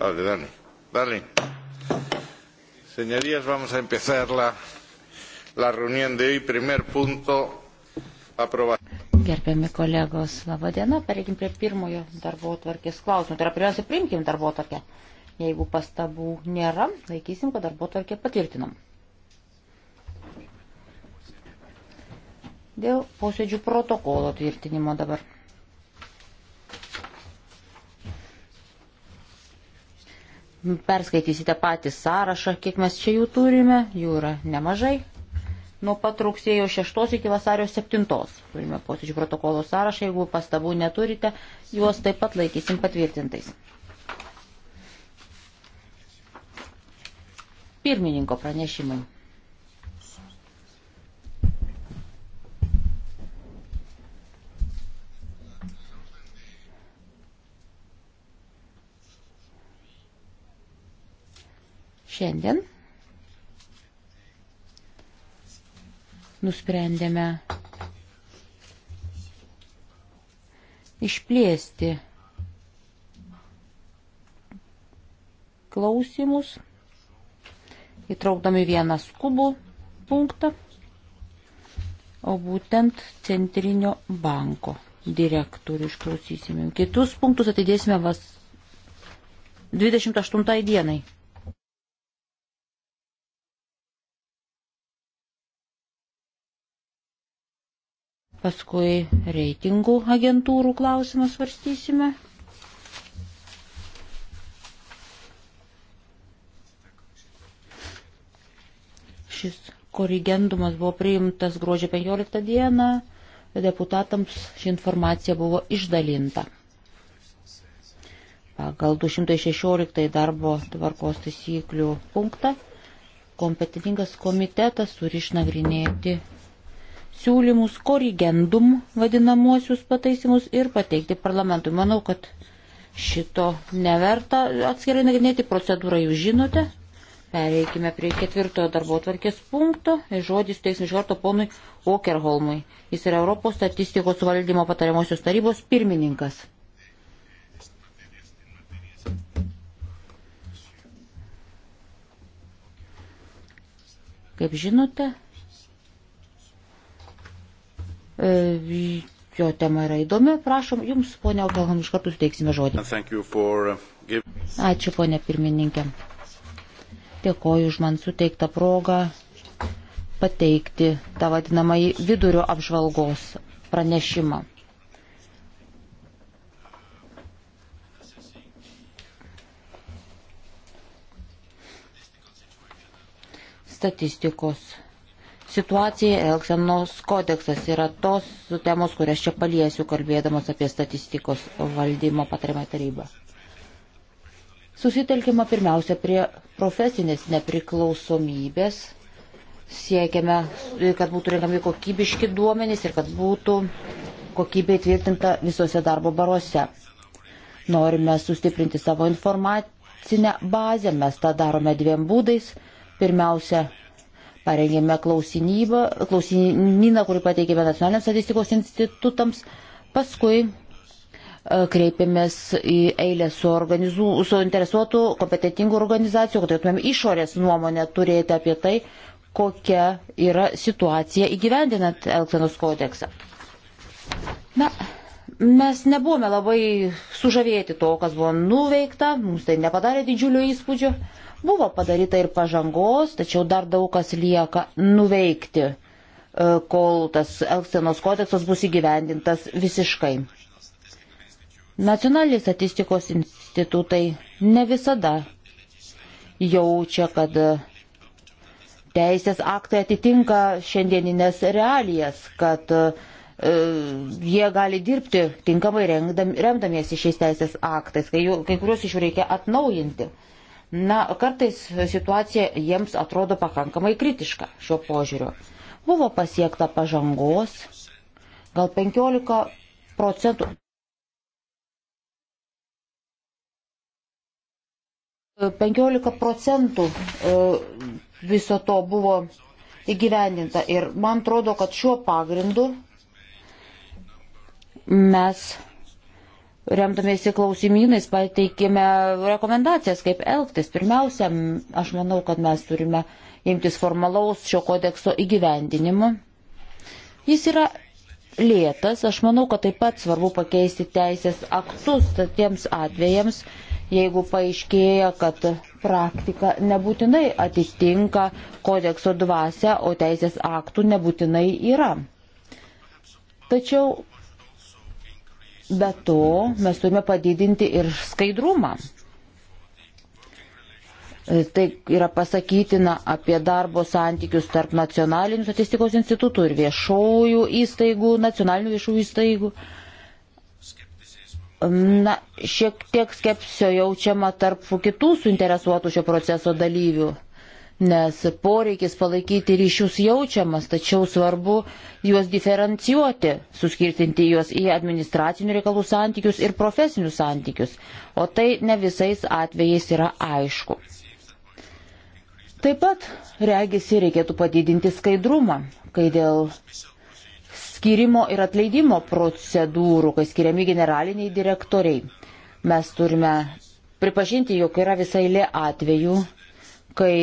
Vale, Dani. Dani. Señorías, vamos a empezar la, la reunión de hoy. Primer punto, aprobación. Gerbiami kolegos, laba diena, pereikim prie pirmojo darbo tvarkės klausimų. Tai yra, pirmiausia, priimkim darbo tvarkę. Jeigu pastabų nėra, laikysim, kad darbo tvarkė patvirtinam. Dėl posėdžių protokolo tvirtinimo dabar. Perskaitysite patį sąrašą, kiek mes čia jų turime, jų yra nemažai. Nuo pat rugsėjo 6 iki vasario 7 turime posėdžių protokolo sąrašą, jeigu pastabų neturite, juos taip pat laikysim patvirtintais. Pirmininko pranešimai. Šiandien nusprendėme išplėsti klausimus, įtraukdami vieną skubų punktą, o būtent centrinio banko direktorių išklausysime. Kitus punktus atidėsime vas 28 dienai. paskui reitingų agentūrų klausimą svarstysime. Šis korigendumas buvo priimtas gruodžio 15 dieną, deputatams ši informacija buvo išdalinta. Pagal 216 darbo tvarkos taisyklių punktą kompetitingas komitetas turi išnagrinėti siūlymus, korigendum vadinamuosius pataisimus ir pateikti parlamentui. Manau, kad šito neverta atskirai nagrinėti, procedūrą jūs žinote. Pereikime prie ketvirtojo darbo tvarkės punkto ir žodis teismo žvarto ponui Okerholmui. Jis yra Europos statistikos valdymo patariamosios tarybos pirmininkas. Kaip žinote, E, jo tema yra įdomi, prašom, jums, ponia Alkohom, iš karto suteiksime žodį. Uh, Ačiū, ponia pirmininkė. Dėkoju už man suteiktą progą pateikti tą vadinamąjį vidurio apžvalgos pranešimą. Statistikos situacija, Elksenos kodeksas yra tos temos, kurias čia paliesiu, kalbėdamas apie statistikos valdymo patarimą tarybą. Susitelkime pirmiausia prie profesinės nepriklausomybės. Siekiame, kad būtų renkami kokybiški duomenys ir kad būtų kokybė įtvirtinta visose darbo baruose. Norime sustiprinti savo informacinę bazę, mes tą darome dviem būdais. Pirmiausia, Parengėme klausinyną, kurį pateikėme nacionaliniams statistikos institutams. Paskui e, kreipėmės į eilę su, organizu, su interesuotų kompetitingų organizacijų, kad turėtumėm išorės nuomonę turėti apie tai, kokia yra situacija įgyvendinant Elksenos kodeksą. Na, Mes nebuvome labai sužavėti to, kas buvo nuveikta, mums tai nepadarė didžiulio įspūdžio. Buvo padaryta ir pažangos, tačiau dar daug kas lieka nuveikti, e, kol tas Elksenos kodeksas bus įgyvendintas visiškai. Nacionaliniai statistikos institutai ne visada jaučia, kad teisės aktai atitinka šiandieninės realijas, kad uh, E, jie gali dirbti tinkamai remdamiesi šiais teisės aktais, kai, jų, kai kuriuos iš jų reikia atnaujinti. Na, kartais situacija jiems atrodo pakankamai kritiška šiuo požiūriu. Buvo pasiekta pažangos, gal 15 procentų. Penkiolika procentų e, viso to buvo įgyvendinta ir man atrodo, kad šiuo pagrindu mes remdamiesi klausimynais pateikėme rekomendacijas, kaip elgtis. Pirmiausia, aš manau, kad mes turime imtis formalaus šio kodekso įgyvendinimu. Jis yra lėtas, aš manau, kad taip pat svarbu pakeisti teisės aktus tiems atvejams, jeigu paaiškėja, kad praktika nebūtinai atitinka kodekso dvasę, o teisės aktų nebūtinai yra. Tačiau Be to, mes turime padidinti ir skaidrumą. E, tai yra pasakytina apie darbo santykius tarp nacionalinių statistikos institutų ir viešųjų įstaigų, nacionalinių viešųjų įstaigų. Na, šiek tiek skepsio jaučiama tarp kitų suinteresuotų šio proceso dalyvių nes poreikis palaikyti ryšius jaučiamas, tačiau svarbu juos diferencijuoti, suskirtinti juos į administracinių reikalų santykius ir profesinius santykius, o tai ne visais atvejais yra aišku. Taip pat, regisi, reikėtų padidinti skaidrumą, kai dėl skirimo ir atleidimo procedūrų, kai skiriami generaliniai direktoriai. Mes turime pripažinti, jog yra visai lė atvejų, kai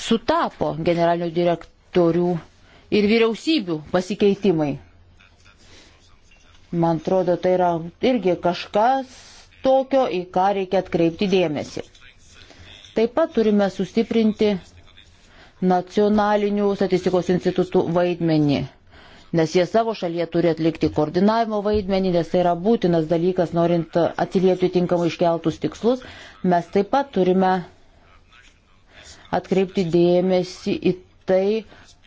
sutapo generalinių direktorių ir vyriausybių pasikeitimai. Man atrodo, tai yra irgi kažkas tokio, į ką reikia atkreipti dėmesį. Taip pat turime sustiprinti nacionalinių statistikos institutų vaidmenį, nes jie savo šalyje turi atlikti koordinavimo vaidmenį, nes tai yra būtinas dalykas, norint atsiliepti tinkamai iškeltus tikslus. Mes taip pat turime atkreipti dėmesį į tai,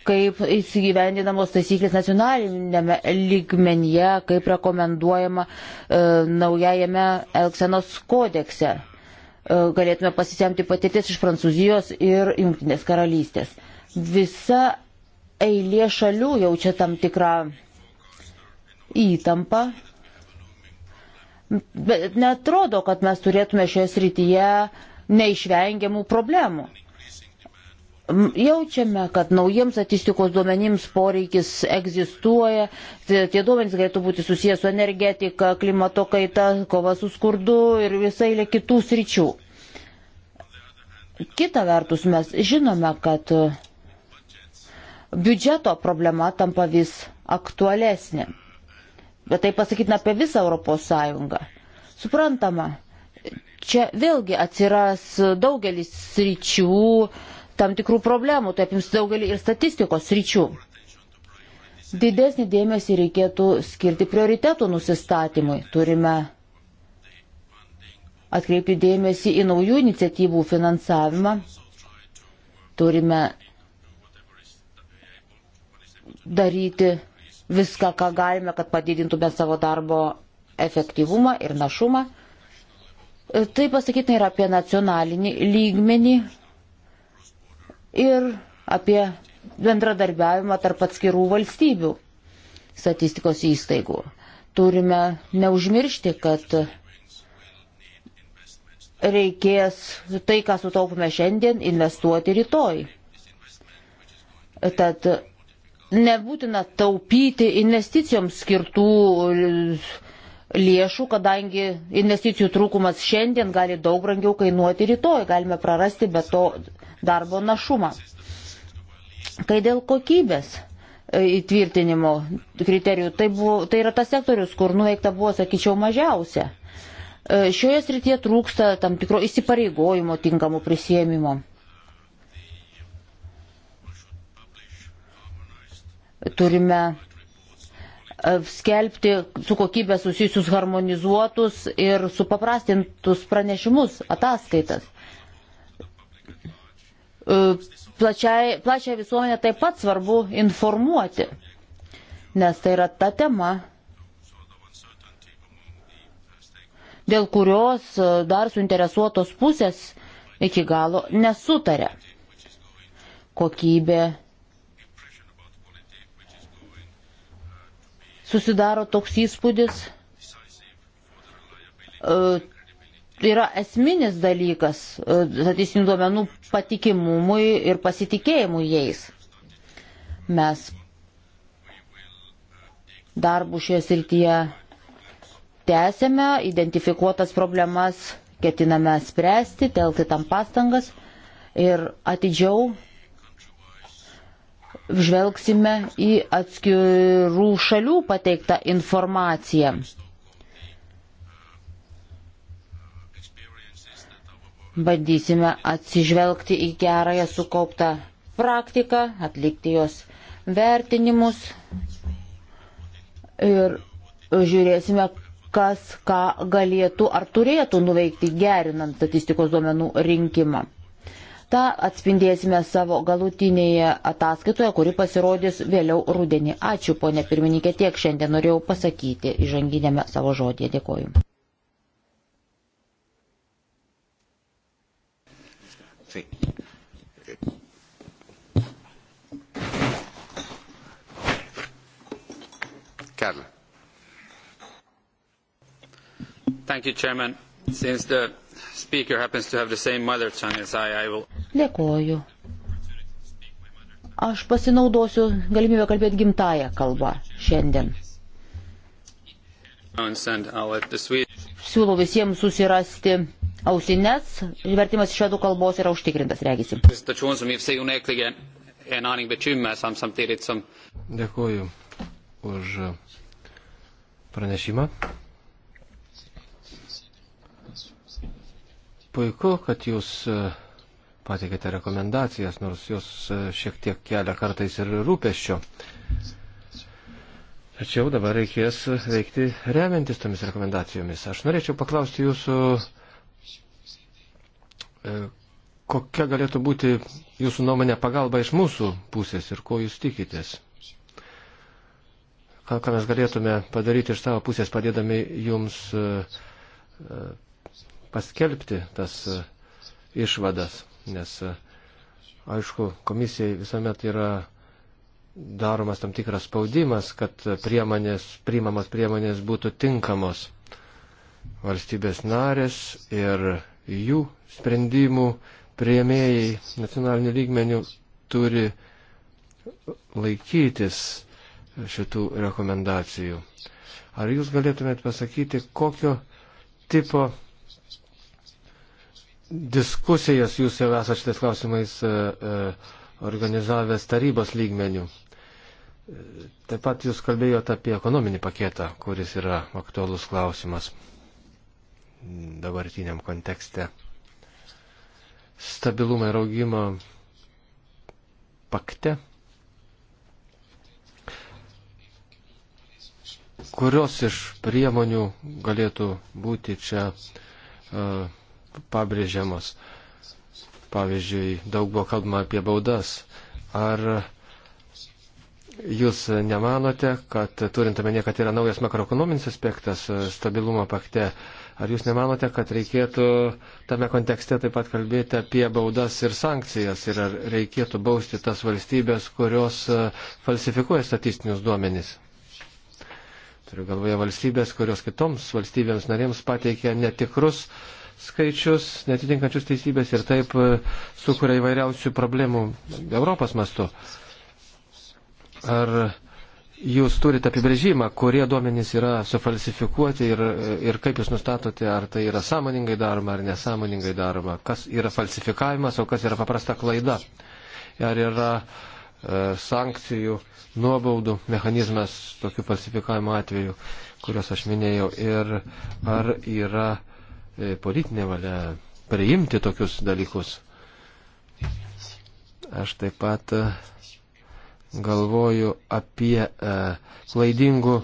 kaip įsigyvendinamos taisyklės nacionalinėme lygmenyje, kaip rekomenduojama e, naujajame Elksenos kodekse. E, galėtume pasisemti patirties iš Prancūzijos ir Junktinės karalystės. Visa eilė šalių jaučia tam tikrą įtampą. Bet netrodo, kad mes turėtume šioje srityje neišvengiamų problemų. Jaučiame, kad naujiems statistikos duomenims poreikis egzistuoja, tie duomenys galėtų būti susijęs su energetika, klimato kaita, kova su skurdu ir visai lė kitų sričių. Kita vertus, mes žinome, kad biudžeto problema tampa vis aktualesnė. Bet tai pasakytina apie visą Europos Sąjungą. Suprantama, čia vėlgi atsiras daugelis sričių, tam tikrų problemų, tai apims daugelį ir statistikos ryčių. Didesnį dėmesį reikėtų skirti prioritetų nusistatymui. Turime atkreipti dėmesį į naujų iniciatyvų finansavimą. Turime daryti viską, ką galime, kad padidintume savo darbo efektyvumą ir našumą. Tai pasakytina ir apie nacionalinį lygmenį ir apie bendradarbiavimą tarp atskirų valstybių statistikos įstaigų. Turime neužmiršti, kad reikės tai, ką sutaupome šiandien, investuoti rytoj. Tad nebūtina taupyti investicijoms skirtų lėšų, kadangi investicijų trūkumas šiandien gali daug brangiau kainuoti rytoj, galime prarasti be to darbo našumą. Kai dėl kokybės įtvirtinimo kriterijų, tai, buvo, tai yra tas sektorius, kur nuveikta buvo, sakyčiau, mažiausia. E, šioje srityje trūksta tam tikro įsipareigojimo tinkamų prisėmimo. Turime e, skelbti su kokybė susijusius harmonizuotus ir supaprastintus pranešimus, ataskaitas. E, plačiai, plačiai visuomenė taip pat svarbu informuoti, nes tai yra ta tema, dėl kurios e, dar suinteresuotos pusės iki galo nesutarė. Kokybė susidaro toks įspūdis, e, yra esminis dalykas e, statistinių duomenų patikimumui ir pasitikėjimui jais. Mes darbų šioje srityje tęsėme, identifikuotas problemas ketiname spręsti, telkti tam pastangas ir atidžiau žvelgsime į atskirų šalių pateiktą informaciją Bandysime atsižvelgti į gerąją sukauptą praktiką, atlikti jos vertinimus ir žiūrėsime, kas ką galėtų ar turėtų nuveikti gerinant statistikos duomenų rinkimą. Ta atspindėsime savo galutinėje ataskaitoje, kuri pasirodys vėliau rudenį. Ačiū, ponė pirmininkė, tiek šiandien norėjau pasakyti įžanginėme savo žodėje. Dėkoju. Sí. Carla. Thank you, Chairman. Since the speaker happens to have the same mother tongue as I, I will... Dėkoju. Aš pasinaudosiu galimybę kalbėti gimtają kalbą šiandien. Siūlau visiems susirasti ausines, vertimas iš švedų kalbos yra užtikrintas, regisi. Dėkuoju už pranešimą. Puiku, kad jūs e, pateikėte rekomendacijas, nors jūs e, šiek tiek kelia kartais ir rūpeščio. Tačiau dabar reikės veikti remiantis tomis rekomendacijomis. Aš norėčiau paklausti jūsų E, kokia galėtų būti jūsų nuomonė pagalba iš mūsų pusės ir ko jūs tikitės? Ką mes galėtume padaryti iš savo pusės, padėdami jums e, e, paskelbti tas išvadas, nes aišku, komisijai visuomet yra daromas tam tikras spaudimas, kad priemonės, priimamas priemonės būtų tinkamos valstybės narės ir jų sprendimų prieimėjai nacionalinių lygmenių turi laikytis šitų rekomendacijų. Ar jūs galėtumėt pasakyti, kokio tipo diskusijas jūs jau esate šitais klausimais e, e, organizavęs tarybos lygmenių? E, taip pat jūs kalbėjote apie ekonominį paketą, kuris yra aktualus klausimas dabartiniam kontekste. Stabilumo ir augimo pakte, kurios iš priemonių galėtų būti čia uh, pabrėžiamos. Pavyzdžiui, daug buvo kalbama apie baudas. Ar jūs nemanote, kad turint omenyje, kad yra naujas makroekonominis aspektas stabilumo pakte, uh, Ar jūs nemanote, kad reikėtų tame kontekste taip pat kalbėti apie baudas ir sankcijas ir ar reikėtų bausti tas valstybės, kurios e, falsifikuoja statistinius duomenys? Turiu galvoje valstybės, kurios kitoms valstybėms narėms pateikia netikrus skaičius, netitinkančius teisybės ir taip e, sukuria įvairiausių problemų Europos mastu. Ar jūs turite apibrėžimą, kurie duomenys yra sufalsifikuoti ir, ir kaip jūs nustatote, ar tai yra sąmoningai daroma ar nesąmoningai daroma, kas yra falsifikavimas, o kas yra paprasta klaida, ar yra e, sankcijų, nuobaudų mechanizmas tokių falsifikavimo atveju, kuriuos aš minėjau, ir ar yra e, politinė valia priimti tokius dalykus. Aš taip pat. E, galvoju apie e, klaidingų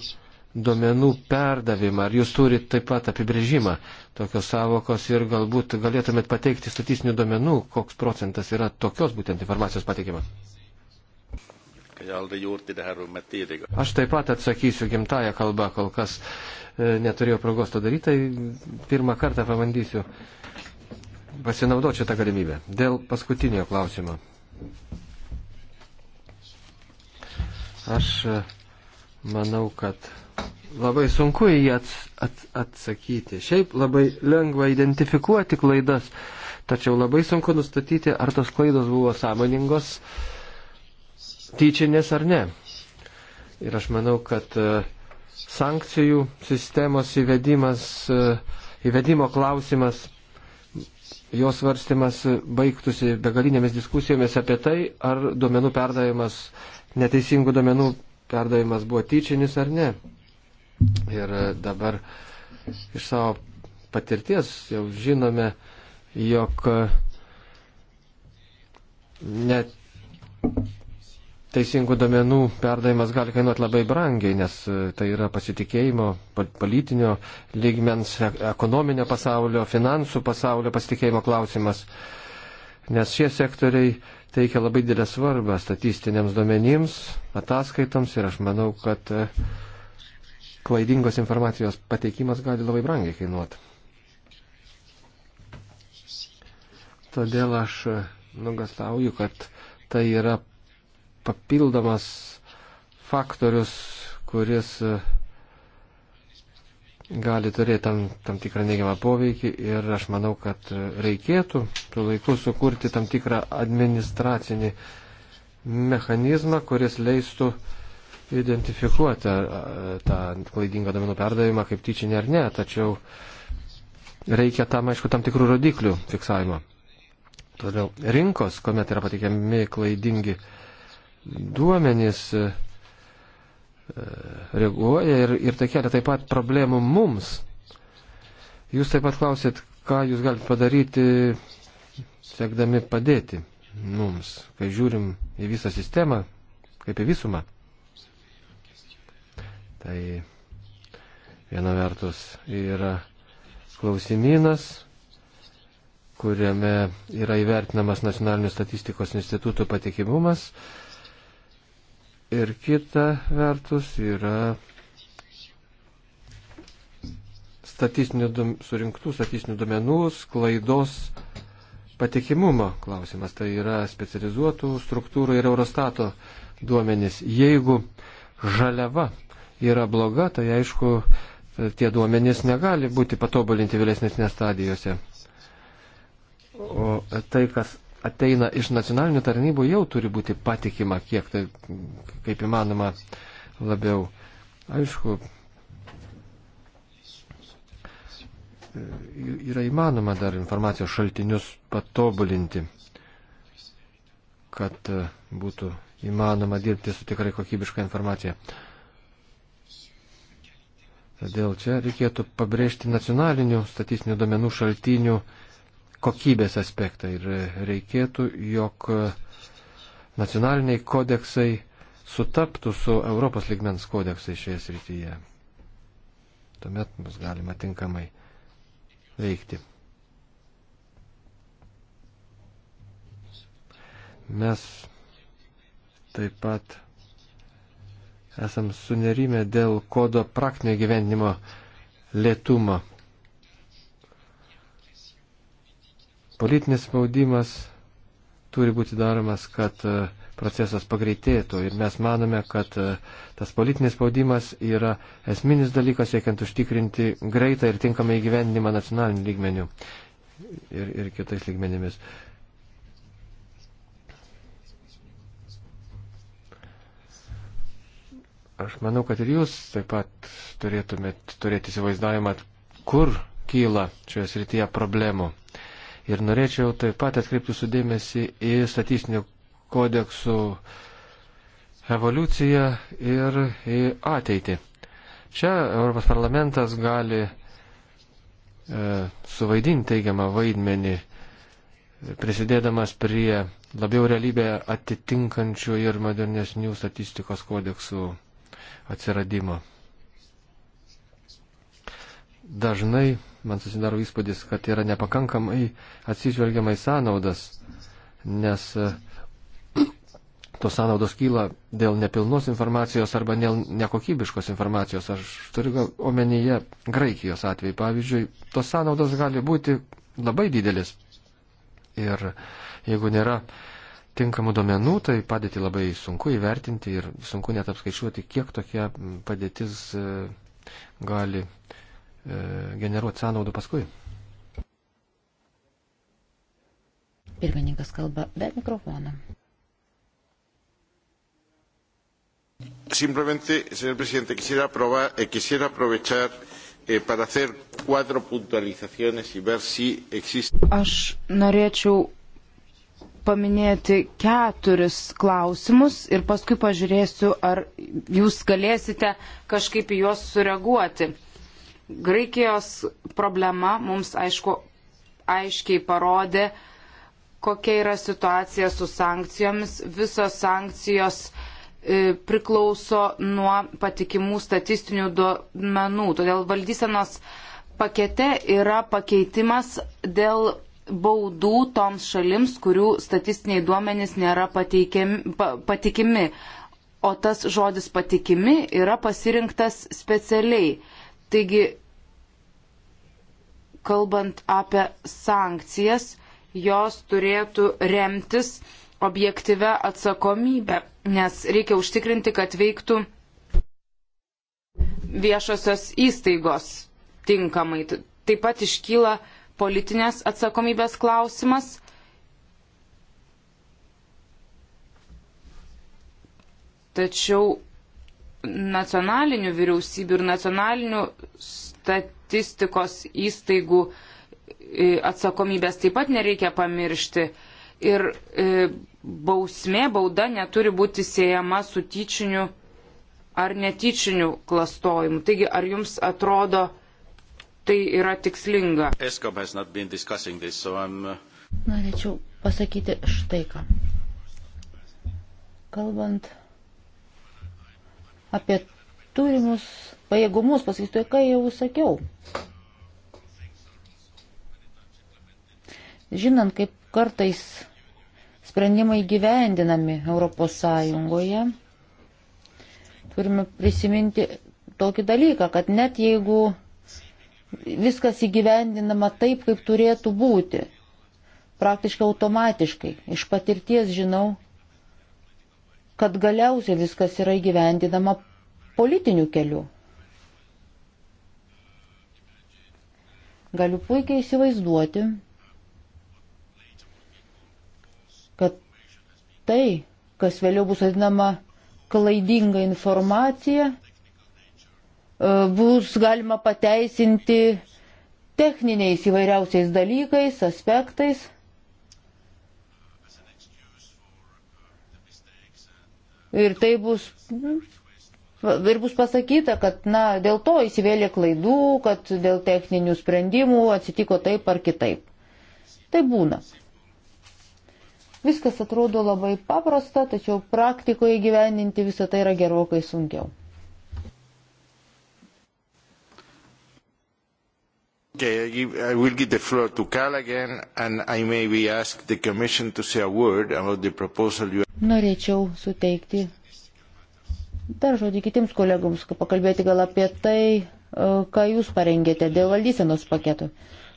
duomenų perdavimą. Ar jūs turite taip pat apibrėžimą tokios savokos ir galbūt galėtumėt pateikti statistinių duomenų, koks procentas yra tokios būtent informacijos pateikima? Aš taip pat atsakysiu gimtają kalbą, kol kas e, neturėjau progos to daryti, tai pirmą kartą pabandysiu pasinaudoti šitą galimybę. Dėl paskutinio klausimo. Aš e, manau, kad labai sunku į jį ats, at, atsakyti. Šiaip labai lengva identifikuoti klaidas, tačiau labai sunku nustatyti, ar tos klaidos buvo sąmoningos, tyčinės ar ne. Ir aš manau, kad e, sankcijų sistemos įvedimas, e, įvedimo klausimas, jos svarstymas baigtųsi begalinėmis diskusijomis apie tai, ar duomenų perdavimas neteisingų domenų perdavimas buvo tyčinis ar ne. Ir dabar iš savo patirties jau žinome, jog net teisingų domenų perdavimas gali kainuoti labai brangiai, nes tai yra pasitikėjimo, politinio lygmens, ekonominio pasaulio, finansų pasaulio pasitikėjimo klausimas. Nes šie sektoriai teikia labai didelę svarbą statistiniams duomenims, ataskaitoms ir aš manau, kad e, klaidingos informacijos pateikimas gali labai brangiai kainuoti. Todėl aš e, nugastauju, kad tai yra papildomas faktorius, kuris uh, gali turėti tam, tam tikrą neigiamą poveikį ir aš manau, kad reikėtų su laiku sukurti tam tikrą administracinį mechanizmą, kuris leistų identifikuoti tą klaidingą domenų perdavimą kaip tyčinį ar ne, tačiau reikia tam, aišku, tam tikrų rodiklių fiksavimo. Todėl rinkos, kuomet yra pateikiami klaidingi duomenys, e, reaguoja ir, ir tai kelia taip pat problemų mums. Jūs taip pat klausėt, ką jūs galite padaryti, siekdami padėti mums, kai žiūrim į visą sistemą, kaip į visumą. Tai viena vertus yra klausimynas, kuriame yra įvertinamas nacionalinių statistikos institutų patikimumas, Ir kita vertus yra statistinių, surinktų statistinių duomenų sklaidos patikimumo klausimas. Tai yra specializuotų struktūrų ir Eurostato duomenys. Jeigu žaliava yra bloga, tai aišku, tie duomenys negali būti patobulinti vėlesnėse stadijose. O tai, kas ateina iš nacionalinių tarnybų, jau turi būti patikima, kiek tai kaip įmanoma labiau. Aišku, yra įmanoma dar informacijos šaltinius patobulinti, kad e, būtų įmanoma dirbti su tikrai kokybiška informacija. Todėl čia reikėtų pabrėžti nacionalinių statistinių domenų šaltinių kokybės aspektą ir reikėtų, jog nacionaliniai kodeksai sutaptų su Europos ligmens kodeksai šioje srityje. Tuomet bus galima tinkamai veikti. Mes taip pat esam sunerime dėl kodo praktinio gyvenimo lėtumo. Politinis spaudimas turi būti daromas, kad e, procesas pagreitėtų ir mes manome, kad e, tas politinis spaudimas yra esminis dalykas, siekiant užtikrinti greitą ir tinkamą įgyvendinimą nacionaliniu lygmeniu ir, ir kitais lygmenimis. Aš manau, kad ir jūs taip pat turėtumėt turėti įsivaizdavimą, kur kyla šioje srityje problemų. Ir norėčiau taip pat atkreipti sudėmėsi į statistinių kodeksų evoliuciją ir į ateitį. Čia Europos parlamentas gali e, suvaidinti teigiamą vaidmenį, prisidėdamas prie labiau realybę atitinkančių ir modernesnių statistikos kodeksų atsiradimo. Dažnai man susidaro įspūdis, kad yra nepakankamai atsižvelgiamai sąnaudas, nes e, tos sąnaudos kyla dėl nepilnos informacijos arba dėl nekokybiškos informacijos. Aš turiu omenyje Graikijos atveju, pavyzdžiui, tos sąnaudos gali būti labai didelis. Ir jeigu nėra tinkamų duomenų, tai padėti labai sunku įvertinti ir sunku net apskaičiuoti, kiek tokia padėtis e, gali E, generuoti sąnaudų paskui. Pirmininkas kalba be mikrofono. Simplemente, señor presidente, quisiera, aprobar, eh, quisiera aprovechar eh, para hacer cuatro puntualizaciones y ver si existe. Aš norėčiau paminėti keturis klausimus ir paskui pažiūrėsiu, ar jūs galėsite kažkaip į juos sureaguoti. Graikijos problema mums aišku aiškiai parodė, kokia yra situacija su sankcijomis. Visos sankcijos e, priklauso nuo patikimų statistinių duomenų. Todėl valdysenos pakete yra pakeitimas dėl baudų toms šalims, kurių statistiniai duomenys nėra pateikiami, pa, patikimi. O tas žodis patikimi yra pasirinktas specialiai. Taigi, kalbant apie sankcijas, jos turėtų remtis objektive atsakomybė, nes reikia užtikrinti, kad veiktų viešosios įstaigos tinkamai. Taip pat iškyla politinės atsakomybės klausimas. Tačiau nacionalinių vyriausybių ir nacionalinių statistikos įstaigų e, atsakomybės taip pat nereikia pamiršti. Ir e, bausmė, bauda neturi būti siejama su tyčiniu ar netyčiniu klastojimu. Taigi, ar jums atrodo, tai yra tikslinga? This, so uh, Norėčiau pasakyti štai ką. Kalbant Apie turimus pajėgumus pasakysiu, tai ką jau sakiau. Žinant, kaip kartais sprendimai gyvendinami Europos Sąjungoje, turime prisiminti tokį dalyką, kad net jeigu viskas įgyvendinama taip, kaip turėtų būti, praktiškai automatiškai, iš patirties žinau, kad galiausiai viskas yra įgyvendinama politiniu keliu. Galiu puikiai įsivaizduoti, kad tai, kas vėliau bus vadinama klaidinga informacija, e, bus galima pateisinti techniniais įvairiausiais dalykais, aspektais. Ir tai bus, nu, ir bus pasakyta, kad na, dėl to įsivėlė klaidų, kad dėl techninių sprendimų atsitiko taip ar kitaip. Tai būna. Viskas atrodo labai paprasta, tačiau praktikoje gyveninti visą tai yra gerokai sunkiau. Yeah, you, I will give the floor to Cal again, and I maybe ask the Commission to say a word about the proposal you. Norėčiau suteikti dar žodį kitiems kolegoms, pakalbėti gal apie tai, e, ką jūs parengėte dėl valdysenos paketų.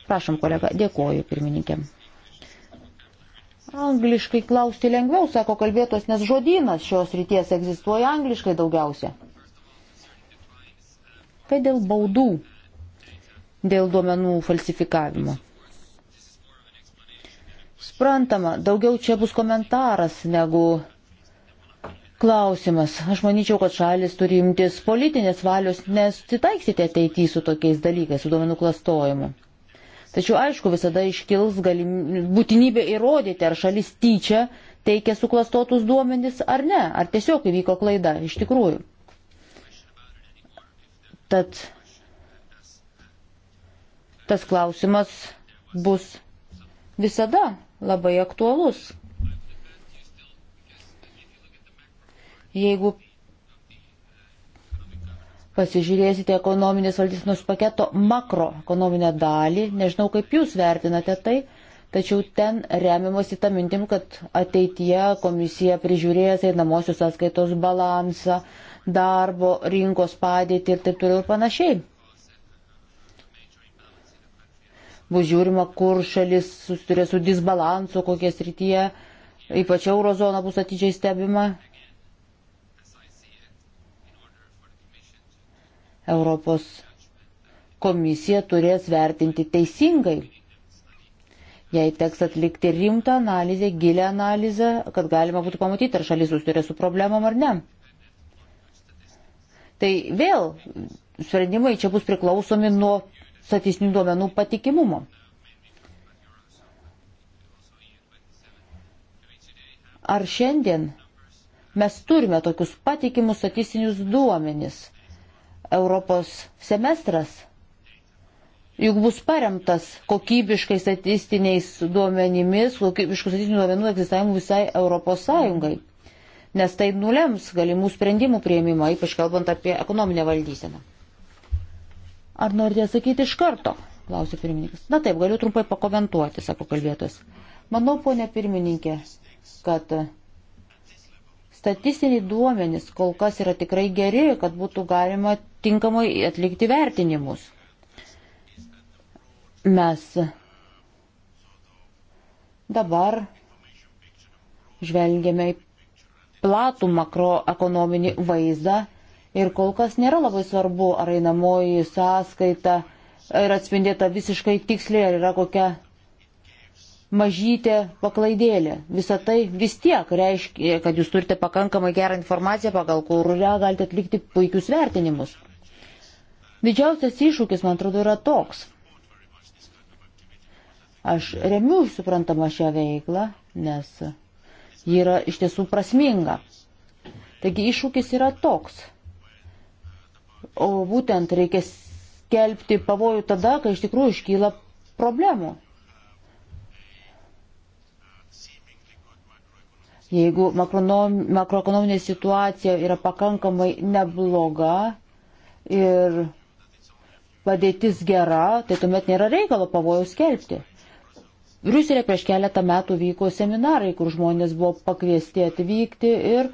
Prašom, kolega, dėkoju pirmininkė. Angliškai klausti lengviau, sako kalbėtos, nes žodynas šios ryties egzistuoja angliškai daugiausia. Kai dėl baudų dėl duomenų falsifikavimo. Sprantama, daugiau čia bus komentaras negu klausimas. Aš manyčiau, kad šalis turi imtis politinės valios, nes titaiksite ateityje su tokiais dalykais, su duomenų klastojimu. Tačiau aišku, visada iškils galim, būtinybė įrodyti, ar šalis tyčia teikia suklastotus duomenis ar ne, ar tiesiog įvyko klaida iš tikrųjų. Tad tas klausimas bus visada labai aktualus. Jeigu pasižiūrėsite ekonominės valdysenos paketo makroekonominę dalį, nežinau kaip jūs vertinate tai, tačiau ten remiamasi tą mintim, kad ateityje komisija prižiūrės einamosios sąskaitos balansą, darbo rinkos padėtį ir taip toliau ir panašiai. bus žiūrima, kur šalis susiduria su disbalansu, kokie srityje, ypač eurozona bus atidžiai stebima. Europos komisija turės vertinti teisingai. Jei teks atlikti rimtą analizę, gilę analizę, kad galima būtų pamatyti, ar šalis susiduria su problemom ar ne. Tai vėl sprendimai čia bus priklausomi nuo statistinių duomenų patikimumo. Ar šiandien mes turime tokius patikimus statistinius duomenis? Europos semestras juk bus paremtas kokybiškai statistiniais duomenimis, kokybiškų statistinių duomenų egzistavimu visai Europos Sąjungai. Nes tai nulems galimų sprendimų prieimimą, ypač kalbant apie ekonominę valdyseną. Ar norite sakyti iš karto? Klausė pirmininkas. Na taip, galiu trumpai pakomentuoti, sako kalbėtas. Manau, ponė pirmininkė, kad statistiniai duomenys kol kas yra tikrai geri, kad būtų galima tinkamai atlikti vertinimus. Mes dabar žvelgiame į platų makroekonominį vaizdą Ir kol kas nėra labai svarbu, ar einamoji sąskaita yra atspindėta visiškai tiksliai, ar yra kokia mažytė paklaidėlė. Visą tai vis tiek reiškia, kad jūs turite pakankamai gerą informaciją, pagal kurią galite atlikti puikius vertinimus. Didžiausias iššūkis, man atrodo, yra toks. Aš remiu suprantamą šią veiklą, nes ji yra iš tiesų prasminga. Taigi iššūkis yra toks. O būtent reikia skelbti pavojų tada, kai iš tikrųjų iškyla problemų. Jeigu makroekonominė situacija yra pakankamai nebloga ir padėtis gera, tai tuomet nėra reikalo pavojų skelbti. Briuselė prieš keletą metų vyko seminarai, kur žmonės buvo pakviesti atvykti ir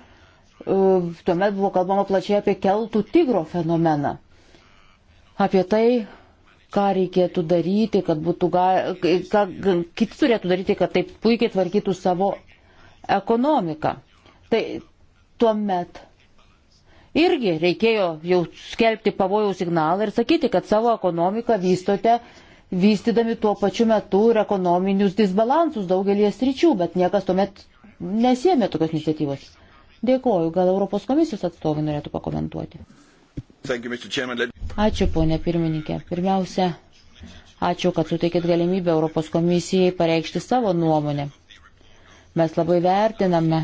E, tuomet buvo kalbama plačiai apie keltų tigro fenomeną. Apie tai, ką reikėtų daryti, kad būtų, ga, ką kiti turėtų daryti, kad taip puikiai tvarkytų savo ekonomiką. Tai tuomet irgi reikėjo jau skelbti pavojų signalą ir sakyti, kad savo ekonomiką vystote, vystydami tuo pačiu metu ir ekonominius disbalansus daugelie sričių, bet niekas tuomet nesėmė tokios iniciatyvos. Dėkoju, gal Europos komisijos atstovai norėtų pakomentuoti. Ačiū, ponė pirmininkė. Pirmiausia, ačiū, kad suteikėt galimybę Europos komisijai pareikšti savo nuomonę. Mes labai vertiname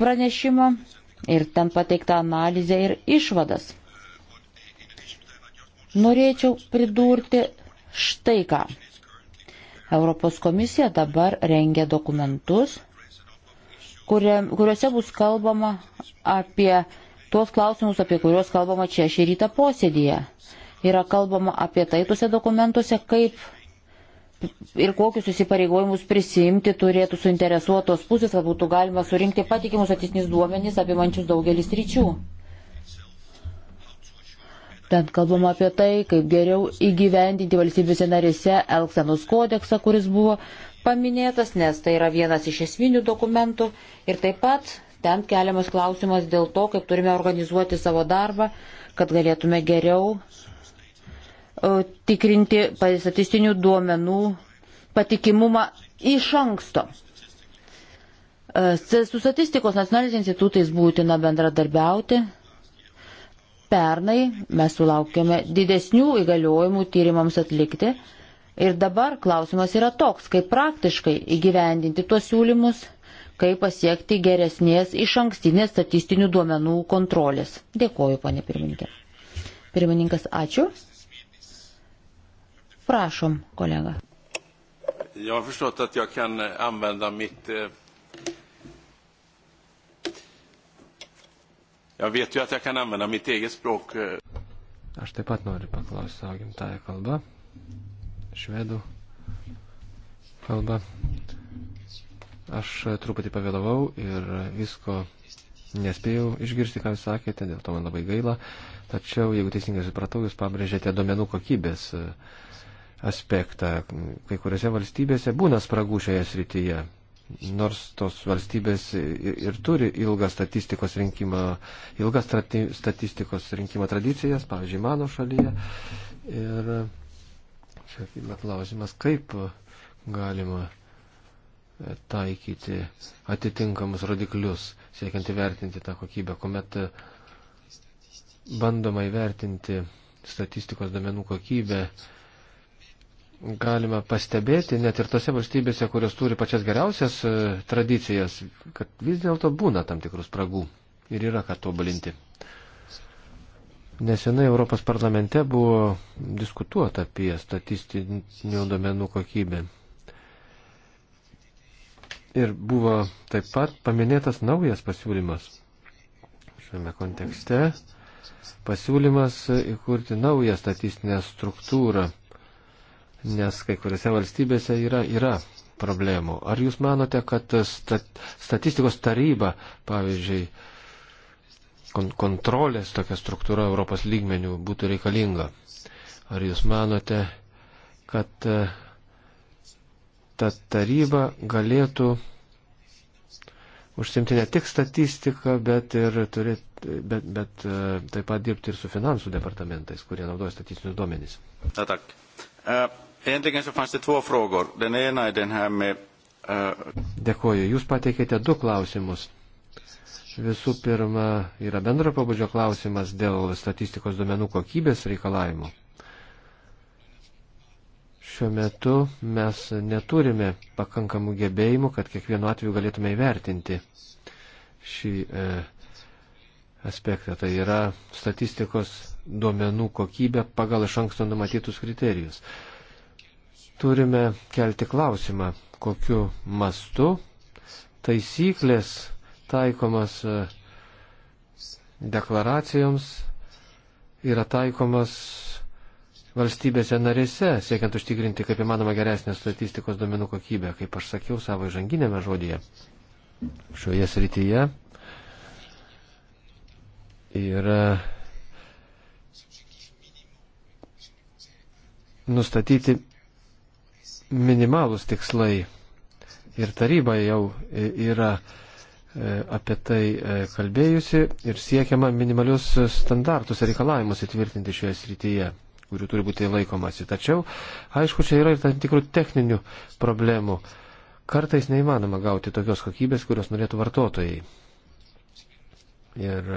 pranešimą ir ten pateiktą analizę ir išvadas. Norėčiau pridurti štai ką. Europos komisija dabar rengia dokumentus kuriuose bus kalbama apie tuos klausimus, apie kuriuos kalbama čia šį rytą posėdėje. Yra kalbama apie tai tuose dokumentuose, kaip ir kokius įsipareigojimus prisimti turėtų suinteresuotos pusės, kad būtų galima surinkti patikimus atisnis duomenys apimančius daugelis ryčių. Ten kalbama apie tai, kaip geriau įgyvendinti valstybėse narėse Elksenos kodeksą, kuris buvo paminėtas, nes tai yra vienas iš esminių dokumentų ir taip pat ten keliamas klausimas dėl to, kaip turime organizuoti savo darbą, kad galėtume geriau e, tikrinti statistinių duomenų patikimumą iš anksto. E, su statistikos nacionaliniais institutais būtina bendradarbiauti. Pernai mes sulaukėme didesnių įgaliojimų tyrimams atlikti Ir dabar klausimas yra toks, kaip praktiškai įgyvendinti tuos siūlymus, kaip pasiekti geresnės iš ankstinės statistinių duomenų kontrolės. Dėkoju, ponė pirmininkė. Pirmininkas, ačiū. Prašom, kolega. Jag har förstått att jag kan eh, använda mitt... Eh, jag vet ju att jag kan använda mitt eget språk. Eh. Aš taip pat noriu paklausti savo gimtają kalbą švedų kalbą. Aš truputį pavėlavau ir visko nespėjau išgirsti, ką jūs sakėte, dėl to man labai gaila. Tačiau, jeigu teisingai supratau, jūs pabrėžėte domenų kokybės e, aspektą. Kai kuriuose valstybėse būna spragų šioje srityje. Nors tos valstybės ir, ir turi ilgą statistikos rinkimą, ilgą stati, statistikos rinkimo tradicijas, pavyzdžiui, mano šalyje. Ir Čia kyla klausimas, kaip galima e, taikyti atitinkamus rodiklius, siekiant įvertinti tą kokybę, kuomet e, bandoma įvertinti statistikos domenų kokybę, galima pastebėti net ir tose valstybėse, kurios turi pačias geriausias e, tradicijas, kad vis dėlto būna tam tikrus spragų ir yra ką tobulinti. Nesenai Europos parlamente buvo diskutuota apie statistinių duomenų kokybę. Ir buvo taip pat paminėtas naujas pasiūlymas. Šiame kontekste pasiūlymas įkurti naują statistinę struktūrą, nes kai kuriuose valstybėse yra, yra problemų. Ar jūs manote, kad stat, statistikos taryba, pavyzdžiui, kontrolės tokia struktūra Europos lygmenių būtų reikalinga. Ar jūs manote, kad ta taryba galėtų užsimti ne tik statistiką, bet ir turėti, bet, bet taip pat dirbti ir su finansų departamentais, kurie naudoja statistinius duomenys? Ja, tak. Uh, egentligen så fanns det två frågor. Den ena är den här med... Uh... Eh, Dėkuoju. Jūs pateikėte du klausimus visų pirma yra bendro pabudžio klausimas dėl statistikos duomenų kokybės reikalavimų. Šiuo metu mes neturime pakankamų gebėjimų, kad kiekvienu atveju galėtume įvertinti šį e, aspektą. Tai yra statistikos duomenų kokybė pagal iš anksto numatytus kriterijus. Turime kelti klausimą, kokiu mastu taisyklės taikomas e, deklaracijoms, yra taikomas valstybėse narėse, siekiant užtikrinti kaip įmanoma geresnę statistikos duomenų kokybę, kaip aš sakiau savo įžanginėme žodėje. Šioje srityje yra nustatyti minimalus tikslai ir taryba jau yra E, apie tai e, kalbėjusi ir siekiama minimalius standartus ir reikalavimus įtvirtinti šioje srityje, kurių turi būti laikomasi. Tačiau, aišku, čia yra ir tam tikrų techninių problemų. Kartais neįmanoma gauti tokios kokybės, kurios norėtų vartotojai. Ir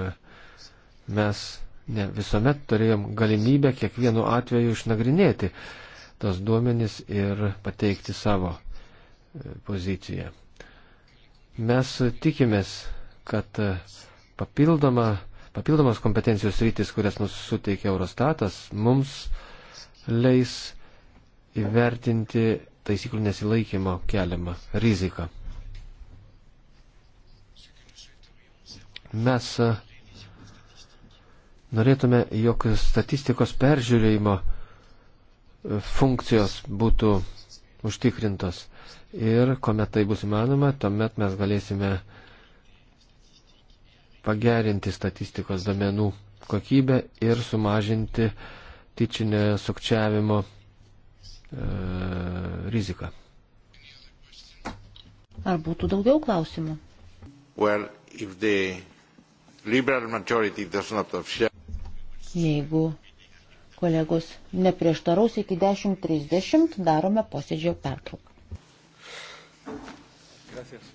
mes ne visuomet turėjom galimybę kiekvienu atveju išnagrinėti tos duomenys ir pateikti savo e, poziciją. Mes tikimės, kad papildoma, papildomas kompetencijos rytis, kurias mums suteikia Eurostatas, mums leis įvertinti taisyklių nesilaikymo keliamą riziką. Mes e, norėtume, jog statistikos peržiūrėjimo e, funkcijos būtų užtikrintos. Ir kuomet tai bus įmanoma, tuomet mes galėsime pagerinti statistikos domenų kokybę ir sumažinti tyčinio sukčiavimo e, riziką. Ar būtų daugiau klausimų? Well, Jeigu Kolegos, neprieštaraus iki 10.30 darome posėdžio pertrauką. Gracias.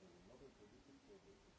padovanotas dalykų skaudutis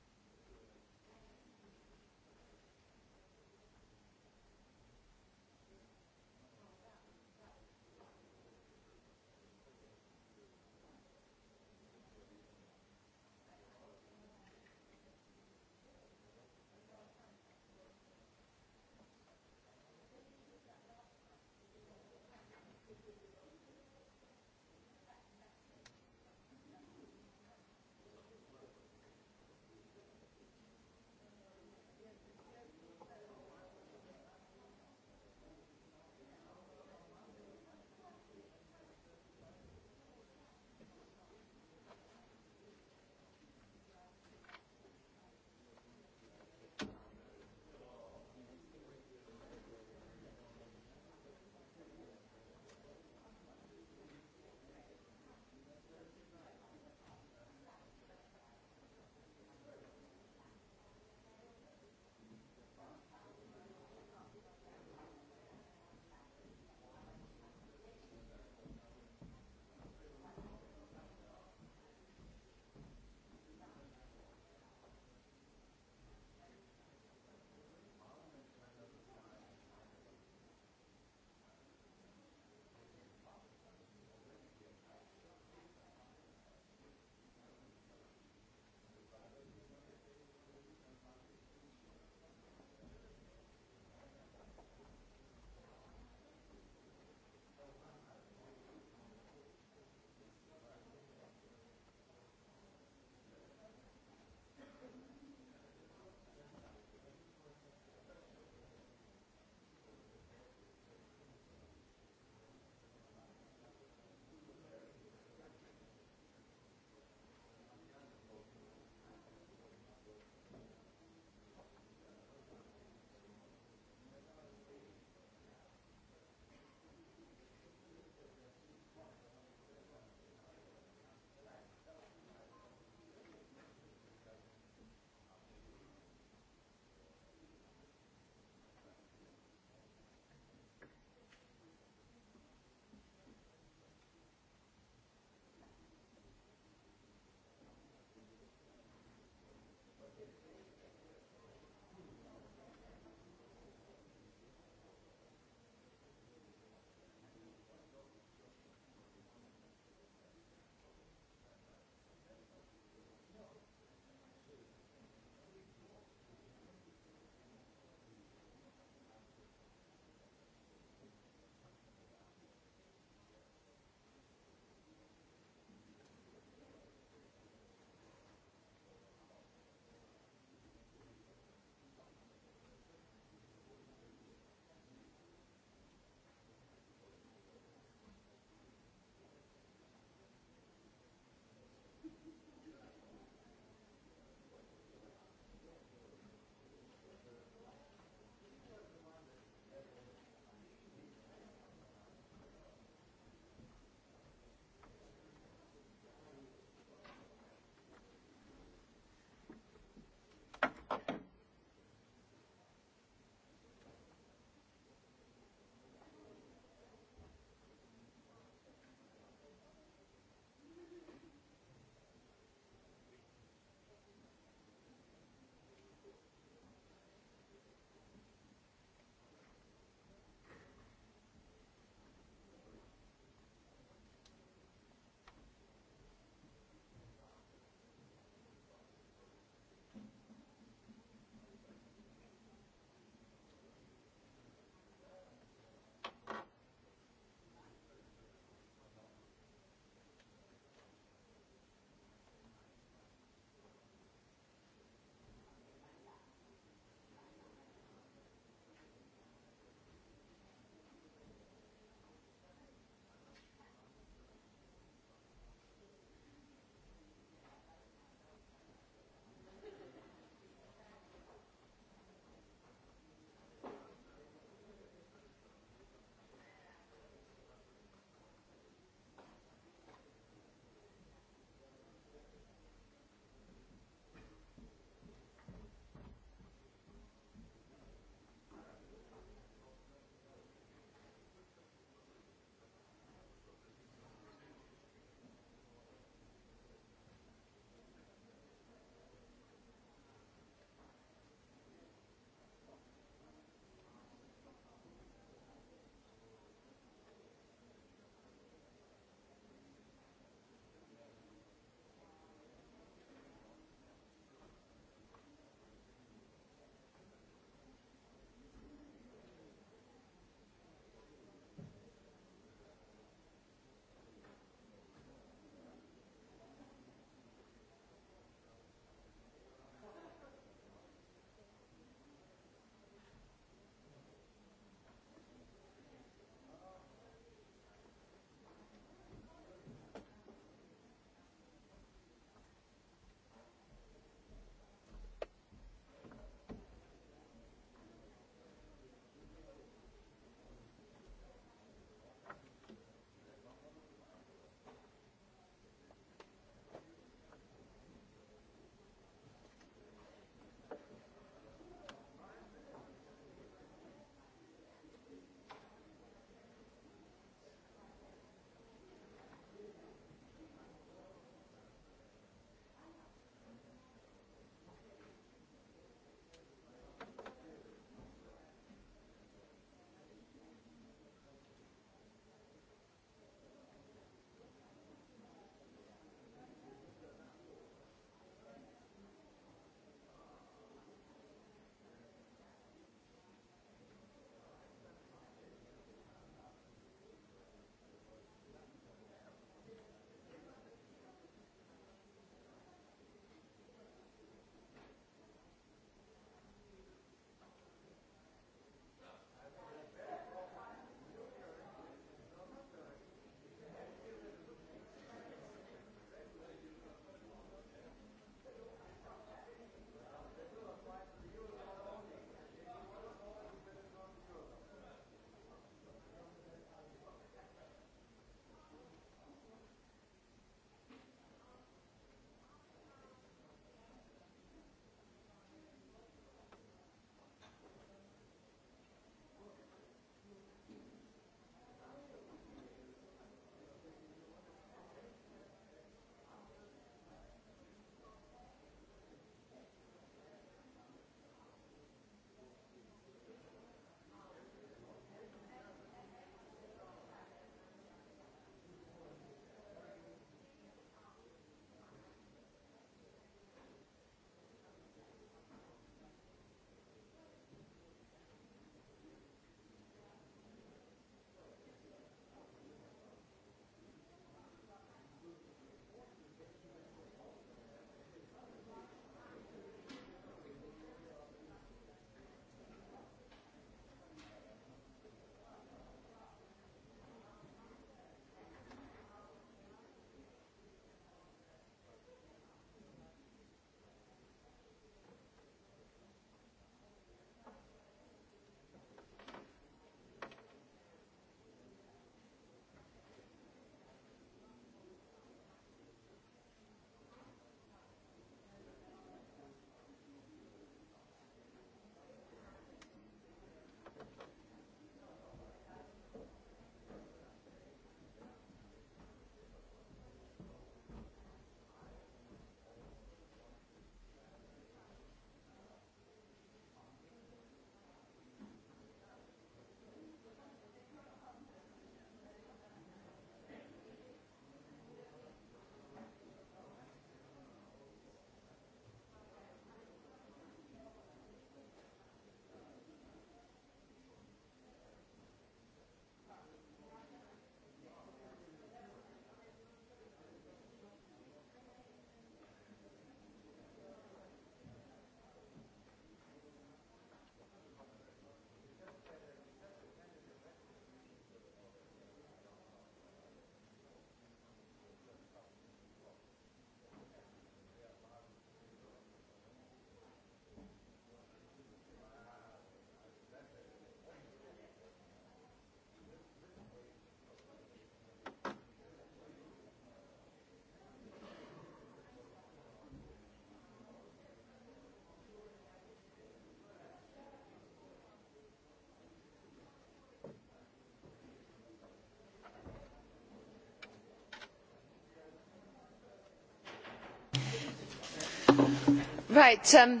Right, um...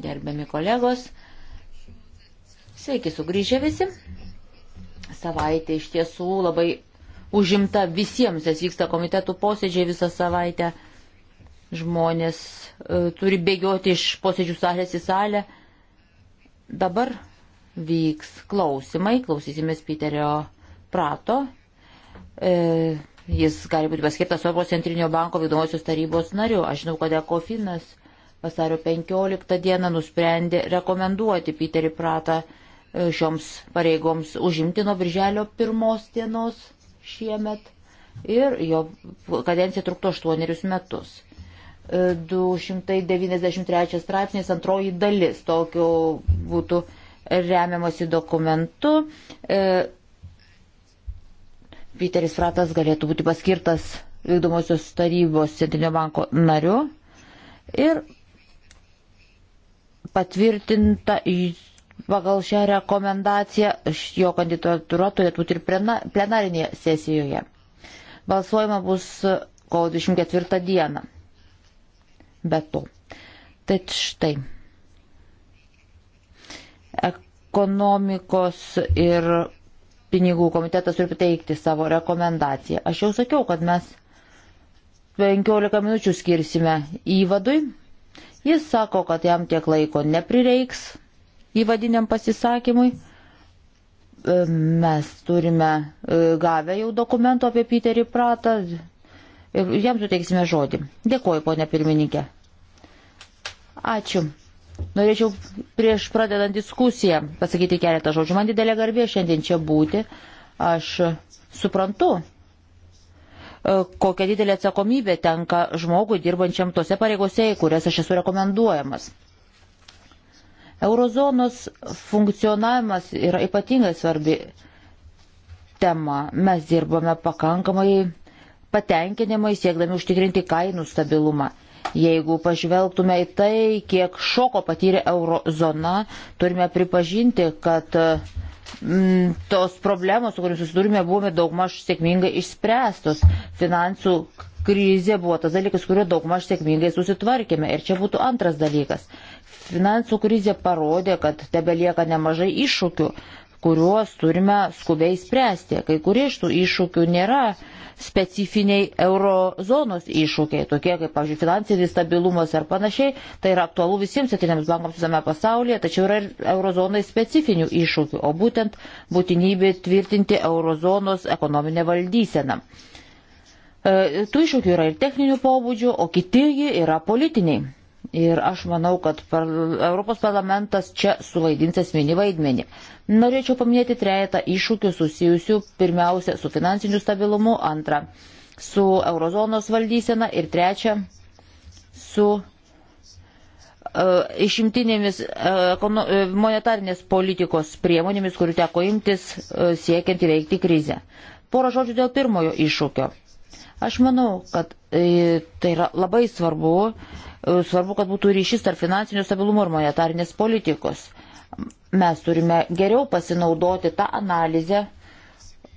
Gerbiami kolegos, sveiki sugrįžę visi. Savaitė iš tiesų labai užimta visiems, nes vyksta komitetų posėdžiai visą savaitę. Žmonės e, turi bėgioti iš posėdžių salės į salę. Dabar vyks klausimai, klausysimės Piterio Prato. E, Jis gali būti paskirtas Europos centrinio banko vykdomosios tarybos nariu. Aš žinau, kad Ekofinas vasario 15 dieną nusprendė rekomenduoti Piterį Pratą e, šioms pareigoms užimti nuo birželio pirmos dienos šiemet ir jo kadencija truktų 8 metus. 293 e, straipsnis antroji dalis, tokiu būtų remiamasi dokumentu. E, Piteris Fratas galėtų būti paskirtas vykdomosios tarybos Centrinio banko nariu ir patvirtinta pagal šią rekomendaciją jo kandidatūra turėtų būti ir plenarinėje sesijoje. Balsuojama bus kovo 24 dieną. Be to. Tai štai. Ekonomikos ir pinigų komitetas turi pateikti savo rekomendaciją. Aš jau sakiau, kad mes 15 minučių skirsime įvadui. Jis sako, kad jam tiek laiko neprireiks įvadiniam pasisakymui. E, mes turime e, gavę jau dokumentų apie Piterį Pratą ir jam suteiksime žodį. Dėkuoju, ponė pirmininkė. Ačiū. Norėčiau prieš pradedant diskusiją pasakyti keletą žodžių. Man didelė garbė šiandien čia būti. Aš suprantu, e, kokia didelė atsakomybė tenka žmogui dirbančiam tose pareigose, į kurias aš esu rekomenduojamas. Eurozonos funkcionavimas yra ypatingai svarbi tema. Mes dirbame pakankamai patenkinimai siekdami užtikrinti kainų stabilumą. Jeigu pažvelgtume į tai, kiek šoko patyrė eurozona, turime pripažinti, kad m, mm, tos problemos, su kuriamis susidūrime, buvome daugmaž sėkmingai išspręstos. Finansų krizė buvo tas dalykas, kurio daugmaž sėkmingai susitvarkėme. Ir čia būtų antras dalykas. Finansų krizė parodė, kad tebelieka nemažai iššūkių, kuriuos turime skubiai spręsti. Kai kurie iš tų iššūkių nėra specifiniai eurozonos iššūkiai, tokie kaip, pavyzdžiui, finansinis stabilumas ar panašiai. Tai yra aktualu visiems centriniams bankams visame pasaulyje, tačiau yra ir eurozonai specifinių iššūkių, o būtent būtinybė tvirtinti eurozonos ekonominę valdyseną. E, tų iššūkių yra ir techninių pobūdžių, o kiti yra politiniai. Ir aš manau, kad par, Europos parlamentas čia suvaidins esminį vaidmenį. Norėčiau paminėti trejata iššūkių susijusių pirmiausia su finansiniu stabilumu, antra su eurozonos valdysena ir trečia su uh, išimtinėmis uh, e, e, monetarnės politikos priemonėmis, kurių teko imtis uh, siekiant įveikti krizę. Porą žodžių dėl pirmojo iššūkio. Aš manau, kad tai yra labai svarbu E, svarbu, kad būtų ryšys tarp finansinio stabilumo ir monetarinės politikos. Mes turime geriau pasinaudoti tą analizę, e,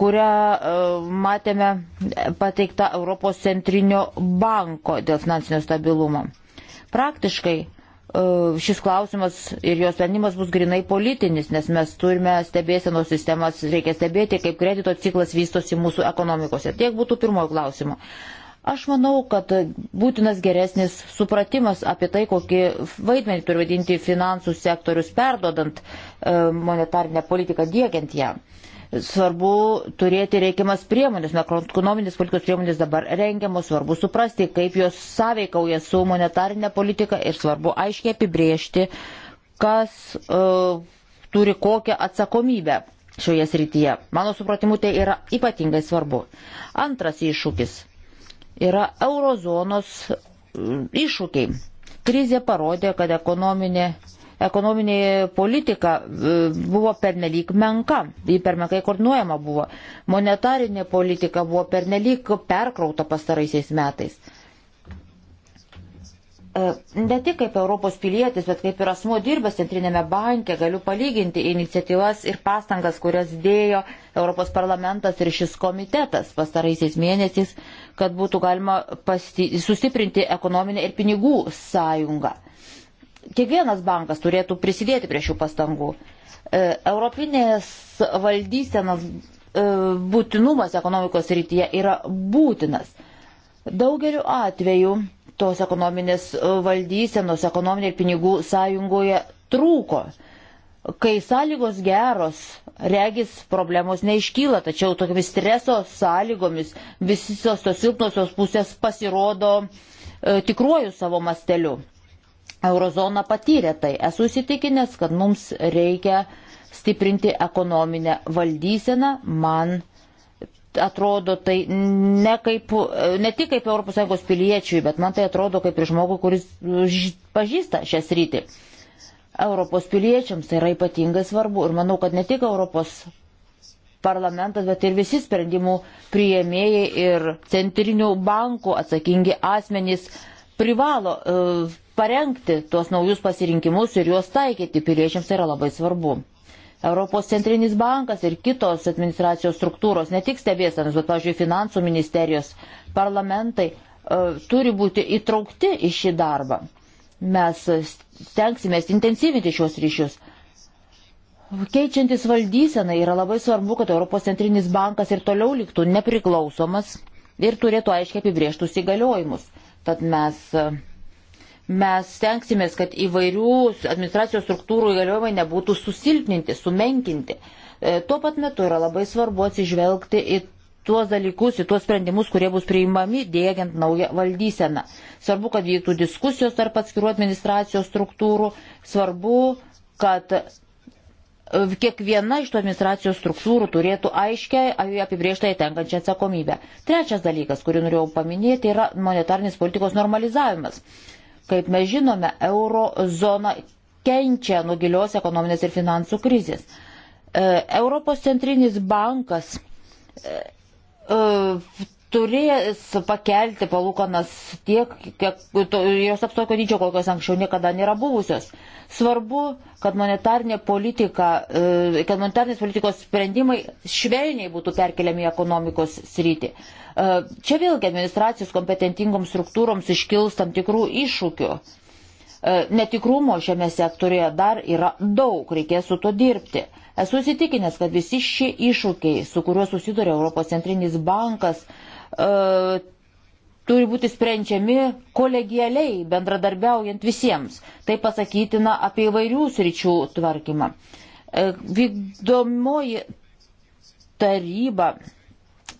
kurią e, matėme pateikta Europos centrinio banko dėl finansinio stabilumo. Praktiškai šis klausimas ir jos sprendimas bus grinai politinis, nes mes turime stebėsenos sistemas, reikia stebėti, kaip kredito ciklas vystosi mūsų ekonomikose. Tiek būtų pirmojo klausimo. Aš manau, kad būtinas geresnis supratimas apie tai, kokį vaidmenį turi vadinti finansų sektorius perdodant e, monetarinę politiką, dėgiant ją. Svarbu turėti reikiamas priemonės, makroekonominės politikos priemonės dabar rengiamos, svarbu suprasti, kaip jos sąveikauja su monetarinė politika ir svarbu aiškiai apibriežti, kas uh, turi kokią atsakomybę šioje srityje. Mano supratimu, tai yra ypatingai svarbu. Antras iššūkis yra eurozonos mm, iššūkiai. Krizė parodė, kad ekonominė, ekonominė politika mm, buvo pernelyg menka, jį permenkai koordinuojama buvo. Monetarinė politika buvo pernelyg perkrauta pastaraisiais metais. E, ne tik kaip Europos pilietis, bet kaip ir asmo dirbęs centrinėme banke, galiu palyginti iniciatyvas ir pastangas, kurias dėjo Europos parlamentas ir šis komitetas pastaraisiais mėnesiais, kad būtų galima pasti, sustiprinti ekonominę ir pinigų sąjungą. Kiekvienas bankas turėtų prisidėti prie šių pastangų. E, europinės valdysenos e, būtinumas ekonomikos rytyje yra būtinas. Daugeliu atveju tos ekonominės e, valdysenos, ekonominė ir pinigų sąjungoje trūko. Kai sąlygos geros, regis problemos neiškyla, tačiau tokiamis streso sąlygomis visos tos silpnosios pusės pasirodo e, tikruoju savo masteliu. Eurozona patyrė tai. Esu įsitikinęs, kad mums reikia stiprinti ekonominę valdyseną. Man atrodo tai ne, kaip, ne tik kaip ES piliečiui, bet man tai atrodo kaip ir žmogui, kuris pažįsta šią sritį. Europos piliečiams tai yra ypatingai svarbu ir manau, kad ne tik Europos parlamentas, bet ir visi sprendimų prieėmėjai ir centrinių bankų atsakingi asmenys privalo e, parengti tuos naujus pasirinkimus ir juos taikyti piliečiams tai yra labai svarbu. Europos centrinis bankas ir kitos administracijos struktūros, ne tik stebėsanas, bet, pavyzdžiui, finansų ministerijos, parlamentai e, turi būti įtraukti į šį darbą. Mes stengsimės intensyvinti šios ryšius. Keičiantis valdysenai yra labai svarbu, kad Europos centrinis bankas ir toliau liktų nepriklausomas ir turėtų aiškiai apibrieštus įgaliojimus. Tad mes e, Mes stengsimės, kad įvairių administracijos struktūrų įgaliojimai nebūtų susilpninti, sumenkinti. E, tuo pat metu yra labai svarbu atsižvelgti į tuos dalykus, į tuos sprendimus, kurie bus priimami dėgiant naują valdyseną. Svarbu, kad vyktų diskusijos tarp atskirų administracijos struktūrų, svarbu, kad e, kiekviena iš tų administracijos struktūrų turėtų aiškiai apibriežtą įtenkančią atsakomybę. Trečias dalykas, kurį norėjau paminėti, yra monetarnės politikos normalizavimas. Kaip mes žinome, euro zona kenčia nuo gilios ekonominės ir finansų krizės. E, Europos centrinis bankas e, e, turės pakelti palūkanas tiek, kiek jos taps tokio dydžio, kokios anksčiau niekada nėra buvusios. Svarbu, kad monetarinė politika, e, kad monetarinės politikos sprendimai švelniai būtų perkeliami į ekonomikos sritį. E, čia vėlgi administracijos kompetentingoms struktūroms iškils tam tikrų iššūkių. E, netikrumo šiame sektorėje dar yra daug, reikės su to dirbti. Esu įsitikinęs, kad visi šie iššūkiai, su kuriuo susiduria Europos centrinis bankas, uh, turi būti sprendžiami kolegialiai, bendradarbiaujant visiems. Tai pasakytina apie įvairių sričių tvarkymą. E, vykdomoji taryba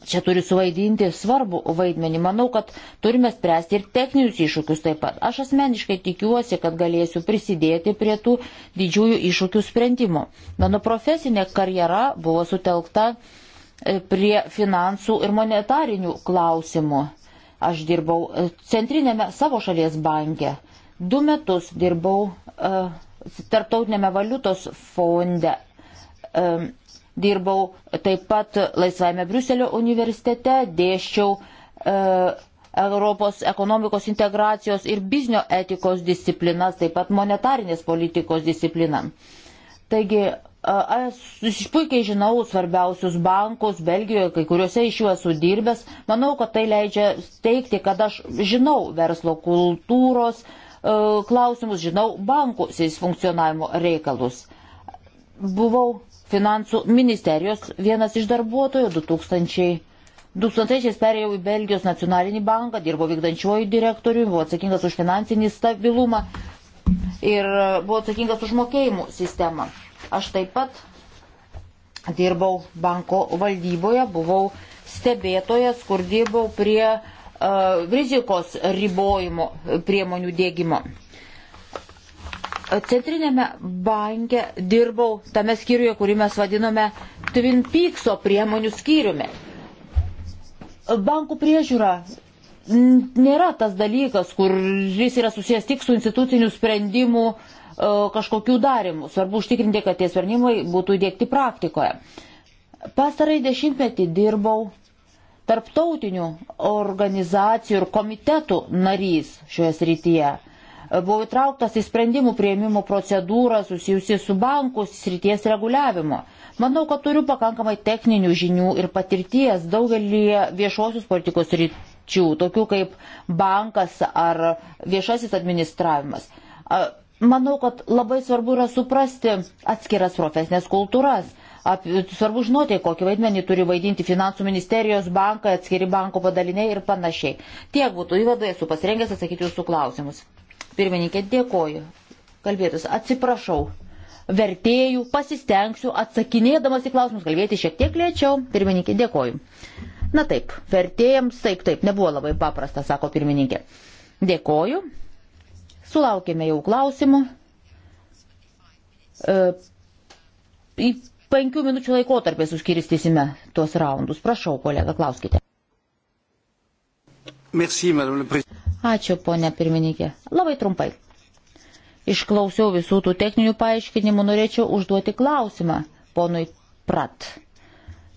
čia turi suvaidinti svarbų vaidmenį. Manau, kad turime spręsti ir techninius iššūkius taip pat. Aš asmeniškai tikiuosi, kad galėsiu prisidėti prie tų didžiųjų iššūkių sprendimo. Mano profesinė karjera buvo sutelkta uh, prie finansų ir monetarinių klausimų. Aš dirbau e, centrinėme savo šalies banke. Du metus dirbau uh, Tarptautinėme valiutos fonde. Um, dirbau taip pat Laisvajame Briuselio universitete, dėščiau uh, Europos ekonomikos integracijos ir biznio etikos disciplinas, taip pat monetarinės politikos discipliną. Taigi Aš puikiai žinau svarbiausius bankus Belgijoje, kai kuriuose iš jų esu dirbęs. Manau, kad tai leidžia teikti, kad aš žinau verslo kultūros e, klausimus, žinau bankų funkcionavimo reikalus. Buvau finansų ministerijos vienas iš darbuotojų 2000. 2000 perėjau į Belgijos nacionalinį banką, dirbo vykdančiuoju direktoriumi, buvo atsakingas už finansinį stabilumą ir e, buvo atsakingas už mokėjimų sistemą. Aš taip pat dirbau banko valdyboje, buvau stebėtojas, kur dirbau prie uh, rizikos ribojimo priemonių dėgymo. Centrinėme banke dirbau tame skyriuje, kurį mes vadinome Twin Peakso priemonių skyriumi. Bankų priežiūra nėra tas dalykas, kuris yra susijęs tik su institucinių sprendimų uh, E, kažkokių darimų. Svarbu užtikrinti, kad tie sprendimai būtų įdėkti praktikoje. Pastarai dešimtmetį dirbau tarptautinių organizacijų ir komitetų narys šioje srityje. Buvau įtrauktas į sprendimų prieimimo procedūrą susijusi su bankų srities reguliavimu. Manau, kad turiu pakankamai techninių žinių ir patirties daugelį viešosios politikos ryčių, tokių kaip bankas ar viešasis administravimas. Manau, kad labai svarbu yra suprasti atskiras profesinės kultūras. Ap, svarbu žinoti, kokį vaidmenį turi vaidinti finansų ministerijos bankai, atskiri banko padaliniai ir panašiai. Tiek būtų įvadai, esu pasirengęs atsakyti jūsų klausimus. Pirmininkė, dėkoju. Kalbėtus, atsiprašau. Vertėjų pasistengsiu atsakinėdamas į klausimus kalbėti šiek tiek lėčiau. Pirmininkė, dėkoju. Na taip, vertėjams taip, taip, nebuvo labai paprasta, sako pirmininkė. Dėkoju. Sulaukėme jau klausimų. E, į penkių minučių laikotarpės užkirstysime tuos raundus. Prašau, kolega, klauskite. Merci, Ačiū, ponė pirmininkė. Labai trumpai. Išklausiau visų tų techninių paaiškinimų, norėčiau užduoti klausimą ponui Prat.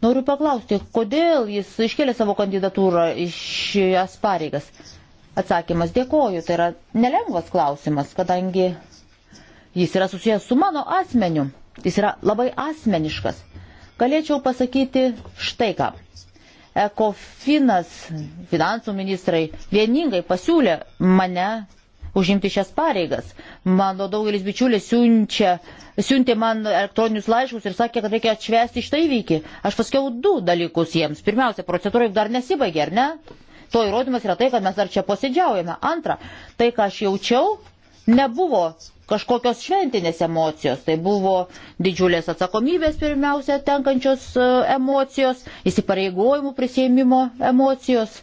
Noriu paklausti, kodėl jis iškėlė savo kandidatūrą iš jas pareigas. Atsakymas dėkoju, tai yra nelengvas klausimas, kadangi jis yra susijęs su mano asmeniu, jis yra labai asmeniškas. Galėčiau pasakyti štai ką. Ekofinas, finansų ministrai, vieningai pasiūlė mane užimti šias pareigas. Mano daugelis bičiuliai siunčia, siuntė man elektroninius laiškus ir sakė, kad reikia atšvesti šitą įvykį. Aš pasakiau du dalykus jiems. Pirmiausia, procedūra juk dar nesibaigė, ar ne? To įrodymas yra tai, kad mes dar čia posėdžiaujame. Antra, tai, ką aš jaučiau, nebuvo kažkokios šventinės emocijos. Tai buvo didžiulės atsakomybės pirmiausia tenkančios e, emocijos, įsipareigojimų prisėmimo emocijos.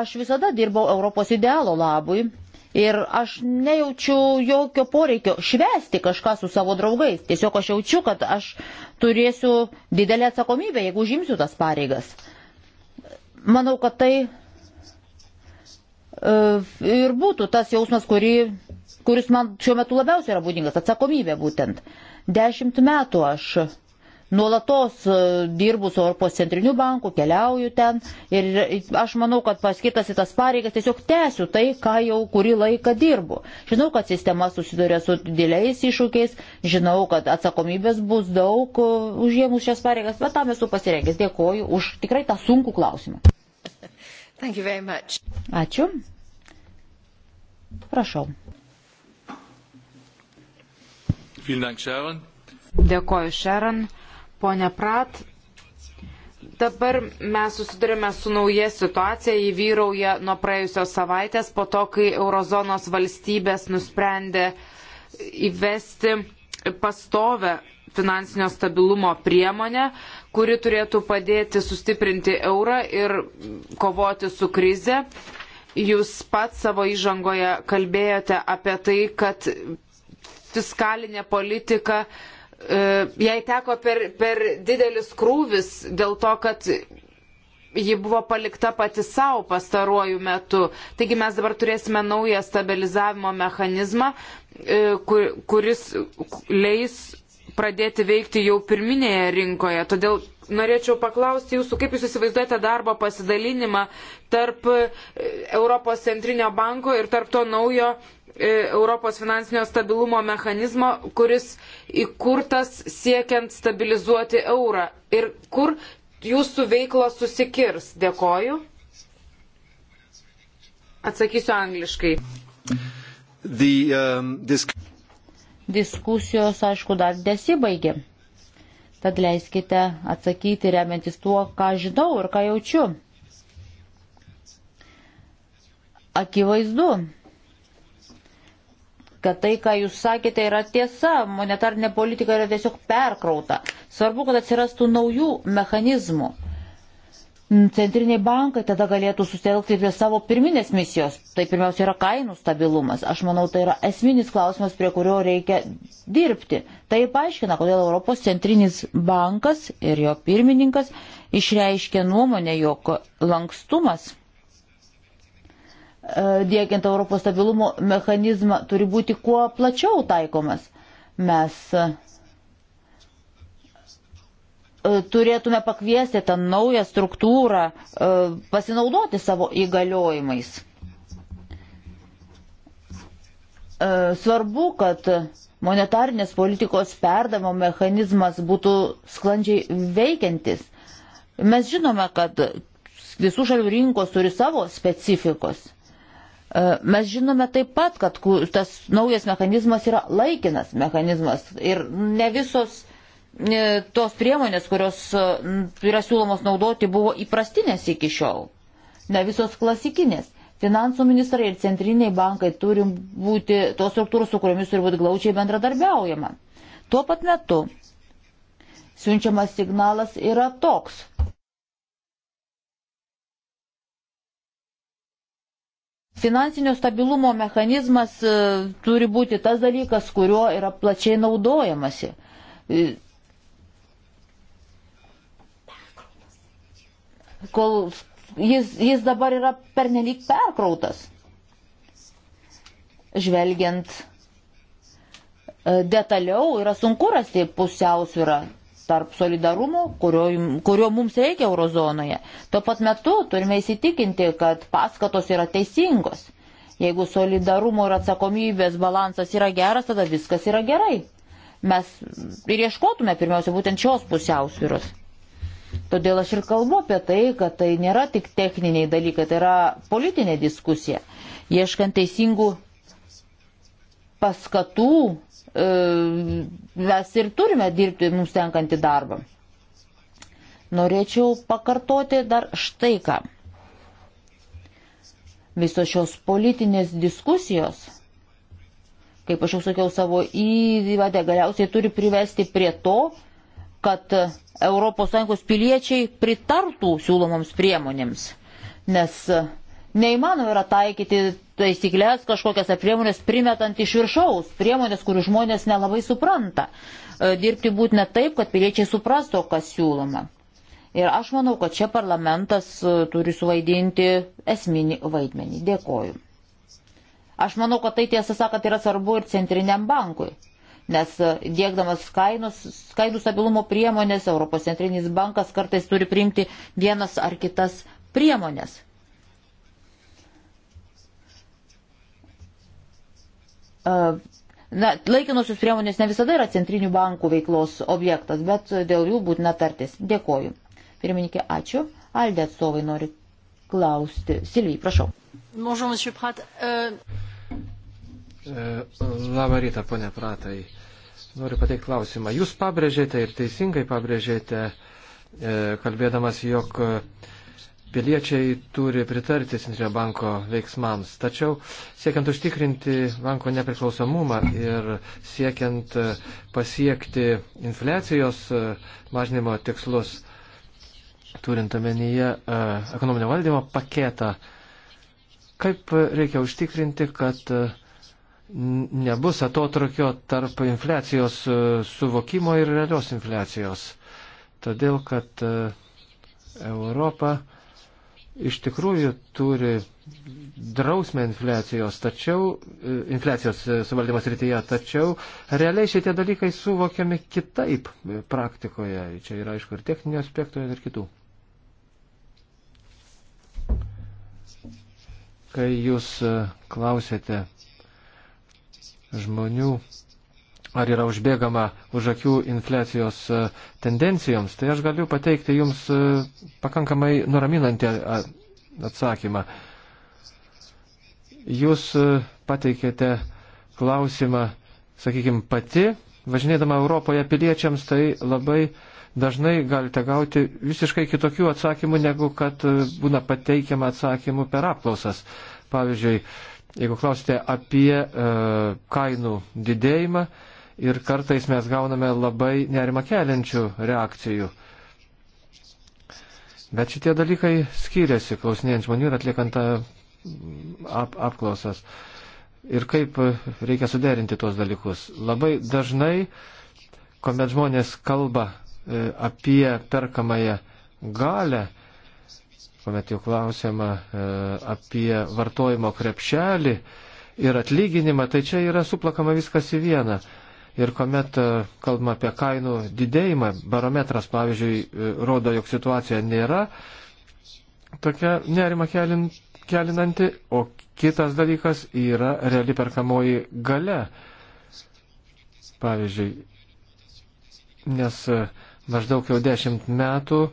Aš visada dirbau Europos idealo labui Ir aš nejaučiu jokio poreikio švesti kažką su savo draugais. Tiesiog aš jaučiu, kad aš turėsiu didelę atsakomybę, jeigu užimsiu tas pareigas. Manau, kad tai E, ir būtų tas jausmas, kurį, kuris man šiuo metu labiausiai yra būdingas - atsakomybė būtent. Dešimt metų aš nuolatos e, dirbu su Europos centriniu banku, keliauju ten ir aš manau, kad paskirtas į tas pareigas tiesiog tęsiu tai, ką jau kurį laiką dirbu. Žinau, kad sistema susiduria su dideliais iššūkiais, žinau, kad atsakomybės bus daug e, užėmus šias pareigas, bet tam esu pasirengęs. Dėkoju už tikrai tą sunkų klausimą. Ačiū. Prašau. Dank, Sharon. Dėkoju, Šeron. Pone Prat, dabar mes susidurime su nauja situacija, jį vyrauja nuo praėjusios savaitės, po to, kai eurozonos valstybės nusprendė įvesti pastovę finansinio stabilumo priemonę, kuri turėtų padėti sustiprinti eurą ir kovoti su krize. Jūs pats savo įžangoje kalbėjote apie tai, kad fiskalinė politika, e, jai teko per, per didelis krūvis dėl to, kad ji buvo palikta pati savo pastaruoju metu. Taigi mes dabar turėsime naują stabilizavimo mechanizmą, e, kuris leis pradėti veikti jau pirminėje rinkoje. Todėl norėčiau paklausti jūsų, kaip jūs įsivaizduojate darbo pasidalinimą tarp e, Europos centrinio banko ir tarp to naujo e, Europos finansinio stabilumo mechanizmo, kuris įkurtas siekiant stabilizuoti eurą. Ir kur jūsų veiklos susikirs? Dėkoju. Atsakysiu angliškai. The, um, this diskusijos, aišku, dar nesibaigė. Tad leiskite atsakyti remiantis tuo, ką žinau ir ką jaučiu. Akivaizdu, kad tai, ką jūs sakėte, yra tiesa, monetarinė politika yra tiesiog perkrauta. Svarbu, kad atsirastų naujų mechanizmų Mm, centriniai bankai tada galėtų susitelkti prie savo pirminės misijos. Tai pirmiausia yra kainų stabilumas. Aš manau, tai yra esminis klausimas, prie kurio reikia dirbti. Tai paaiškina, kodėl Europos centrinis bankas ir jo pirmininkas išreiškė nuomonę, jog lankstumas e, dėkiant Europos stabilumo mechanizmą turi būti kuo plačiau taikomas. Mes E, turėtume pakviesti tą naują struktūrą e, pasinaudoti savo įgaliojimais. E, svarbu, kad monetarnės politikos perdamo mechanizmas būtų sklandžiai veikiantis. Mes žinome, kad visų šalių rinkos turi savo specifikos. Mes žinome taip pat, kad tas naujas mechanizmas yra laikinas mechanizmas ir ne visos uh, E, tos priemonės, kurios e, yra siūlomos naudoti, buvo įprastinės iki šiol, ne visos klasikinės. Finansų ministrai ir centriniai bankai turi būti tos struktūros, su kuriomis turi būti glaučiai bendradarbiaujama. Tuo pat metu siunčiamas signalas yra toks. Finansinio stabilumo mechanizmas e, turi būti tas dalykas, kuriuo yra plačiai naudojamasi kol jis, jis dabar yra pernelyg perkrautas. Žvelgiant e, detaliau, yra sunku rasti pusiausvyrą tarp solidarumo, kurio, kurio mums reikia eurozonoje. Tuo pat metu turime įsitikinti, kad paskatos yra teisingos. Jeigu solidarumo ir atsakomybės balansas yra geras, tada viskas yra gerai. Mes ir ieškotume pirmiausia būtent šios pusiausvyros. Todėl aš ir kalbu apie tai, kad tai nėra tik techniniai dalykai, tai yra politinė diskusija. Ieškant teisingų paskatų, e, mes ir turime dirbti mums tenkantį darbą. Norėčiau pakartoti dar štai ką. Visos šios politinės diskusijos, kaip aš jau sakiau savo įvadę, galiausiai turi privesti prie to, kad ES piliečiai pritartų siūlomoms priemonėms, nes neįmanoma yra taikyti taisyklės kažkokias priemonės primetant iš viršaus, priemonės, kurių žmonės nelabai supranta. E, dirbti būtina taip, kad piliečiai suprastų, kas siūloma. Ir aš manau, kad čia parlamentas e, turi suvaidinti esminį vaidmenį. Dėkoju. Aš manau, kad tai tiesą sakant yra svarbu ir centriniam bankui nes e, dėkdamas kainos, kainų stabilumo priemonės Europos centrinis bankas kartais turi priimti vienas ar kitas priemonės. E, na, laikinosios priemonės ne visada yra centrinių bankų veiklos objektas, bet dėl jų būtina tartis. Dėkoju. Pirmininkė, ačiū. Aldė atstovai nori klausti. Silvijai, prašau. Bonjour, euh, e, Labą rytą, ponė Pratai noriu pateikti klausimą. Jūs pabrėžėte ir teisingai pabrėžėte, e, kalbėdamas, jog e, piliečiai turi pritarti Centrinio banko veiksmams. Tačiau siekiant užtikrinti banko nepriklausomumą ir siekiant e, pasiekti infliacijos mažinimo tikslus, turint omenyje ekonominio valdymo paketą, kaip reikia užtikrinti, kad uh, nebus atotrukio tarp infliacijos e, suvokimo ir realios infliacijos. Todėl, kad e, Europa iš tikrųjų turi drausmę infliacijos, tačiau, e, infliacijos suvaldymas rytyje, tačiau realiai šitie dalykai suvokiami kitaip praktikoje. Čia yra aišku ir techninio aspekto, ir kitų. Kai jūs klausėte žmonių, ar yra užbėgama už akių infliacijos e, tendencijoms, tai aš galiu pateikti jums e, pakankamai nuraminantį atsakymą. Jūs e, pateikėte klausimą, sakykime, pati, važinėdama Europoje piliečiams, tai labai dažnai galite gauti visiškai kitokių atsakymų, negu kad būna pateikiama atsakymų per apklausas. Pavyzdžiui, Jeigu klausite apie e, kainų didėjimą ir kartais mes gauname labai nerima keliančių reakcijų. Bet šitie dalykai skiriasi, klausinėjant žmonių ir atliekant e, ap, apklausas. Ir kaip reikia suderinti tuos dalykus. Labai dažnai, kuomet žmonės kalba e, apie perkamąją galę, e, kuomet jau klausima e, apie vartojimo krepšelį ir atlyginimą, tai čia yra suplakama viskas į vieną. Ir kuomet e, kalbama apie kainų didėjimą, barometras, pavyzdžiui, e, rodo, jog situacija nėra tokia nerima kelinanti, o kitas dalykas yra reali perkamoji gale. Pavyzdžiui, nes maždaug jau dešimt metų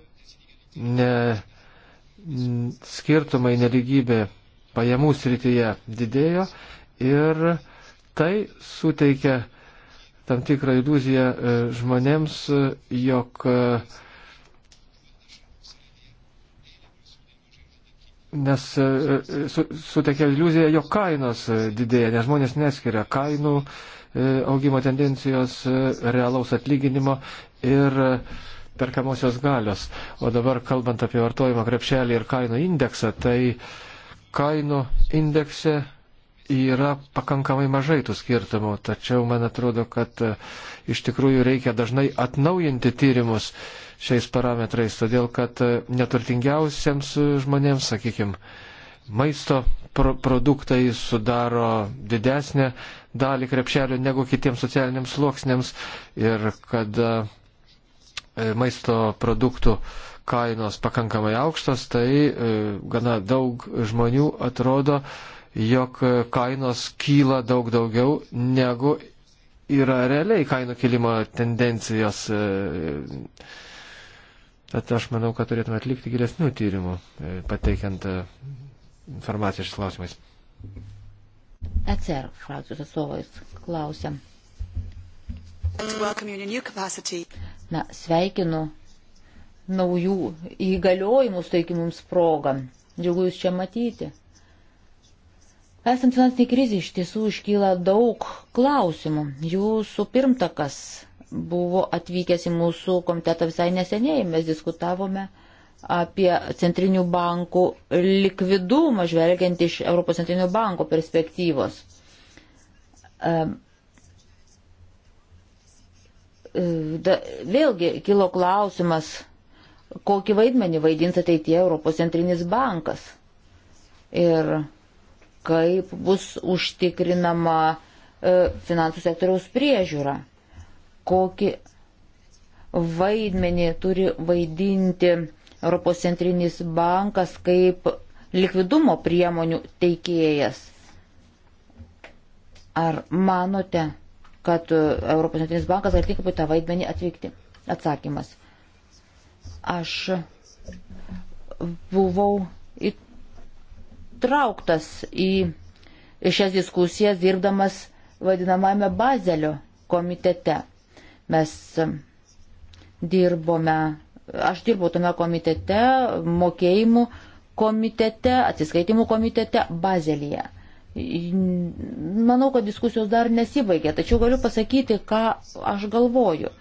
ne Mm, skirtumai neligybė pajamų srityje didėjo ir tai suteikia tam tikrą iliuziją e, žmonėms, e, jog e, Nes su, sutekia iliuziją, jog kainos didėja, nes žmonės neskiria kainų augimo tendencijos, realaus atlyginimo ir uh, perkamosios galios. O dabar, kalbant apie vartojimo krepšelį ir kainų indeksą, tai kainų indekse yra pakankamai mažai tų skirtumų, tačiau man atrodo, kad e, iš tikrųjų reikia dažnai atnaujinti tyrimus šiais parametrais, todėl kad e, neturtingiausiems žmonėms, sakykime, maisto pro produktai sudaro didesnę dalį krepšelio negu kitiems socialiniams sluoksniams ir kad e, E, maisto produktų kainos pakankamai aukštos, tai e, gana daug žmonių atrodo, jog kainos kyla daug daugiau negu yra realiai kainų kilimo tendencijos. E, tad aš manau, kad turėtume atlikti gilesnių tyrimų, pateikiant informaciją šis klausimais. ECR frakcijos atstovais klausėm. Na, sveikinu naujų įgaliojimų suteikimus progą. Džiugu Jūs čia matyti. Esant finansiniai krizai iš tiesų iškyla daug klausimų. Jūsų pirmtakas buvo atvykęs į mūsų komitetą visai neseniai. Mes diskutavome apie centrinių bankų likvidumą, žvelgiant iš Europos centrinio banko perspektyvos. Um, E, da, vėlgi kilo klausimas, kokį vaidmenį vaidins ateitie Europos centrinis bankas ir kaip bus užtikrinama e, finansų sektoriaus priežiūra, kokį vaidmenį turi vaidinti Europos centrinis bankas kaip likvidumo priemonių teikėjas. Ar manote, kad e, Europos Centrinis bankas atlikai tą vaidmenį atvykti. Atsakymas. Aš buvau įtrauktas į šias diskusijas dirbdamas vadinamame Bazelio komitete. Mes e, dirbome, aš dirbau tame komitete, mokėjimų komitete, atsiskaitimų komitete Bazelyje. Manau, kad diskusijos dar nesibaigė, tačiau galiu pasakyti, ką aš galvoju.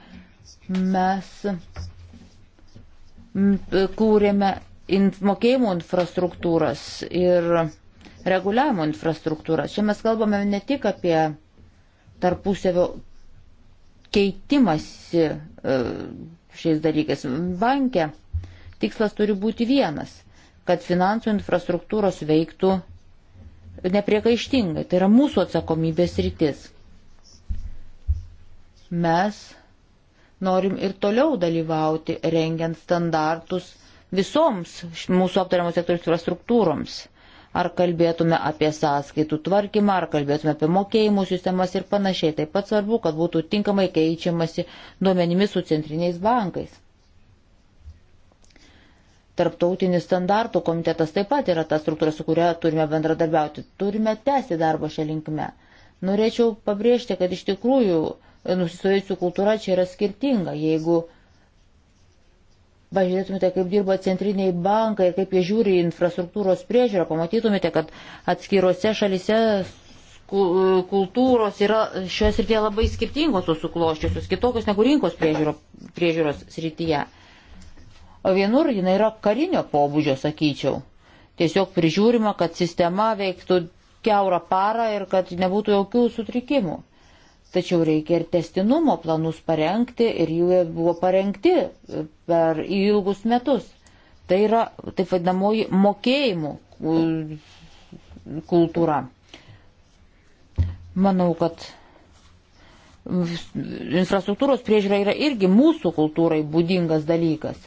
Mes kūrėme mokėjimo infrastruktūras ir reguliavimo infrastruktūras. Čia mes kalbame ne tik apie tarpusavio keitimasi e, šiais dalykais. Bankė tikslas turi būti vienas, kad finansų infrastruktūros veiktų nepriekaištingai. Tai yra mūsų atsakomybės rytis. Mes norim ir toliau dalyvauti rengiant standartus visoms mūsų aptariamos sektoriaus infrastruktūroms. Ar kalbėtume apie sąskaitų tvarkymą, ar kalbėtume apie mokėjimų sistemas ir panašiai. Taip pat svarbu, kad būtų tinkamai keičiamasi duomenimis su centriniais bankais. Tarptautinis standartų komitetas taip pat yra ta struktūra, su kuria turime bendradarbiauti. Turime tęsti darbą šią linkmę. Norėčiau pabrėžti, kad iš tikrųjų e, nusistovėjusių kultūra čia yra skirtinga. Jeigu pažiūrėtumėte, kaip dirba centriniai bankai ir kaip jie žiūri infrastruktūros priežiūrą, pamatytumėte, kad atskirose šalise e, kultūros yra šioje srityje labai skirtingos sukloščiusios, kitokios negu rinkos priežiūro, priežiūros srityje o vienur jinai yra karinio pobūdžio, sakyčiau. Tiesiog prižiūrima, kad sistema veiktų keurą parą ir kad nebūtų jokių sutrikimų. Tačiau reikia ir testinumo planus parengti ir jų buvo parengti e, per ilgus metus. Tai yra taip vadinamoji mokėjimų kultūra. Manau, kad infrastruktūros priežiūra yra irgi mūsų kultūrai būdingas dalykas.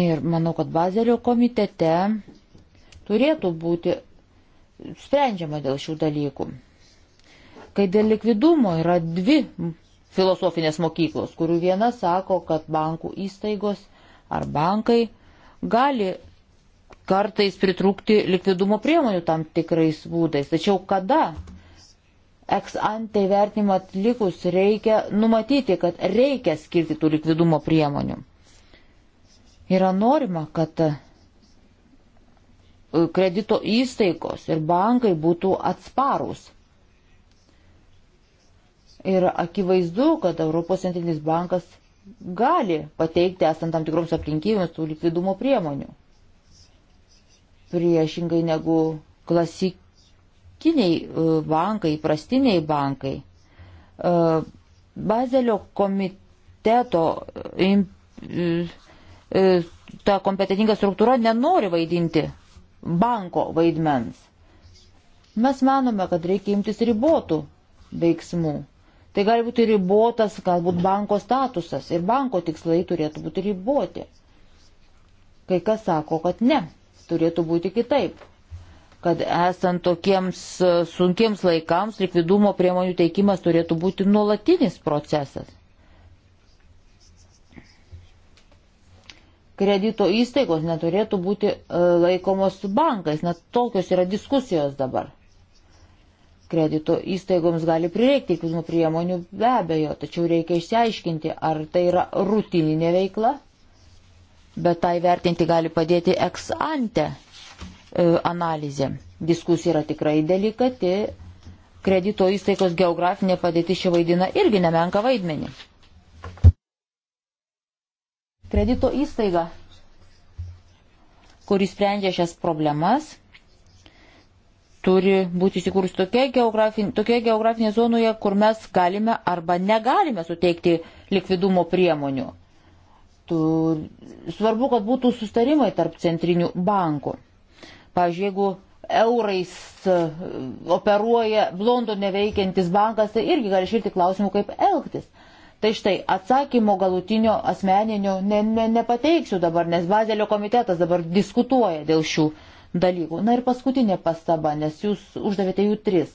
Ir manau, kad Bazelio komitete turėtų būti sprendžiama dėl šių dalykų. Kai dėl likvidumo yra dvi filosofinės mokyklos, kurių viena sako, kad bankų įstaigos ar bankai gali kartais pritrūkti likvidumo priemonių tam tikrais būdais. Tačiau kada eks ante vertinimą atlikus reikia numatyti, kad reikia skirti tų likvidumo priemonių. Yra norima, kad e, kredito įstaigos ir bankai būtų atsparūs. Ir akivaizdu, kad Europos centrinis bankas gali pateikti esant tam tikroms aplinkybėms tų likvidumo priemonių. Priešingai negu klasikiniai e, bankai, prastiniai bankai. E, Bazelio komiteto E, ta kompetitinga struktūra nenori vaidinti banko vaidmens. Mes manome, kad reikia imtis ribotų veiksmų. Tai gali būti ribotas, galbūt banko statusas ir banko tikslai turėtų būti riboti. Kai kas sako, kad ne, turėtų būti kitaip kad esant tokiems e, sunkiems laikams likvidumo priemonių teikimas turėtų būti nuolatinis procesas. kredito įstaigos neturėtų būti e, laikomos bankais, net tokios yra diskusijos dabar. Kredito įstaigoms gali prireikti įkvizmų priemonių be abejo, tačiau reikia išsiaiškinti, ar tai yra rutininė veikla, bet tai vertinti gali padėti ex ante e, analizė. Diskusija yra tikrai delikati, kredito įstaigos geografinė padėtis čia vaidina irgi nemenka vaidmenį. Kredito įstaiga, kuris sprendžia šias problemas, turi būti įsikūrus tokioje geografinė, tokia geografinėje zonoje, kur mes galime arba negalime suteikti likvidumo priemonių. Tu, svarbu, kad būtų sustarimai tarp centrinių bankų. Pavyzdžiui, jeigu eurais e, operuoja Londone veikiantis bankas, tai irgi gali šilti klausimų, kaip elgtis. Tai štai atsakymo galutinio asmeninio ne, ne, nepateiksiu dabar, nes Bazelio komitetas dabar diskutuoja dėl šių dalykų. Na ir paskutinė pastaba, nes jūs uždavėte jų tris.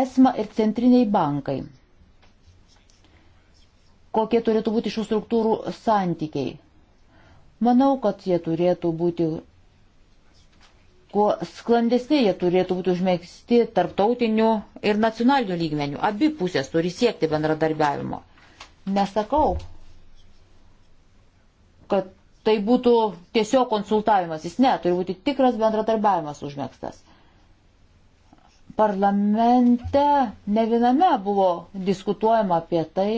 ESMA ir centriniai bankai. Kokie turėtų būti šių struktūrų santykiai? Manau, kad jie turėtų būti kuo sklandesnė jie turėtų būti užmėgsti tarptautiniu ir nacionaliniu lygmeniu. Abi pusės turi siekti bendradarbiavimo. Nesakau, kad tai būtų tiesiog konsultavimas. Jis ne, turi būti tikras bendradarbiavimas užmėgstas. Parlamente ne viename buvo diskutuojama apie tai,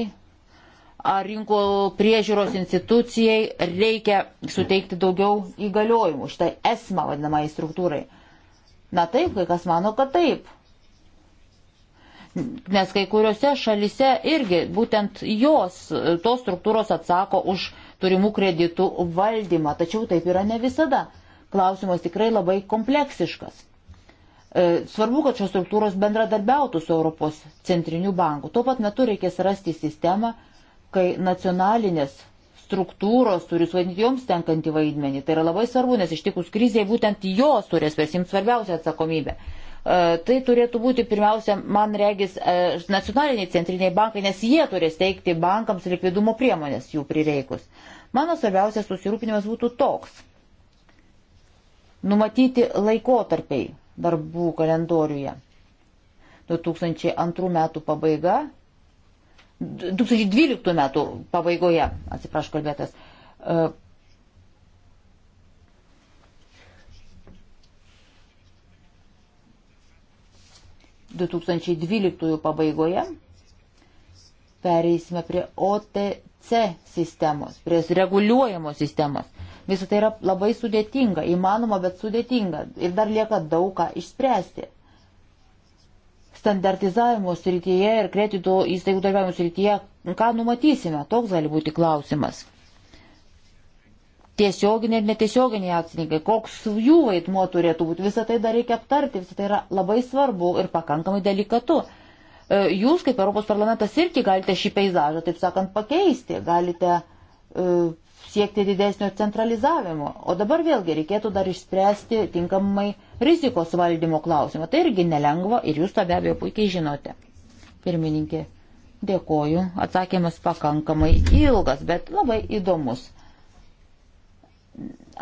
ar rinkų priežiūros institucijai reikia suteikti daugiau įgaliojimų, štai esma vadinamai struktūrai. Na taip, kai kas mano, kad taip. Nes kai kuriuose šalise irgi būtent jos, tos struktūros atsako už turimų kreditų valdymą, tačiau taip yra ne visada. Klausimas tikrai labai kompleksiškas. E, svarbu, kad šios struktūros bendradarbiautų su Europos centriniu banku. Tuo pat metu reikės rasti sistemą, kai nacionalinės struktūros turi suvaidinti joms tenkantį vaidmenį. Tai yra labai svarbu, nes ištikus kriziai būtent jos turės prisimti svarbiausią atsakomybę. E, tai turėtų būti pirmiausia, man regis, e, nacionaliniai centriniai bankai, nes jie turės teikti bankams likvidumo priemonės jų prireikus. Mano svarbiausias susirūpinimas būtų toks. Numatyti laikotarpiai darbų kalendoriuje. 2002 metų pabaiga 2012 metų pabaigoje, atsiprašau kalbėtas. Uh, e, 2012 pabaigoje pereisime prie OTC sistemos, prie reguliuojamos sistemos. Visą tai yra labai sudėtinga, įmanoma, bet sudėtinga. Ir dar lieka daug ką išspręsti standartizavimo srityje ir kredito įstaigų dalyvavimo srityje, ką numatysime, toks gali būti klausimas. Tiesioginiai ir netiesioginiai akcininkai, koks jų vaidmuo turėtų būti, visą tai dar reikia aptarti, visą tai yra labai svarbu ir pakankamai delikatu. E, jūs kaip Europos parlamentas irgi galite šį peizažą, taip sakant, pakeisti, galite uh, siekti didesnio centralizavimo. O dabar vėlgi reikėtų dar išspręsti tinkamai rizikos valdymo klausimą. Tai irgi nelengva ir jūs tą be abejo puikiai žinote. Pirmininkė, dėkoju. Atsakymas pakankamai ilgas, bet labai įdomus.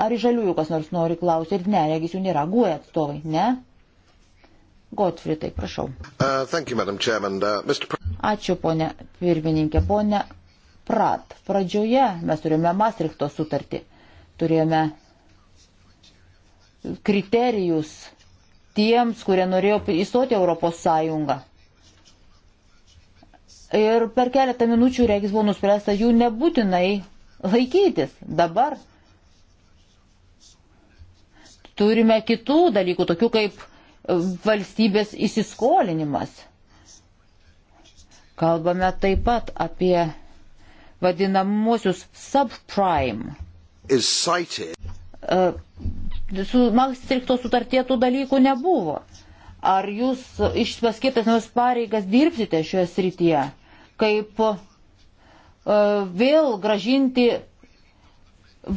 Ar iš žaliųjų kas nors nori klausyti? Ir ne, regis jų nėra. Guoja atstovai, ne? Gotfritai, prašau. Uh, you, uh, Ačiū, ponė pirmininkė. Ponė prat. Pradžioje mes turėjome Mastrichto sutartį, turėjome kriterijus tiems, kurie norėjo įstoti Europos Sąjungą. Ir per keletą minučių, reikis, buvo nuspręsta jų nebūtinai laikytis. Dabar turime kitų dalykų, tokių kaip e, valstybės įsiskolinimas. Kalbame taip pat apie vadinamosius subprime. E, su Maastrichto sutartėtų dalykų nebuvo. Ar jūs iš paskirtas naujus pareigas dirbsite šioje srityje, kaip uh, vėl gražinti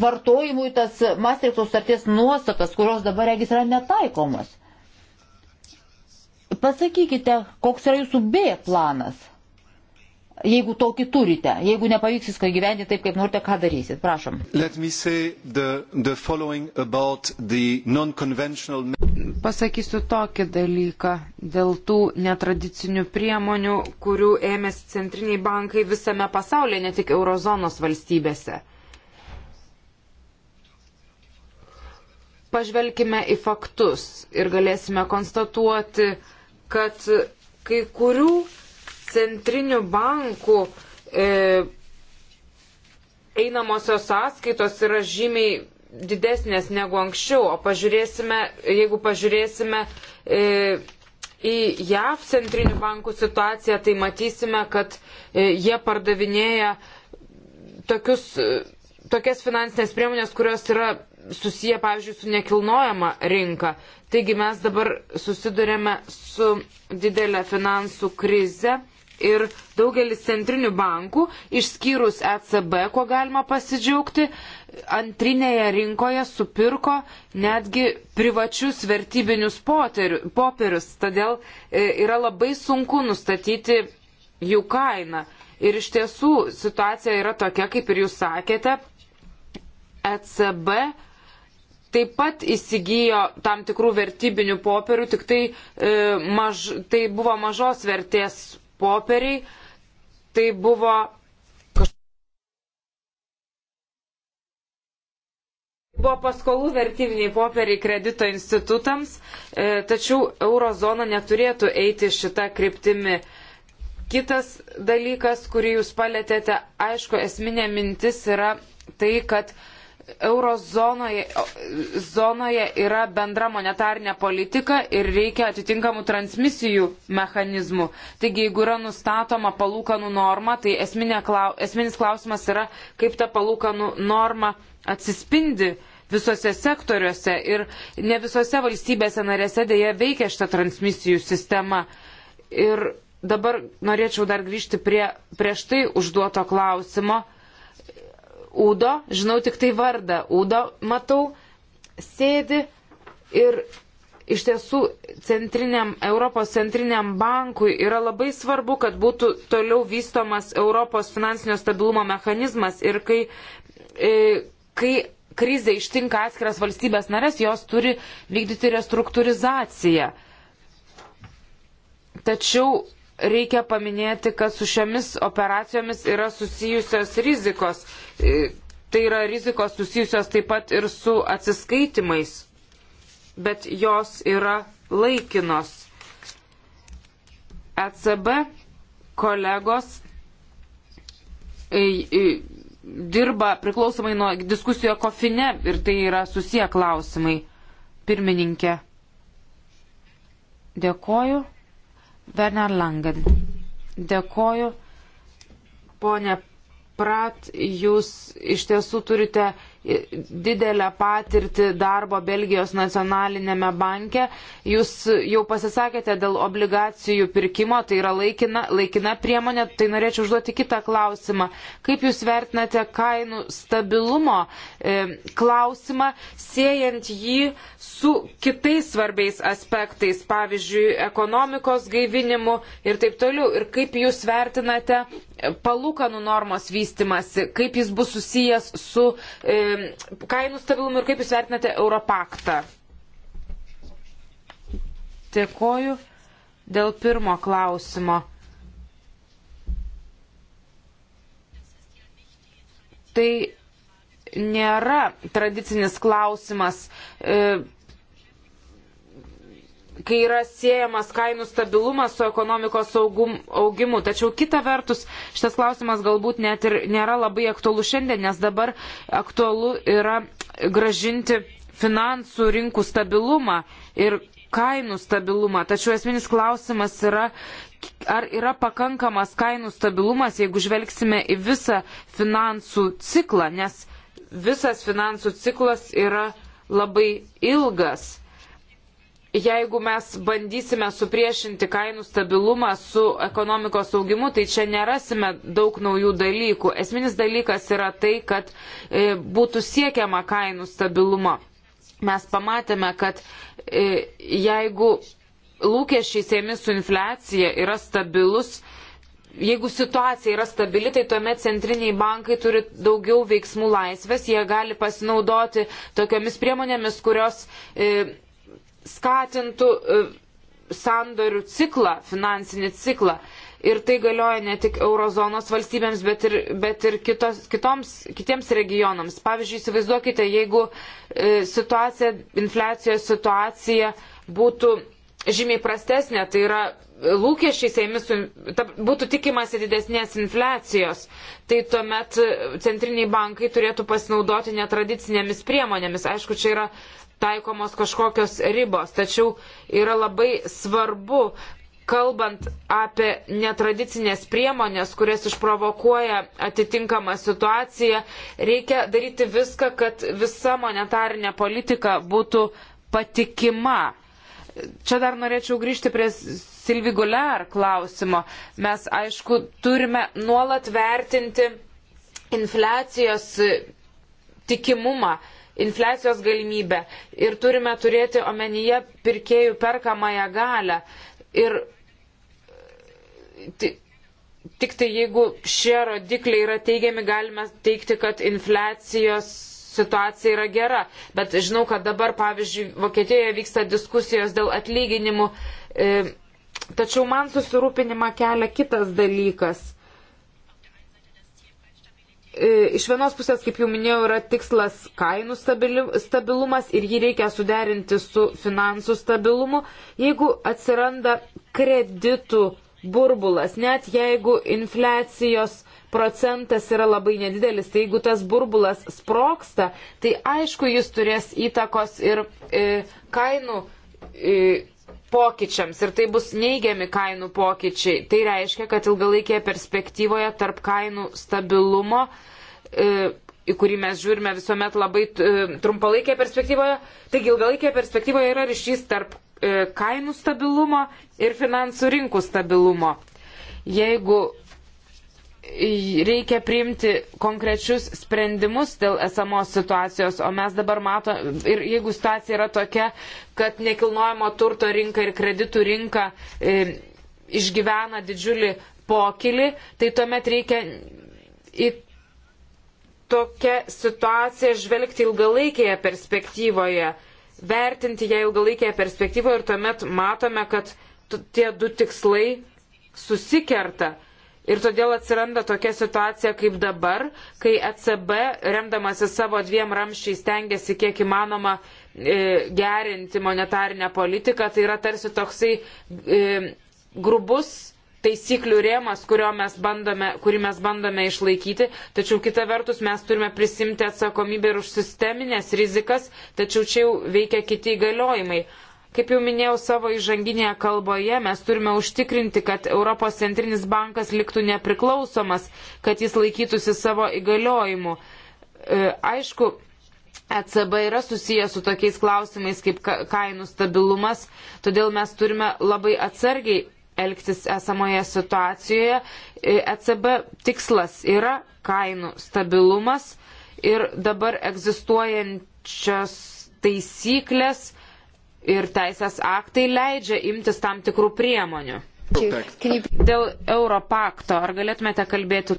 vartojimui tas Maastrichto sutarties nuostatas, kurios dabar regis yra netaikomos? Pasakykite, koks yra jūsų B planas Jeigu tokį turite, jeigu nepavyks visko gyventi taip, kaip norite, ką darysit? Prašom. The, the Pasakysiu tokį dalyką dėl tų netradicinių priemonių, kurių ėmėsi centriniai bankai visame pasaulyje, ne tik eurozonos valstybėse. Pažvelkime į faktus ir galėsime konstatuoti, kad kai kurių centrinių bankų e, einamosios sąskaitos yra žymiai didesnės negu anksčiau, o pažiūrėsime, jeigu pažiūrėsime e, į JAV centrinių bankų situaciją, tai matysime, kad e, jie pardavinėja tokius, e, tokias finansinės priemonės, kurios yra susiję, pavyzdžiui, su nekilnojama rinka. Taigi mes dabar susidurėme su didelė finansų krize ir daugelis centrinių bankų, išskyrus ECB, ko galima pasidžiaugti, antrinėje rinkoje supirko netgi privačius vertybinius popierius, todėl e, yra labai sunku nustatyti jų kainą. Ir iš tiesų situacija yra tokia, kaip ir jūs sakėte, ECB taip pat įsigijo tam tikrų vertybinių popierių, tik tai, e, maž, tai buvo mažos vertės poperiai, tai buvo tai buvo paskolų vertybiniai popieriai kredito institutams, e, tačiau eurozona neturėtų eiti šitą kryptimį. Kitas dalykas, kurį jūs palėtėte, aišku, esminė mintis yra tai, kad eurozonoje zonoje yra bendra monetarinė politika ir reikia atitinkamų transmisijų mechanizmų. Taigi, jeigu yra nustatoma palūkanų norma, tai esminė, esminis klausimas yra, kaip ta palūkanų norma atsispindi visose sektoriuose ir ne visose valstybėse narėse dėja veikia šita transmisijų sistema. Ir dabar norėčiau dar grįžti prie prieš tai užduoto klausimo Udo, žinau tik tai vardą, Udo matau, sėdi ir iš tiesų centriniam, Europos centriniam bankui yra labai svarbu, kad būtų toliau vystomas Europos finansinio stabilumo mechanizmas ir kai, e, kai krizė ištinka atskiras valstybės narės, jos turi vykdyti restruktūrizaciją. Tačiau reikia paminėti, kad su šiomis operacijomis yra susijusios rizikos. E, tai yra rizikos susijusios taip pat ir su atsiskaitimais, bet jos yra laikinos. ECB kolegos e, e, dirba priklausomai nuo diskusijų kofine ir tai yra susiję klausimai. Pirmininkė, dėkoju. Bernard Langen. Dėkoju. Pone Prat, jūs iš tiesų turite didelę patirtį darbo Belgijos nacionalinėme banke. Jūs jau pasisakėte dėl obligacijų pirkimo, tai yra laikina, laikina priemonė, tai norėčiau užduoti kitą klausimą. Kaip Jūs vertinate kainų stabilumo e, klausimą, siejant jį su kitais svarbiais aspektais, pavyzdžiui, ekonomikos gaivinimu ir taip toliau? Ir kaip Jūs vertinate palūkanų normos vystimasi, kaip jis bus susijęs su e, kainų stabilumui ir kaip jūs vertinate Europaktą? Dėkoju dėl pirmo klausimo. Tai nėra tradicinis klausimas. E, kai yra siejamas kainų stabilumas su ekonomikos saugum, augimu. Tačiau kita vertus, šitas klausimas galbūt net ir nėra labai aktualu šiandien, nes dabar aktualu yra gražinti finansų rinkų stabilumą ir kainų stabilumą. Tačiau esminis klausimas yra, ar yra pakankamas kainų stabilumas, jeigu žvelgsime į visą finansų ciklą, nes visas finansų ciklas yra labai ilgas jeigu mes bandysime supriešinti kainų stabilumą su ekonomikos augimu, tai čia nerasime daug naujų dalykų. Esminis dalykas yra tai, kad e, būtų siekiama kainų stabilumo. Mes pamatėme, kad e, jeigu lūkesčiai siejami su infliacija yra stabilus, jeigu situacija yra stabili, tai tuomet centriniai bankai turi daugiau veiksmų laisvės, jie gali pasinaudoti tokiamis priemonėmis, kurios e, skatintų e, sandorių ciklą, finansinį ciklą. Ir tai galioja ne tik eurozonos valstybėms, bet ir, bet ir kitos, kitoms, kitiems regionams. Pavyzdžiui, įsivaizduokite, jeigu e, situacija, infliacijos situacija būtų žymiai prastesnė, tai yra e, lūkesčiai seimi su, ta, būtų tikimasi didesnės infliacijos, tai tuomet e, centriniai bankai turėtų pasinaudoti netradicinėmis priemonėmis. Aišku, čia yra taikomos kažkokios ribos. Tačiau yra labai svarbu, kalbant apie netradicinės priemonės, kurias išprovokuoja atitinkama situacija, reikia daryti viską, kad visa monetarinė politika būtų patikima. Čia dar norėčiau grįžti prie Silvi Guler klausimo. Mes, aišku, turime nuolat vertinti infliacijos tikimumą infliacijos galimybę ir turime turėti omenyje pirkėjų perkamąją galę. Ir tik tai jeigu šie rodikliai yra teigiami, galime teikti, kad infliacijos situacija yra gera. Bet žinau, kad dabar, pavyzdžiui, Vokietijoje vyksta diskusijos dėl atlyginimų. E, tačiau man susirūpinimą kelia kitas dalykas. E, iš vienos pusės, kaip jau minėjau, yra tikslas kainų stabilumas ir jį reikia suderinti su finansų stabilumu. Jeigu atsiranda kreditų burbulas, net jeigu infliacijos procentas yra labai nedidelis, tai jeigu tas burbulas sproksta, tai aišku, jis turės įtakos ir e, kainų. E, pokyčiams ir tai bus neigiami kainų pokyčiai. Tai reiškia, kad ilgalaikėje perspektyvoje tarp kainų stabilumo, e, į kurį mes žiūrime visuomet labai e, trumpalaikėje perspektyvoje, taigi ilgalaikėje perspektyvoje yra ryšys tarp e, kainų stabilumo ir finansų rinkų stabilumo. Jeigu reikia priimti konkrečius sprendimus dėl esamos situacijos, o mes dabar matome, ir jeigu situacija yra tokia, kad nekilnojamo turto rinka ir kreditų rinka e, išgyvena didžiulį pokilį, tai tuomet reikia į tokią situaciją žvelgti ilgalaikėje perspektyvoje, vertinti ją ilgalaikėje perspektyvoje ir tuomet matome, kad tie du tikslai susikerta. Ir todėl atsiranda tokia situacija kaip dabar, kai ECB, remdamasi savo dviem ramščiais, tengiasi kiek įmanoma e, gerinti monetarinę politiką. Tai yra tarsi toksai e, grubus taisyklių rėmas, mes bandome, kurį mes bandome išlaikyti, tačiau kita vertus mes turime prisimti atsakomybę ir už sisteminės rizikas, tačiau čia jau veikia kiti įgaliojimai. Kaip jau minėjau savo įžanginėje kalboje, mes turime užtikrinti, kad Europos centrinis bankas liktų nepriklausomas, kad jis laikytųsi savo įgaliojimų. E, aišku, ECB yra susijęs su tokiais klausimais kaip kainų stabilumas, todėl mes turime labai atsargiai elgtis esamoje situacijoje. ECB e tikslas yra kainų stabilumas ir dabar egzistuojančios taisyklės ir teisės aktai leidžia imtis tam tikrų priemonių. Dėl Europakto, ar galėtumėte kalbėti?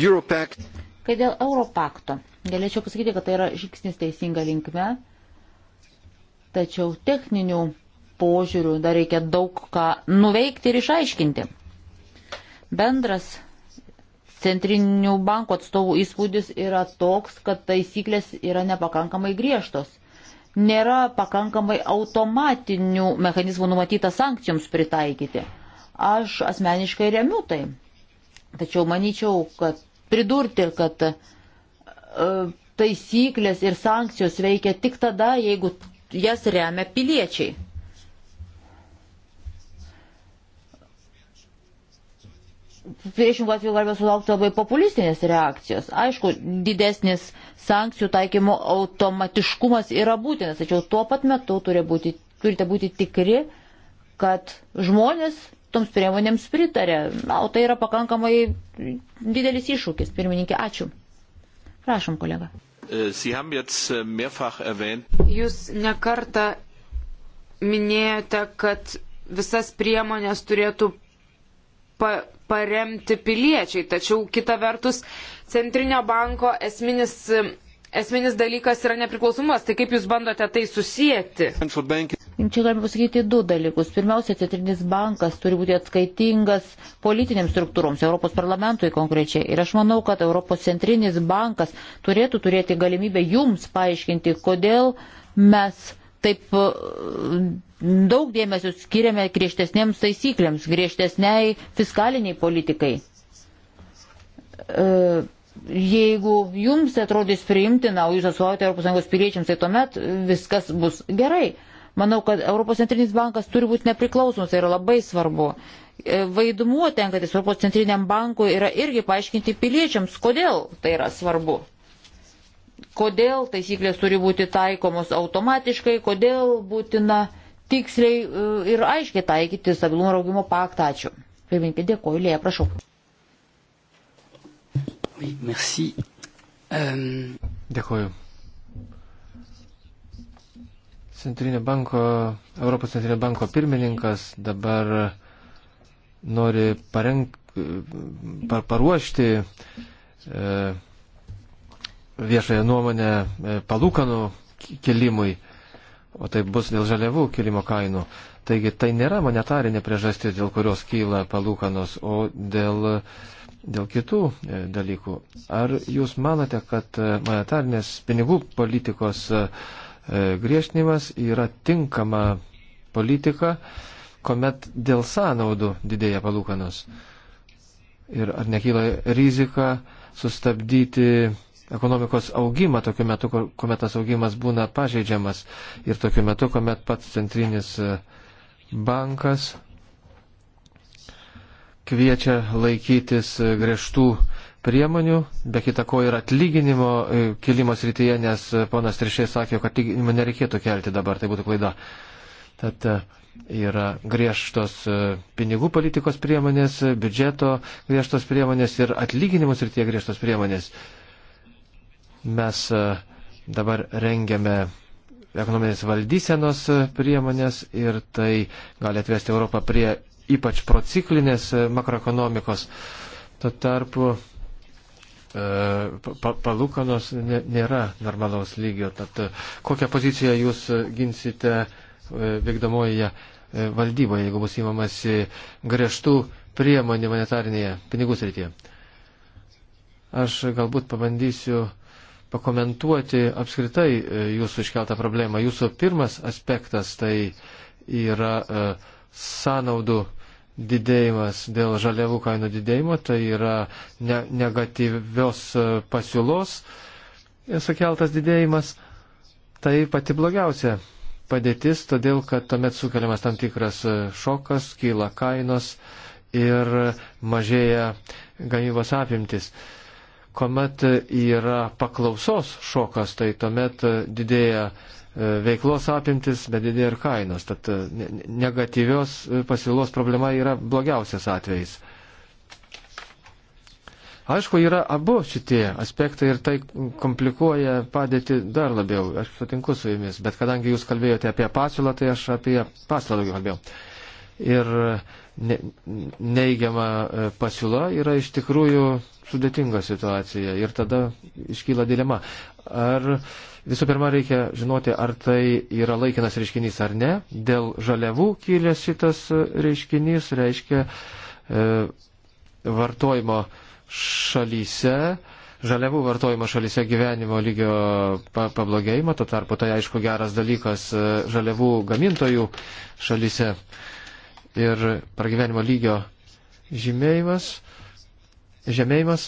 Europact. Kai dėl Europakto, galėčiau pasakyti, kad tai yra žingsnis teisinga linkme, tačiau techninių požiūrių dar reikia daug ką nuveikti ir išaiškinti. Bendras centrinių bankų atstovų įspūdis yra toks, kad taisyklės yra nepakankamai griežtos nėra pakankamai automatinių mechanizmų numatyta sankcijoms pritaikyti. Aš asmeniškai remiu tai. Tačiau manyčiau, kad pridurti, kad e, taisyklės ir sankcijos veikia tik tada, jeigu jas remia piliečiai. priešingų atveju galime sulaukti labai populistinės reakcijos. Aišku, didesnis sankcijų taikymo automatiškumas yra būtinas, tačiau tuo pat metu turi būti, turite būti tikri, kad žmonės toms priemonėms pritarė. Na, o tai yra pakankamai didelis iššūkis. Pirmininkė, ačiū. Prašom, kolega. E, e, Jūs nekartą minėjote, kad visas priemonės turėtų pa paremti piliečiai. Tačiau kita vertus, Centrinio banko esminis, esminis dalykas yra nepriklausomumas. Tai kaip jūs bandote tai susijęti? Čia galime pasakyti du dalykus. Pirmiausia, Centrinis bankas turi būti atskaitingas politinėms struktūroms, Europos parlamentui konkrečiai. Ir aš manau, kad Europos Centrinis bankas turėtų turėti galimybę jums paaiškinti, kodėl mes taip daug dėmesio skiriame griežtesnėms taisyklėms, griežtesniai fiskaliniai politikai. E, jeigu jums atrodys priimtina, o jūs atstovaujate ES piliečiams, tai tuomet viskas bus gerai. Manau, kad ES bankas turi būti nepriklausomas, tai yra labai svarbu. E, vaidmuo tenkantis ES bankui yra irgi paaiškinti piliečiams, kodėl tai yra svarbu kodėl taisyklės turi būti taikomos automatiškai, kodėl būtina tiksliai e, ir aiškiai taikyti stabilumo ir augimo paktą. Ačiū. Pirmininkė, dėkoju, Lėja, prašau. Oui, merci. Um... Dėkoju. Centrinio banko, Europos centrinio banko pirmininkas dabar nori parenk, par, paruošti e, viešąją nuomonę e, palūkanų kelimui. E, o tai bus dėl žaliavų kilimo kainų. Taigi tai nėra monetarinė priežastis, dėl kurios kyla palūkanos, o dėl, dėl kitų e, dalykų. Ar jūs manote, kad e, monetarinės pinigų politikos e, griežtinimas yra tinkama politika, kuomet dėl sąnaudų didėja palūkanos? Ir ar nekyla rizika sustabdyti ekonomikos augimą tokiu metu, kuomet tas augimas būna pažeidžiamas ir tokiu metu, kuomet pats centrinis e, bankas kviečia laikytis e, griežtų priemonių, be kita ko ir atlyginimo e, kilimo srityje, nes ponas Trišė sakė, kad atlyginimo nereikėtų kelti dabar, tai būtų klaida. Tad yra griežtos pinigų politikos priemonės, biudžeto griežtos priemonės ir atlyginimų srityje griežtos priemonės. Uh, Mes e, dabar rengiame ekonominės valdysenos e, priemonės ir tai gali atvesti Europą prie ypač prociklinės e, makroekonomikos. Tuo tarpu palūkanos nėra normalaus lygio. Tad kokią poziciją jūs ginsite vykdomoje valdyboje, jeigu bus įmamasi griežtų priemonių monetarinėje pinigų srityje? Aš galbūt pabandysiu pakomentuoti apskritai e, jūsų iškeltą problemą. Jūsų pirmas aspektas tai yra e, sąnaudų didėjimas dėl žaliavų kainų didėjimo, tai yra ne, negatyvios e, pasiūlos sukeltas didėjimas. Tai pati blogiausia padėtis, todėl kad tuomet sukeliamas tam tikras šokas, kyla kainos ir mažėja gamybos apimtis. Uh, kuomet yra paklausos šokas, tai tuomet didėja e, veiklos apimtis, bet didėja ir kainos. Tad e, negatyvios e, pasiūlos problema yra blogiausias atvejis. Aišku, yra abu šitie aspektai ir tai komplikuoja padėti dar labiau. Aš sutinku su jumis, bet kadangi jūs kalbėjote apie pasiūlą, tai aš apie paslaugą kalbėjau. Ir neigiama pasiūla yra iš tikrųjų sudėtinga situacija ir tada iškyla dilema. Ar visų pirma reikia žinoti, ar tai yra laikinas reiškinys ar ne. Dėl žaliavų kilęs šitas reiškinys reiškia e, vartojimo šalyse. Žaliavų vartojimo šalyse gyvenimo lygio pablogėjimą, to tarpu tai aišku geras dalykas e, žaliavų gamintojų šalyse ir pragyvenimo lygio žymėjimas žemėjimas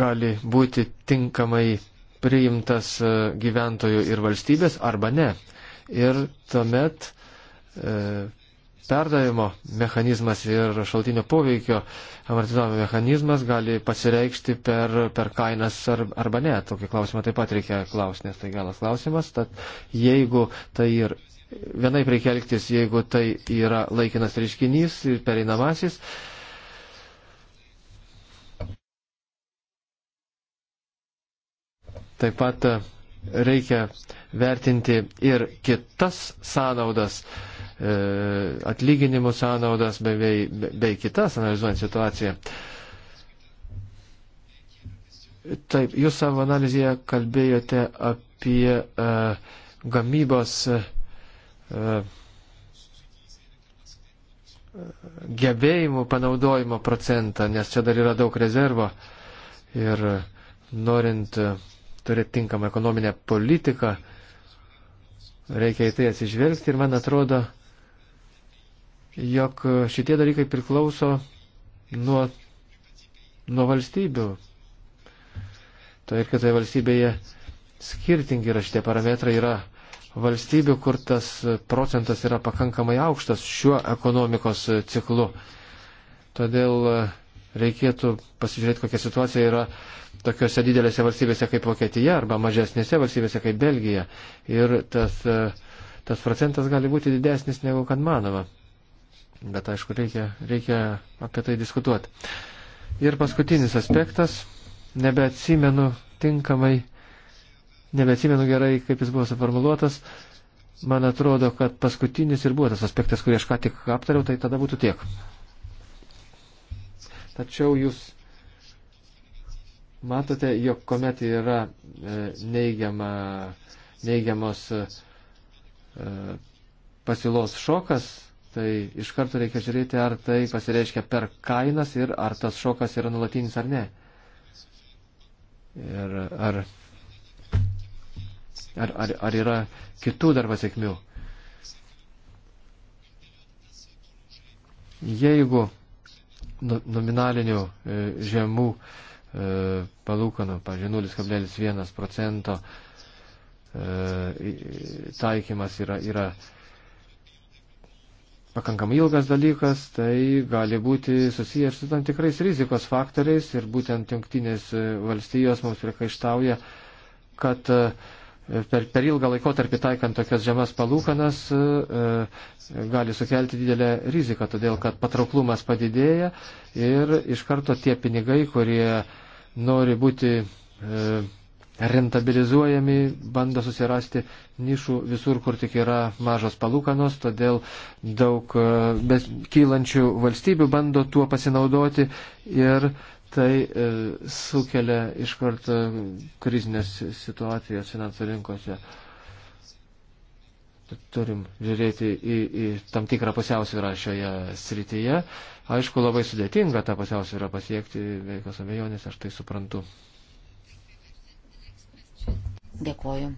gali būti tinkamai priimtas e, gyventojų ir valstybės arba ne. Ir tuomet e, perdavimo mechanizmas ir šaltinio poveikio amortizavimo mechanizmas gali pasireikšti per, per kainas ar, arba ne. Tokį klausimą taip pat reikia klausti, nes tai galas klausimas. Tad jeigu tai ir vienaip reikia elgtis, jeigu tai yra laikinas reiškinys ir pereinamasis. Taip pat e, reikia vertinti ir kitas sąnaudas, e, atlyginimų sąnaudas bei, bei, bei kitas, analizuojant situaciją. Taip, jūs savo analizėje kalbėjote apie uh, gamybos uh, gebėjimų panaudojimo procentą, nes čia dar yra daug rezervo. Ir norint turėti tinkamą ekonominę politiką, reikia į tai atsižvelgti ir man atrodo, jog šitie dalykai priklauso nuo, nuo valstybių. Toje ir kitoje valstybėje skirtingi yra šitie parametrai, yra valstybių, kur tas procentas yra pakankamai aukštas šiuo ekonomikos ciklu. Todėl e, reikėtų pasižiūrėti, kokia situacija yra tokiuose didelėse valstybėse kaip Vokietija arba mažesnėse valstybėse kaip Belgija. Ir tas, e, tas procentas gali būti didesnis negu kad manoma. Bet aišku, reikia, reikia apie tai diskutuoti. Ir paskutinis aspektas, nebeatsimenu tinkamai nebeatsimenu gerai, kaip jis buvo suformuluotas. Man atrodo, kad paskutinis ir buvo tas aspektas, kurį aš ką tik aptariau, tai tada būtų tiek. Tačiau jūs matote, jog kuomet yra e, neigiama, neigiamos e, pasiūlos šokas, tai iš karto reikia žiūrėti, ar tai pasireiškia per kainas ir ar tas šokas yra nulatinis ar ne. Ir ar ar, ar, ar yra kitų dar pasiekmių. Jeigu nu, nominalinių e, žemų e, palūkanų, pavyzdžiui, 0,1 procento e, taikymas yra, yra pakankamai ilgas dalykas, tai gali būti susijęs su tam tikrais rizikos faktoriais ir būtent jungtinės valstijos mums priekaištauja, kad uh, per, per ilgą laikotarpį taikant tokias žemas palūkanas e, e, gali sukelti didelę riziką, todėl kad patrauklumas padidėja ir iš karto tie pinigai, kurie nori būti e, rentabilizuojami, bando susirasti nišų visur, kur tik yra mažos palūkanos, todėl daug kylančių valstybių bando tuo pasinaudoti ir tai e, sukelia iš karto krizinės situacijos finansų rinkose. Turim žiūrėti į, į tam tikrą pusiausvyrą šioje srityje. Aišku, labai sudėtinga tą pusiausvyrą pasiekti, veikios abejonės, aš tai suprantu. Dėkoju.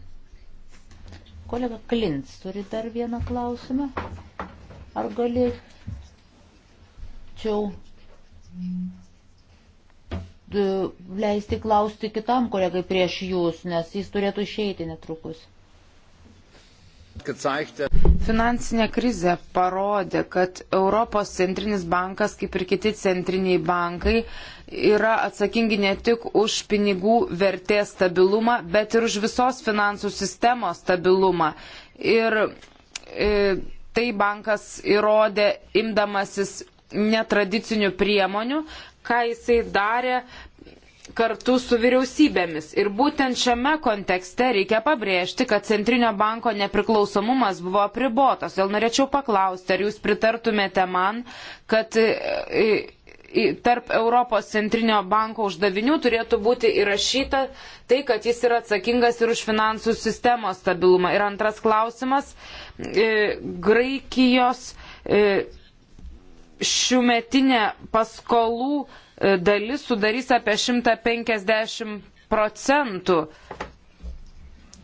Kolega Klins turi dar vieną klausimą. Ar galėčiau E, leisti klausti kitam kolegai prieš jūs, nes jis turėtų išeiti netrukus. Finansinė krizė parodė, kad Europos centrinis bankas, kaip ir kiti centriniai bankai, yra atsakingi ne tik už pinigų vertės stabilumą, bet ir už visos finansų sistemos stabilumą. Ir e, tai bankas įrodė imdamasis netradicinių priemonių, ką jisai darė kartu su vyriausybėmis. Ir būtent šiame kontekste reikia pabrėžti, kad Centrinio banko nepriklausomumas buvo apribotas. Jau norėčiau paklausti, ar jūs pritartumėte man, kad e, e, e, tarp Europos Centrinio banko uždavinių turėtų būti įrašyta tai, kad jis yra atsakingas ir už finansų sistemos stabilumą. Ir antras klausimas, Graikijos šiumetinė paskolų e, dalis sudarys apie 150 procentų.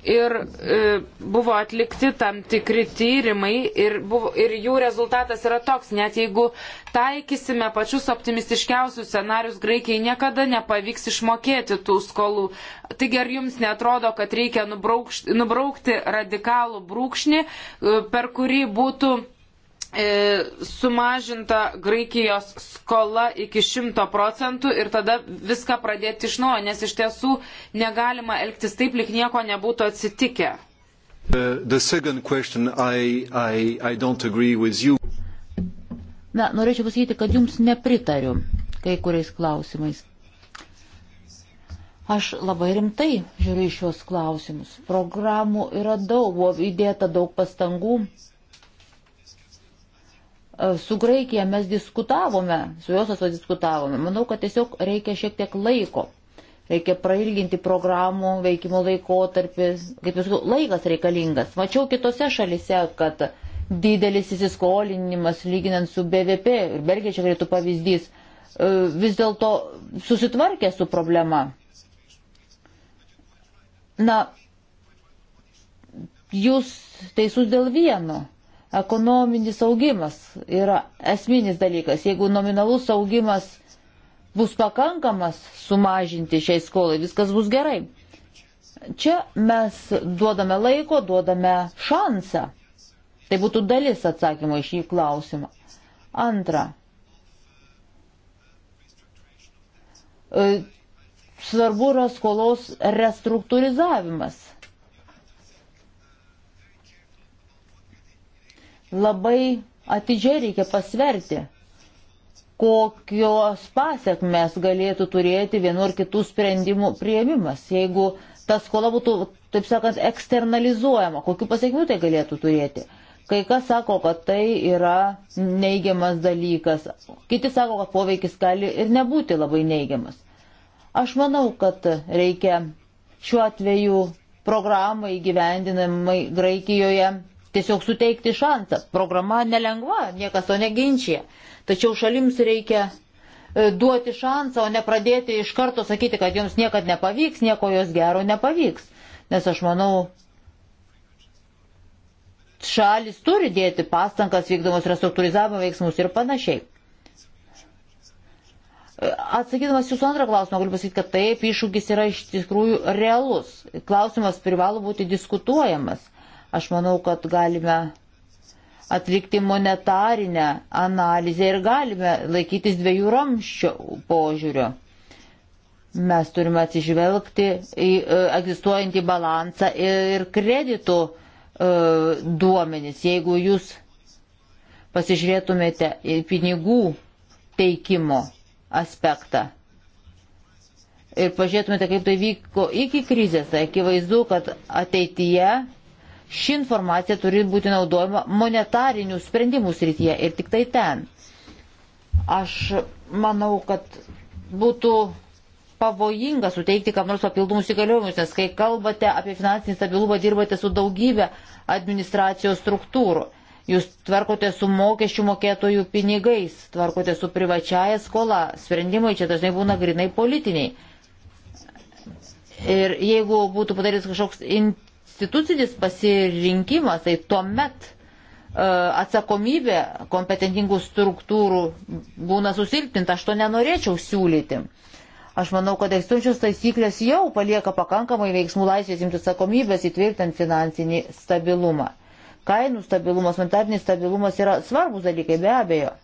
Ir e, buvo atlikti tam tikri tyrimai ir, buvo, ir jų rezultatas yra toks, net jeigu taikysime pačius optimistiškiausius scenarius, Graikijai niekada nepavyks išmokėti tų skolų. Taigi ar jums netrodo, kad reikia nubraukšti, nubraukti radikalų brūkšnį, e, per kurį būtų E, sumažinta Graikijos skola iki 100 procentų ir tada viską pradėti iš naujo, nes iš tiesų negalima elgtis taip, lik nieko nebūtų atsitikę. Question, I, I, I Na, norėčiau pasakyti, kad jums nepritariu kai kuriais klausimais. Aš labai rimtai žiūriu šios klausimus. Programų yra daug, buvo įdėta daug pastangų E, su Graikija mes diskutavome, su jos esu diskutavome. Manau, kad tiesiog reikia šiek tiek laiko. Reikia prailginti programų veikimo laikotarpis. Kaip jūs laikas reikalingas. Mačiau kitose šalise, kad didelis įsiskolinimas lyginant su BVP, ir Belgija čia galėtų pavyzdys, e, vis dėlto susitvarkė su problema. Na, jūs teisus dėl vieno Ekonominis augimas yra esminis dalykas. Jeigu nominalus augimas bus pakankamas sumažinti šiai skolai, viskas bus gerai. Čia mes duodame laiko, duodame šansą. Tai būtų dalis atsakymo iš jį klausimą. Antra. E, svarbu yra skolos restruktūrizavimas. labai atidžiai reikia pasverti, kokios pasiekmes galėtų turėti vienu ar kitų sprendimų prieimimas. Jeigu ta skola būtų, taip sakant, eksternalizuojama, kokiu pasiekmiu tai galėtų turėti. Kai kas sako, kad tai yra neigiamas dalykas, kiti sako, kad poveikis gali ir nebūti labai neigiamas. Aš manau, kad reikia šiuo atveju programai gyvendinamai Graikijoje tiesiog suteikti šansą. Programa nelengva, niekas to neginčia. Tačiau šalims reikia e, duoti šansą, o ne pradėti iš karto sakyti, kad jums niekad nepavyks, nieko jos gero nepavyks. Nes aš manau, šalis turi dėti pastangas vykdomus restruktūrizavimo veiksmus ir panašiai. E, atsakydamas jūsų antrą klausimą, galiu pasakyti, kad taip, iššūkis yra iš tikrųjų realus. Klausimas privalo būti diskutuojamas. Aš manau, kad galime atlikti monetarinę analizę ir galime laikytis dviejų ramščių požiūrio. Mes turime atsižvelgti į e, egzistuojantį balansą ir kreditų e, duomenis. Jeigu jūs pasižiūrėtumėte į pinigų teikimo aspektą ir pažiūrėtumėte, kaip tai vyko iki krizės, tai akivaizdu, kad ateityje Ši informacija turi būti naudojama monetarinių sprendimų srityje ir tik tai ten. Aš manau, kad būtų pavojinga suteikti kam nors papildomus įgaliojimus, nes kai kalbate apie finansinį stabilumą, dirbate su daugybė administracijos struktūrų. Jūs tvarkote su mokesčių mokėtojų pinigais, tvarkote su privačiaja skola. Sprendimai čia dažnai būna grinai politiniai. Ir jeigu būtų padarytas kažkoks in, institucinis pasirinkimas, tai tuomet e, atsakomybė kompetentingų struktūrų būna susilpninta, aš to nenorėčiau siūlyti. Aš manau, kad egzistuojančios taisyklės jau palieka pakankamai veiksmų laisvės imti atsakomybės įtvirtinant finansinį stabilumą. Kainų stabilumas, monetarinis stabilumas yra svarbus dalykai be abejo.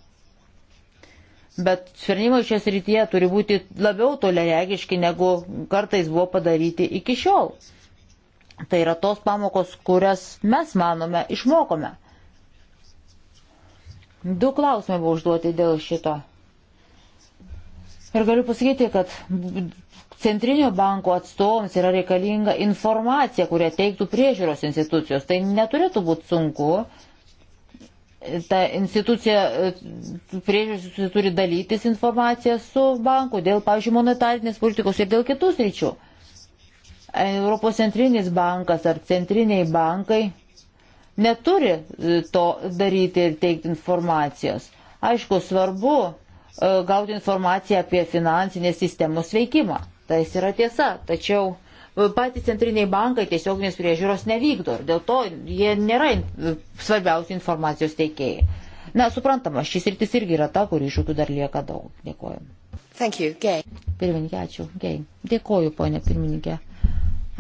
Bet sprendimai šias rytyje turi būti labiau toleregiški, negu kartais buvo padaryti iki šiol. Tai yra tos pamokos, kurias mes manome išmokome. Du klausimai buvo užduoti dėl šito. Ir galiu pasakyti, kad centrinio banko atstovams yra reikalinga informacija, kurią teiktų priežiūros institucijos. Tai neturėtų būti sunku. Ta institucija, priežiūros institucija turi dalytis informaciją su banku dėl, pavyzdžiui, monetarinės politikos ir dėl kitus ryčių. Europos centrinis bankas ar centriniai bankai neturi e, to daryti ir teikti informacijos. Aišku, svarbu e, gauti informaciją apie finansinės sistemos veikimą. Tai yra tiesa, tačiau e, patys centriniai bankai tiesioginės priežiūros nevykdo ir dėl to jie nėra svarbiausi informacijos teikėjai. Na, suprantama, šis rytis irgi yra ta, kur iššūkių dar lieka daug. Dėkuoju. Pirmininkė, ačiū. Gei. Dėkuoju, ponė pirmininkė.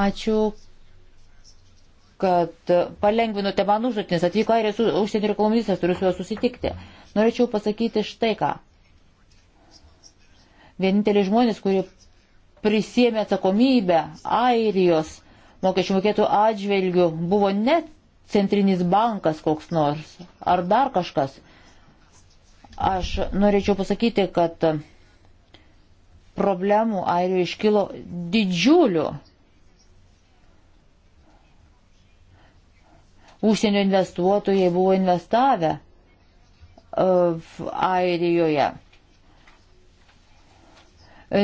Ačiū, kad palengvinote man užduotį, nes atvyko airijos užsienio reikalų ministras, turiu su juo susitikti. Norėčiau pasakyti štai ką. Vieninteliai žmonės, kurie prisėmė atsakomybę airijos mokesčių mokėtų atžvelgių, buvo ne centrinis bankas koks nors ar dar kažkas. Aš norėčiau pasakyti, kad problemų airijoje iškilo didžiulių užsienio investuotojai buvo investavę uh, Airijoje.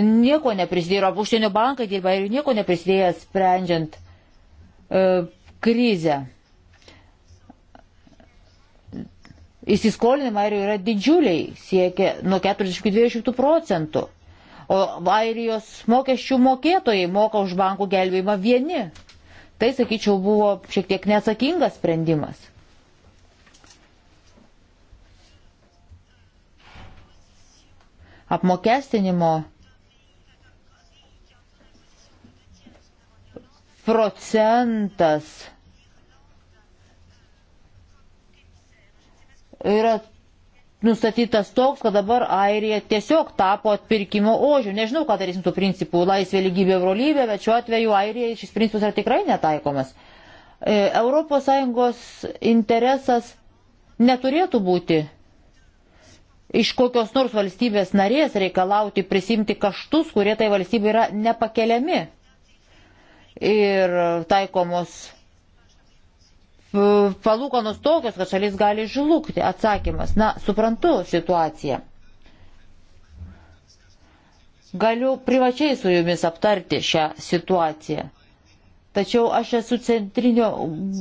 Nieko neprisidėjo, užsienio bankai dirba ir nieko neprisidėjo sprendžiant uh, krizę. Įsiskolinimai Airijoje yra didžiuliai, siekia nuo 40 iki 200 procentų. O Airijos mokesčių mokėtojai moka už bankų gelbėjimą vieni. Tai, sakyčiau, buvo šiek tiek neatsakingas sprendimas. Apmokestinimo procentas yra nustatytas toks, kad dabar Airija tiesiog tapo atpirkimo ožių. Nežinau, ką darysim su principu laisvė, lygybė, eurolybė, bet šiuo atveju Airijai šis principas yra tikrai netaikomas. ES interesas neturėtų būti iš kokios nors valstybės narės reikalauti prisimti kaštus, kurie tai valstybė yra nepakeliami. Ir taikomos palūkonos tokios, kad šalis gali žlugti. Atsakymas, na, suprantu situaciją. Galiu privačiai su jumis aptarti šią situaciją. Tačiau aš esu centrinio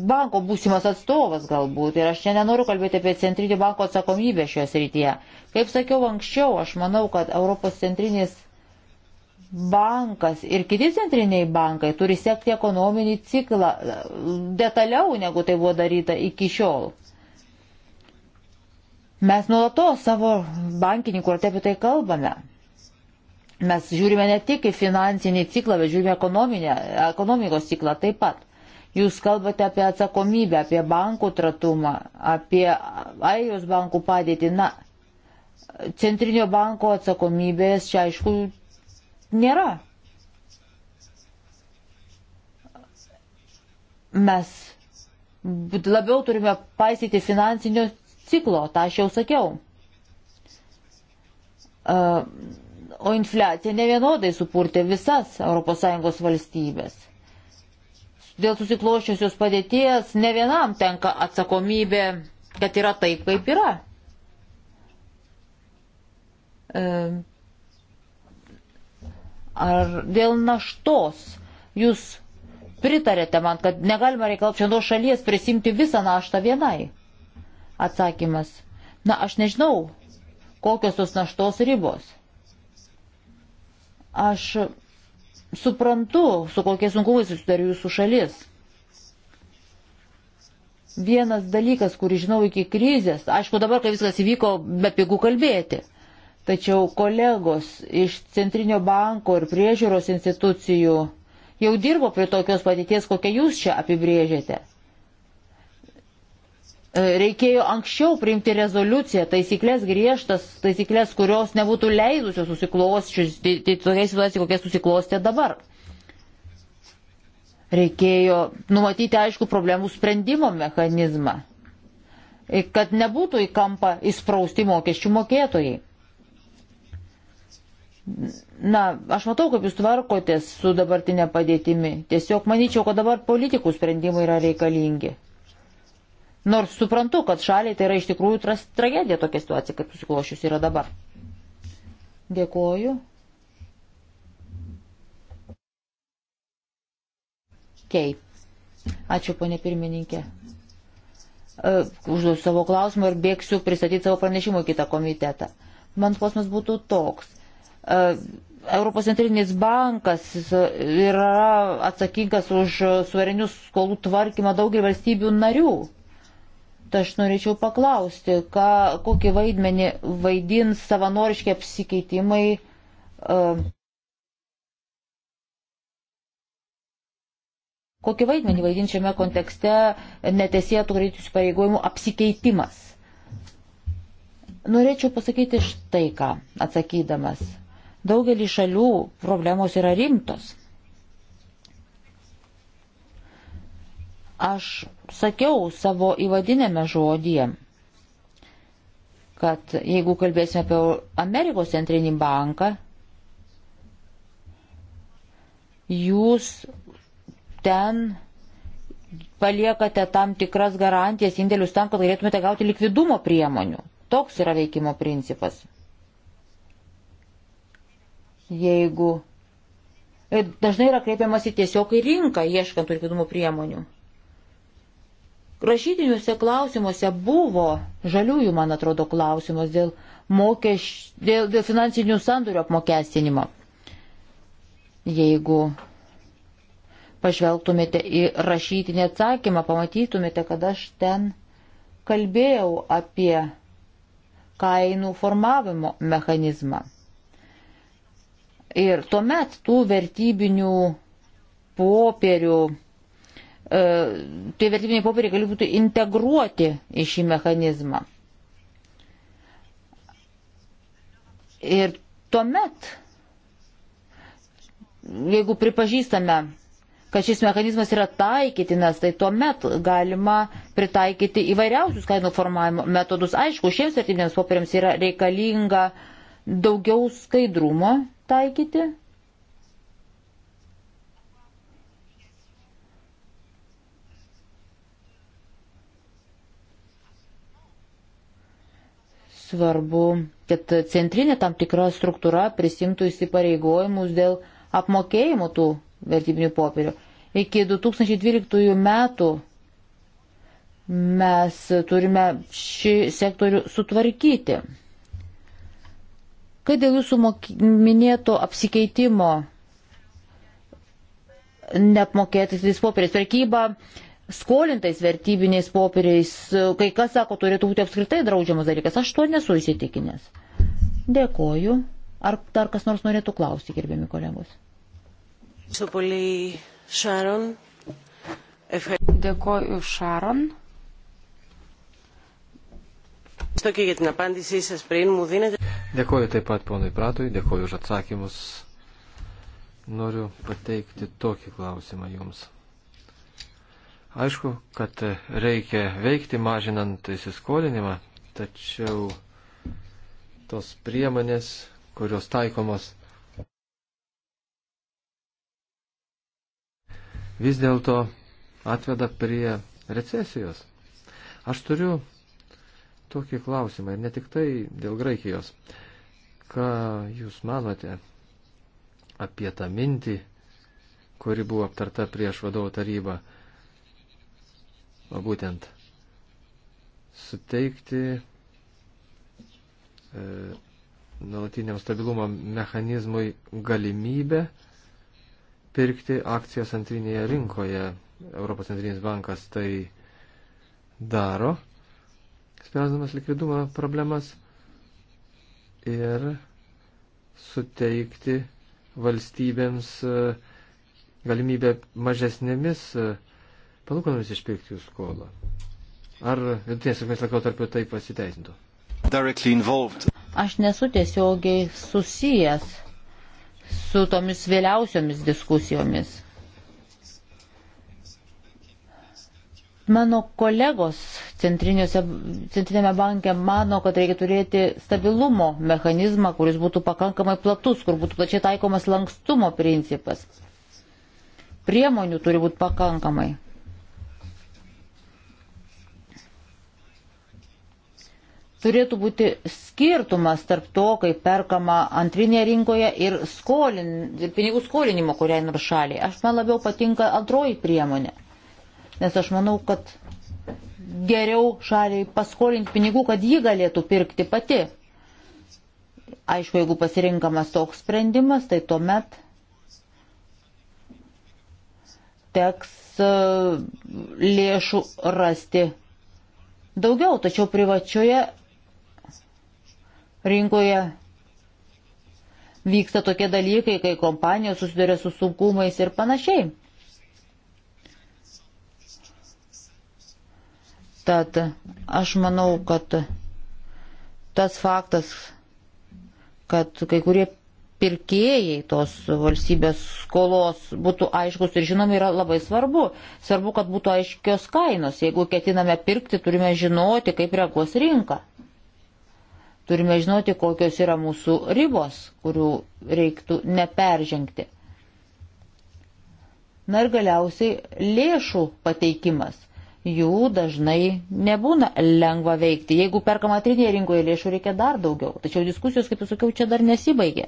banko būsimas atstovas galbūt ir aš čia nenoriu kalbėti apie centrinio banko atsakomybę šioje srityje. Kaip sakiau anksčiau, aš manau, kad Europos centrinis bankas ir kiti centriniai bankai turi sekti ekonominį ciklą e, detaliau, negu tai buvo daryta iki šiol. Mes nuolatos savo bankininkų apie tai kalbame. Mes žiūrime ne tik į finansinį ciklą, bet žiūrime ekonomikos ciklą taip pat. Jūs kalbate apie atsakomybę, apie bankų tratumą, apie airijos bankų padėtį. Na, centrinio banko atsakomybės čia aišku nėra. Mes labiau turime paisyti finansinio ciklo, tą aš jau sakiau. O infliacija nevienodai supurtė visas ES valstybės. Dėl susikloščiusios padėties ne vienam tenka atsakomybė, kad yra taip, kaip yra ar dėl naštos jūs pritarėte man, kad negalima reikalauti šiandien šalies prisimti visą naštą vienai? Atsakymas. Na, aš nežinau, kokios tos naštos ribos. Aš suprantu, su kokie sunkumai susidarė jūsų šalis. Vienas dalykas, kurį žinau iki krizės, aišku, dabar, kai viskas įvyko, be pigų kalbėti – Tačiau kolegos iš Centrinio banko ir priežiūros institucijų jau dirbo prie tokios patyties, kokią jūs čia apibrėžėte. E, reikėjo anksčiau priimti rezoliuciją, taisyklės griežtas, taisyklės, kurios nebūtų leidusios susiklosčius, tai, tai tokia situacija, kokia susiklostė dabar. Reikėjo numatyti aišku problemų sprendimo mechanizmą, kad nebūtų į kampą įsprausti mokesčių mokėtojai. Na, aš matau, kaip jūs tvarkotės su dabartinė padėtimi. Tiesiog manyčiau, kad dabar politikų sprendimai yra reikalingi. Nors suprantu, kad šaliai tai yra iš tikrųjų tragedija tokia situacija, kaip susiklošius yra dabar. Dėkuoju. Kei. Ačiū, ponė pirmininkė. E, užduosiu savo klausimą ir bėgsiu pristatyti savo pranešimą į kitą komitetą. Man klausimas būtų toks Europos centrinis bankas yra atsakingas už suverenius skolų tvarkymą daugelį valstybių narių. Tai aš norėčiau paklausti, ką, kokį vaidmenį vaidins savanoriški apsikeitimai. Uh, kokį vaidmenį vaidins šiame kontekste netesėtų greitų įsipareigojimų apsikeitimas. Norėčiau pasakyti štai ką, atsakydamas. Daugelį šalių problemos yra rimtos. Aš sakiau savo įvadinėme žodyje, kad jeigu kalbėsime apie Amerikos centrinį banką, jūs ten paliekate tam tikras garantijas indėlius tam, kad galėtumėte gauti likvidumo priemonių. Toks yra veikimo principas jeigu dažnai yra kreipiamasi tiesiog į rinką, ieškant likvidumo priemonių. Rašytiniuose klausimuose buvo žaliųjų, man atrodo, klausimas dėl, mokeš, dėl, dėl finansinių sandorių apmokestinimo. Jeigu pažvelgtumėte į rašytinį atsakymą, pamatytumėte, kad aš ten kalbėjau apie kainų formavimo mechanizmą. Ir tuomet tų vertybinių popierių, e, tie vertybiniai popieriai gali būti integruoti į šį mechanizmą. Ir tuomet, jeigu pripažįstame, kad šis mechanizmas yra taikytinas, tai tuomet galima pritaikyti įvairiausius kainų formavimo metodus. Aišku, šiems vertybiniams popieriams yra reikalinga daugiau skaidrumo, taikyti. Svarbu, kad centrinė tam tikra struktūra prisimtų įsipareigojimus dėl apmokėjimų tų vertybinių popierių. Iki 2012 metų mes turime šį sektorių sutvarkyti. Kai dėl jūsų minėto apsikeitimo neapmokėtais popieriais prekyba, skolintais vertybiniais popieriais, kai kas sako, turėtų būti apskritai draudžiamas dalykas, aš to nesu įsitikinęs. Dėkoju. Ar dar kas nors norėtų klausti, gerbiami kolegos? Dėkoju, Šaron. Dėkuoju taip pat ponui Pratui, dėkuoju už atsakymus. Noriu pateikti tokį klausimą jums. Aišku, kad reikia veikti mažinant įsiskolinimą, tačiau tos priemonės, kurios taikomos, vis dėlto atveda prie recesijos. Aš turiu tokį klausimą, ir ne tik tai dėl Graikijos. Ką Jūs manote apie tą mintį, kuri buvo aptarta prieš vadovų tarybą, o būtent suteikti e, nuolatiniam stabilumo mechanizmui galimybę pirkti akcijas antrinėje rinkoje. Europos centrinis bankas tai daro spręsdamas likvidumo problemas ir suteikti valstybėms e, galimybę mažesnėmis e, palūkanomis išpirkti jų skolą. Ar vidutinės trukmės laikotarpiu tai pasiteisintų? Aš nesu tiesiogiai susijęs su tomis vėliausiomis diskusijomis. Mano kolegos centrinėme banke mano, kad reikia turėti stabilumo mechanizmą, kuris būtų pakankamai platus, kur būtų plačiai taikomas lankstumo principas. Priemonių turi būti pakankamai. Turėtų būti skirtumas tarp to, kai perkama antrinėje rinkoje ir, skolin, ir pinigų skolinimo kuriai nors šaliai. Aš man labiau patinka antroji priemonė Nes aš manau, kad geriau šaliai paskolinti pinigų, kad ji galėtų pirkti pati. Aišku, jeigu pasirinkamas toks sprendimas, tai tuomet teks e, lėšų rasti daugiau, tačiau privačioje rinkoje vyksta tokie dalykai, kai kompanijos susiduria su sunkumais ir panašiai. Tad aš manau, kad tas faktas, kad kai kurie pirkėjai tos valstybės skolos būtų aiškus ir žinomi yra labai svarbu. Svarbu, kad būtų aiškios kainos. Jeigu ketiname pirkti, turime žinoti, kaip reaguos rinka. Turime žinoti, kokios yra mūsų ribos, kurių reiktų neperžengti. Na ir galiausiai lėšų pateikimas jų dažnai nebūna lengva veikti. Jeigu perkama atrinėje rinkoje lėšų reikia dar daugiau. Tačiau diskusijos, kaip jau sakiau, čia dar nesibaigė.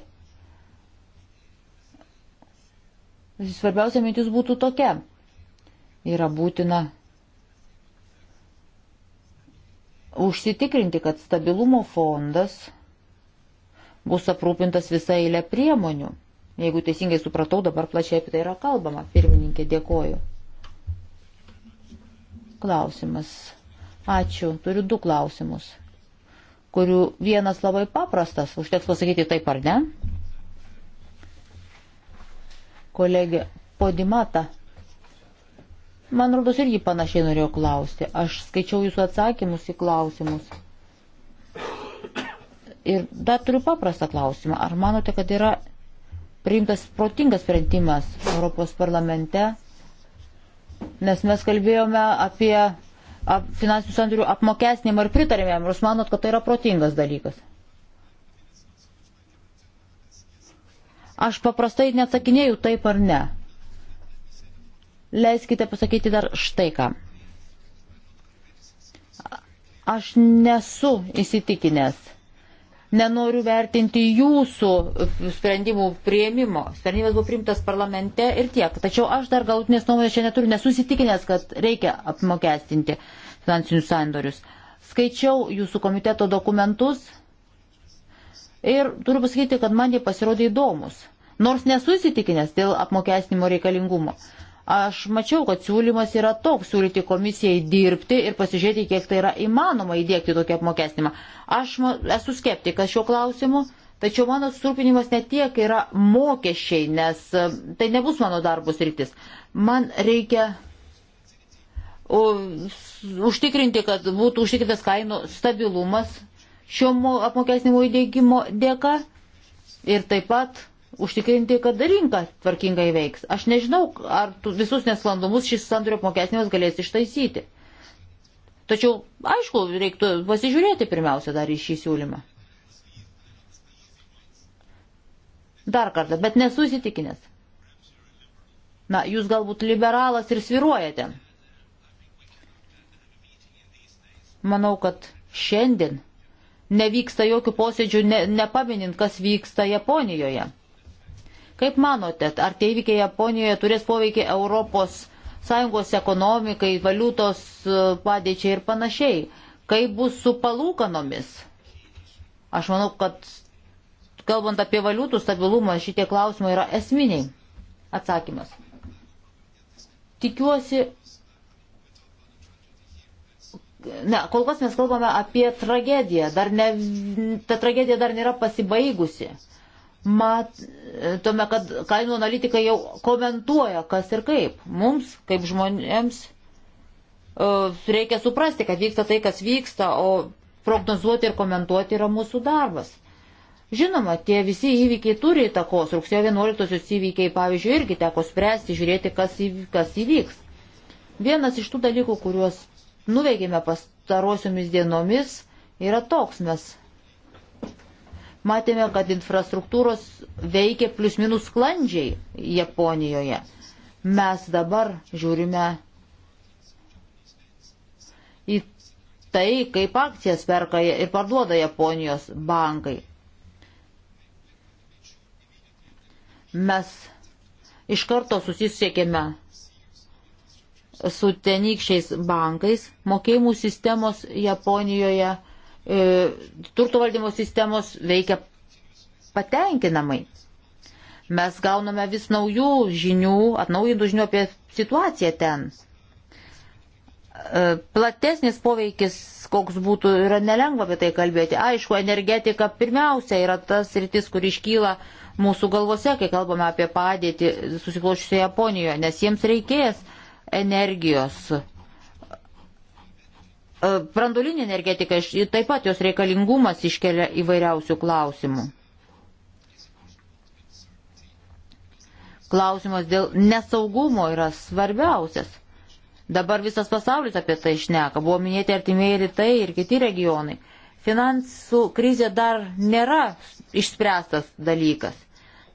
Svarbiausia mintis būtų tokia. Yra būtina užsitikrinti, kad stabilumo fondas bus aprūpintas visą eilę priemonių. Jeigu teisingai supratau, dabar plačiai apie tai yra kalbama. Pirmininkė, dėkoju klausimas. Ačiū, turiu du klausimus, kurių vienas labai paprastas, užteks pasakyti taip ar ne. Kolegė Podimata, man rodos irgi panašiai norėjau klausti. Aš skaičiau jūsų atsakymus į klausimus. Ir dar turiu paprastą klausimą. Ar manote, kad yra priimtas protingas sprendimas Europos parlamente nes mes kalbėjome apie ap, finansinių sandorių apmokestinimą ir pritarėme jam, jūs manot, kad tai yra protingas dalykas. Aš paprastai neatsakinėjau taip ar ne. Leiskite pasakyti dar štai ką. Aš nesu įsitikinęs, nenoriu vertinti jūsų sprendimų prieimimo. Sprendimas buvo priimtas parlamente ir tiek. Tačiau aš dar galutinės nuomonės čia neturiu, nesusitikinęs, kad reikia apmokestinti finansinius sandorius. Skaičiau jūsų komiteto dokumentus ir turiu pasakyti, kad man jie pasirodė įdomus. Nors nesusitikinęs dėl apmokestinimo reikalingumo. Aš mačiau, kad siūlymas yra toks siūlyti komisijai dirbti ir pasižiūrėti, kiek tai yra įmanoma įdėkti tokį apmokestinimą. Aš esu skeptikas šiuo klausimu, tačiau mano surpinimas netiek yra mokesčiai, nes e, tai nebus mano darbus rytis. Man reikia užtikrinti, kad būtų užtikrintas kainų stabilumas šio apmokestinimo įdėgymo dėka ir taip pat užtikrinti, kad rinka tvarkingai veiks. Aš nežinau, ar visus nesklandumus šis sandorio apmokestinimas galės ištaisyti. Tačiau, aišku, reiktų pasižiūrėti pirmiausia dar į šį siūlymą. Dar kartą, bet nesu įsitikinęs. Na, jūs galbūt liberalas ir sviruojate. Manau, kad šiandien nevyksta jokių posėdžių, ne, nepaminint, kas vyksta Japonijoje. Kaip manote, ar tie įvykiai Japonijoje turės poveikį ES ekonomikai, valiutos e, padėčiai ir panašiai? Kaip bus su palūkanomis? Aš manau, kad kalbant apie valiutų stabilumą, šitie klausimai yra esminiai. Atsakymas. Tikiuosi, ne, kol kas mes kalbame apie tragediją. Dar ne, ta tragedija dar nėra pasibaigusi. Uh, matome, kad kainų analitikai jau komentuoja, kas ir kaip. Mums, kaip žmonėms, e, reikia suprasti, kad vyksta tai, kas vyksta, o prognozuoti ir komentuoti yra mūsų darbas. Žinoma, tie visi įvykiai turi įtakos. Rugsėjo 11-osios įvykiai, pavyzdžiui, irgi teko spręsti, žiūrėti, kas, įv... kas įvyks. Vienas iš tų dalykų, kuriuos nuveikėme pastarosiomis dienomis, yra toks. Mes Matėme, kad infrastruktūros veikia plius minus sklandžiai Japonijoje. Mes dabar žiūrime į tai, kaip akcijas perka ir parduoda Japonijos bankai. Mes iš karto susisiekėme su tenykščiais bankais, mokėjimų sistemos Japonijoje E, turto valdymo sistemos veikia patenkinamai. Mes gauname vis naujų žinių, atnaujintų žinių apie situaciją ten. E, platesnis poveikis, koks būtų, yra nelengva apie tai kalbėti. Aišku, energetika pirmiausia yra tas rytis, kur iškyla mūsų galvose, kai kalbame apie padėtį susiklošusioje Japonijoje, nes jiems reikės energijos E, brandolinė energetika, taip pat jos reikalingumas iškelia įvairiausių klausimų. Klausimas dėl nesaugumo yra svarbiausias. Dabar visas pasaulis apie tai šneka. Buvo minėti artimieji rytai ir kiti regionai. Finansų krizė dar nėra išspręstas dalykas.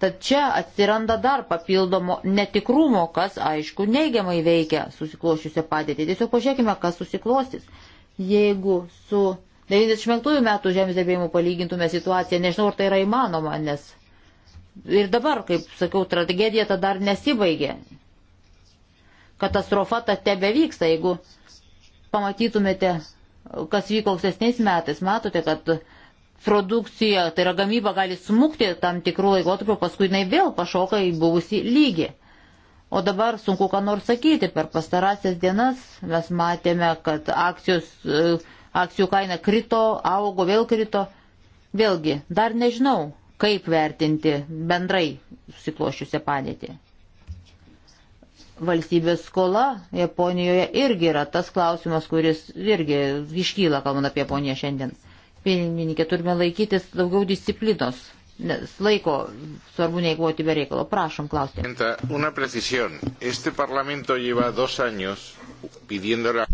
Tad čia atsiranda dar papildomo netikrumo, kas aišku neigiamai veikia susiklošiusią padėtį. Tiesiog pažiūrėkime, kas susiklostys jeigu su 95 metų žemės drebėjimu palygintume situaciją, nežinau, ar tai yra įmanoma, nes ir dabar, kaip sakiau, tragedija ta dar nesibaigė. Katastrofa ta tebe vyksta, jeigu pamatytumėte, kas vyko aukštesniais metais, matote, kad produkcija, tai yra gamyba gali smukti tam tikrų laikotarpių, paskui jinai vėl pašoka į buvusį lygį. O dabar sunku ką nors sakyti. Per pastarąsias dienas mes matėme, kad akcijos, e, akcijų kaina krito, augo, vėl krito. Vėlgi, dar nežinau, kaip vertinti bendrai susiklošiusią padėtį. Valstybės skola Japonijoje irgi yra tas klausimas, kuris irgi iškyla, kalbant apie Japoniją šiandien. Pirmininkė, turime laikytis daugiau disciplinos nes laiko svarbu neįkvoti be reikalo. Prašom klausti.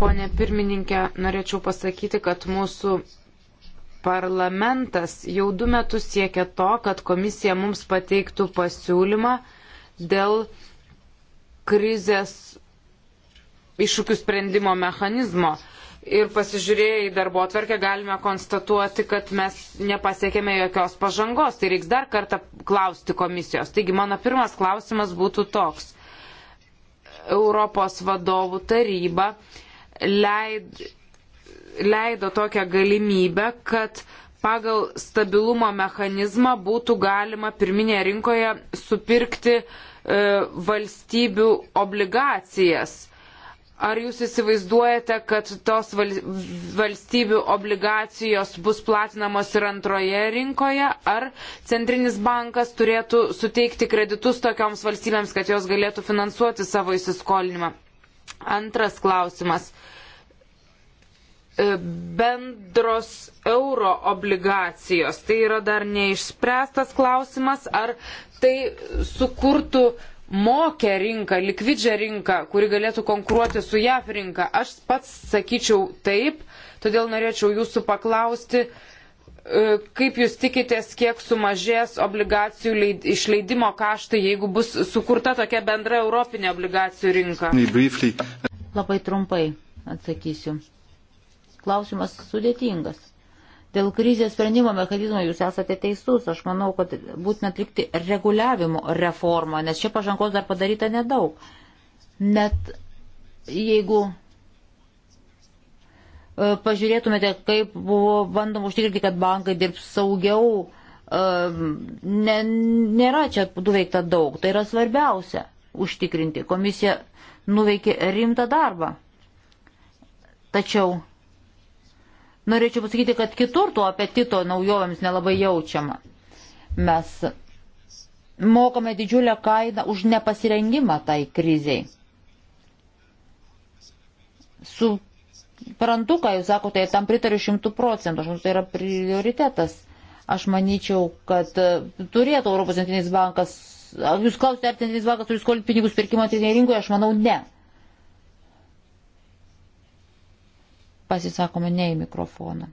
Pone pirmininkė, norėčiau pasakyti, kad mūsų parlamentas jau du metus siekia to, kad komisija mums pateiktų pasiūlymą dėl krizės iššūkių sprendimo mechanizmo ir pasižiūrėję į darbo atverkę galime konstatuoti, kad mes nepasiekėme jokios pažangos. Tai reiks dar kartą klausti komisijos. Taigi mano pirmas klausimas būtų toks. Europos vadovų taryba leid, leido tokią galimybę, kad pagal stabilumo mechanizmą būtų galima pirminėje rinkoje supirkti e, valstybių obligacijas. E, Ar jūs įsivaizduojate, kad tos valstybių obligacijos bus platinamos ir antroje rinkoje, ar centrinis bankas turėtų suteikti kreditus tokioms valstybėms, kad jos galėtų finansuoti savo įsiskolinimą? Antras klausimas. E, bendros euro obligacijos. Tai yra dar neišspręstas klausimas, ar tai sukurtų mokę rinką, likvidžią rinką, kuri galėtų konkuruoti su JAF rinka. Aš pats sakyčiau taip, todėl norėčiau jūsų paklausti, e, kaip jūs tikitės, kiek sumažės obligacijų leid, išleidimo kaštai, jeigu bus sukurta tokia bendra europinė obligacijų rinka? Labai trumpai atsakysiu. Klausimas sudėtingas. Dėl krizės sprendimo mechanizmo jūs esate teisus. Aš manau, kad būtina atlikti reguliavimo reformą, nes čia pažangos dar padaryta nedaug. Net jeigu e, pažiūrėtumėte, kaip buvo bandom užtikrinti, kad bankai dirbs saugiau, e, ne, nėra čia nuveikta daug. Tai yra svarbiausia užtikrinti. Komisija nuveikė rimtą darbą. Tačiau Norėčiau pasakyti, kad kitur to apetito naujovėms nelabai jaučiama. Mes mokame didžiulę kainą už nepasirengimą tai kriziai. Suprantu, ką jūs sakote, tai tam pritariu šimtų procentų, aš manau, tai yra prioritetas. Aš manyčiau, kad turėtų Europos centrinis bankas, jūs klausite, ar centrinis bankas turi skolinti pinigus pirkimo centrinėje rinkoje, aš manau, ne. pasisakoma ne į mikrofoną.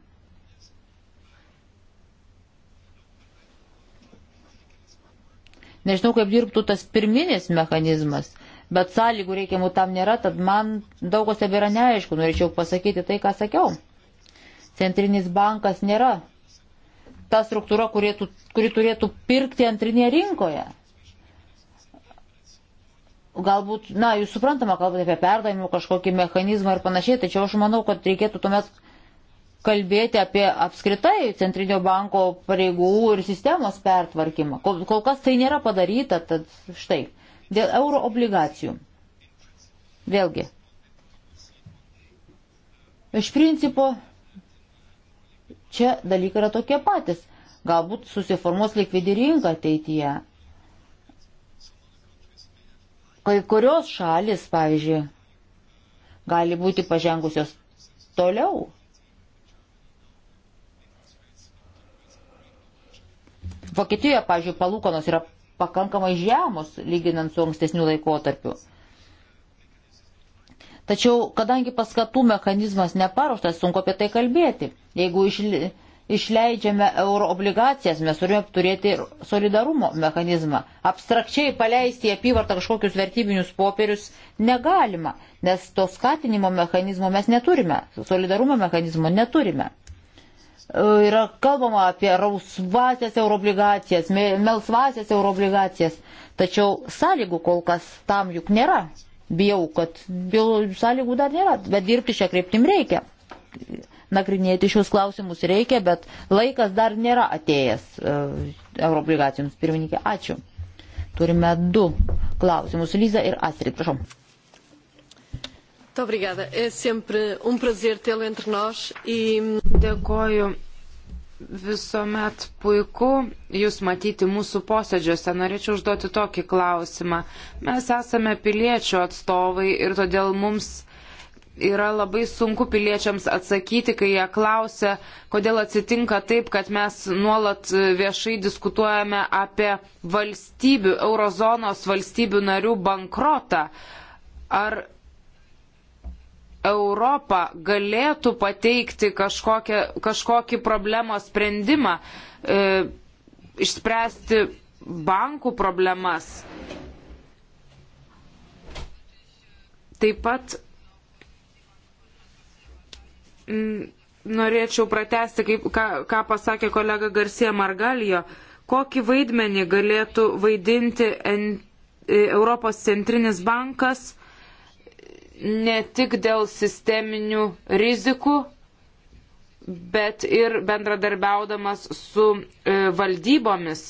Nežinau, kaip dirbtų tas pirminis mechanizmas, bet sąlygų reikiamų tam nėra, tad man daug kas tebėra neaišku. Norėčiau pasakyti tai, ką sakiau. Centrinis bankas nėra ta struktūra, kuri, tu, kuri turėtų pirkti antrinėje rinkoje galbūt, na, jūs suprantama, kalbate apie perdavimų kažkokį mechanizmą ir panašiai, tačiau aš manau, kad reikėtų tuomet kalbėti apie apskritai Centrinio banko pareigų ir sistemos pertvarkymą. Kol, kol kas tai nėra padaryta, tad štai. Dėl euro obligacijų. Vėlgi. Iš principo, čia dalykai yra tokie patys. Galbūt susiformuos likvidi rinka ateityje Kai kurios šalis, pavyzdžiui, gali būti pažengusios toliau. Vokietijoje, pavyzdžiui, palūkanos yra pakankamai žemos, lyginant su ankstesniu laikotarpiu. Tačiau, kadangi paskatų mechanizmas neparuoštas, sunku apie tai kalbėti. Jeigu išli išleidžiame euro obligacijas, mes turime turėti ir solidarumo mechanizmą. Abstrakčiai paleisti į apyvartą kažkokius vertybinius popierius negalima, nes to skatinimo mechanizmo mes neturime, solidarumo mechanizmo neturime. E, yra kalbama apie rausvasias euroobligacijas, melsvasias euroobligacijas, tačiau sąlygų kol kas tam juk nėra. Bijau, kad sąlygų dar nėra, bet dirbti šią kryptim reikia nagrinėti šios klausimus reikia, bet laikas dar nėra atėjęs e, euroobligacijoms. Pirmininkė, ačiū. Turime du klausimus. Lyza ir Astrid, prašom. Obrigada. É sempre um prazer tê-lo entre nós e dėkoju visuomet puiku Jūs matyti mūsų posėdžiuose. Norėčiau užduoti tokį klausimą. Mes esame piliečių atstovai ir todėl mums yra labai sunku piliečiams atsakyti, kai jie klausia, kodėl atsitinka taip, kad mes nuolat viešai diskutuojame apie valstybių, eurozonos valstybių narių bankrotą. Ar Europa galėtų pateikti kažkokią, kažkokį problemos sprendimą, e, išspręsti bankų problemas? Taip pat norėčiau pratesti, kaip, ką, ką pasakė kolega Garcia Margalijo, kokį vaidmenį galėtų vaidinti en, e, Europos centrinis bankas ne tik dėl sisteminių rizikų, bet ir bendradarbiaudamas su e, valdybomis.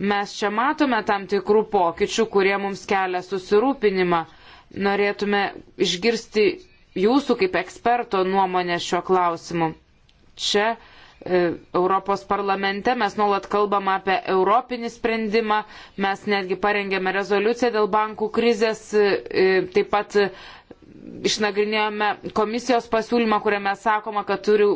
Mes čia matome tam tikrų pokyčių, kurie mums kelia susirūpinimą. Norėtume išgirsti jūsų kaip eksperto nuomonė šiuo klausimu. Čia e, Europos parlamente mes nuolat kalbam apie europinį sprendimą, mes netgi parengėme rezoliuciją dėl bankų krizės, e, taip pat išnagrinėjome komisijos pasiūlymą, kuriame sakoma, kad turi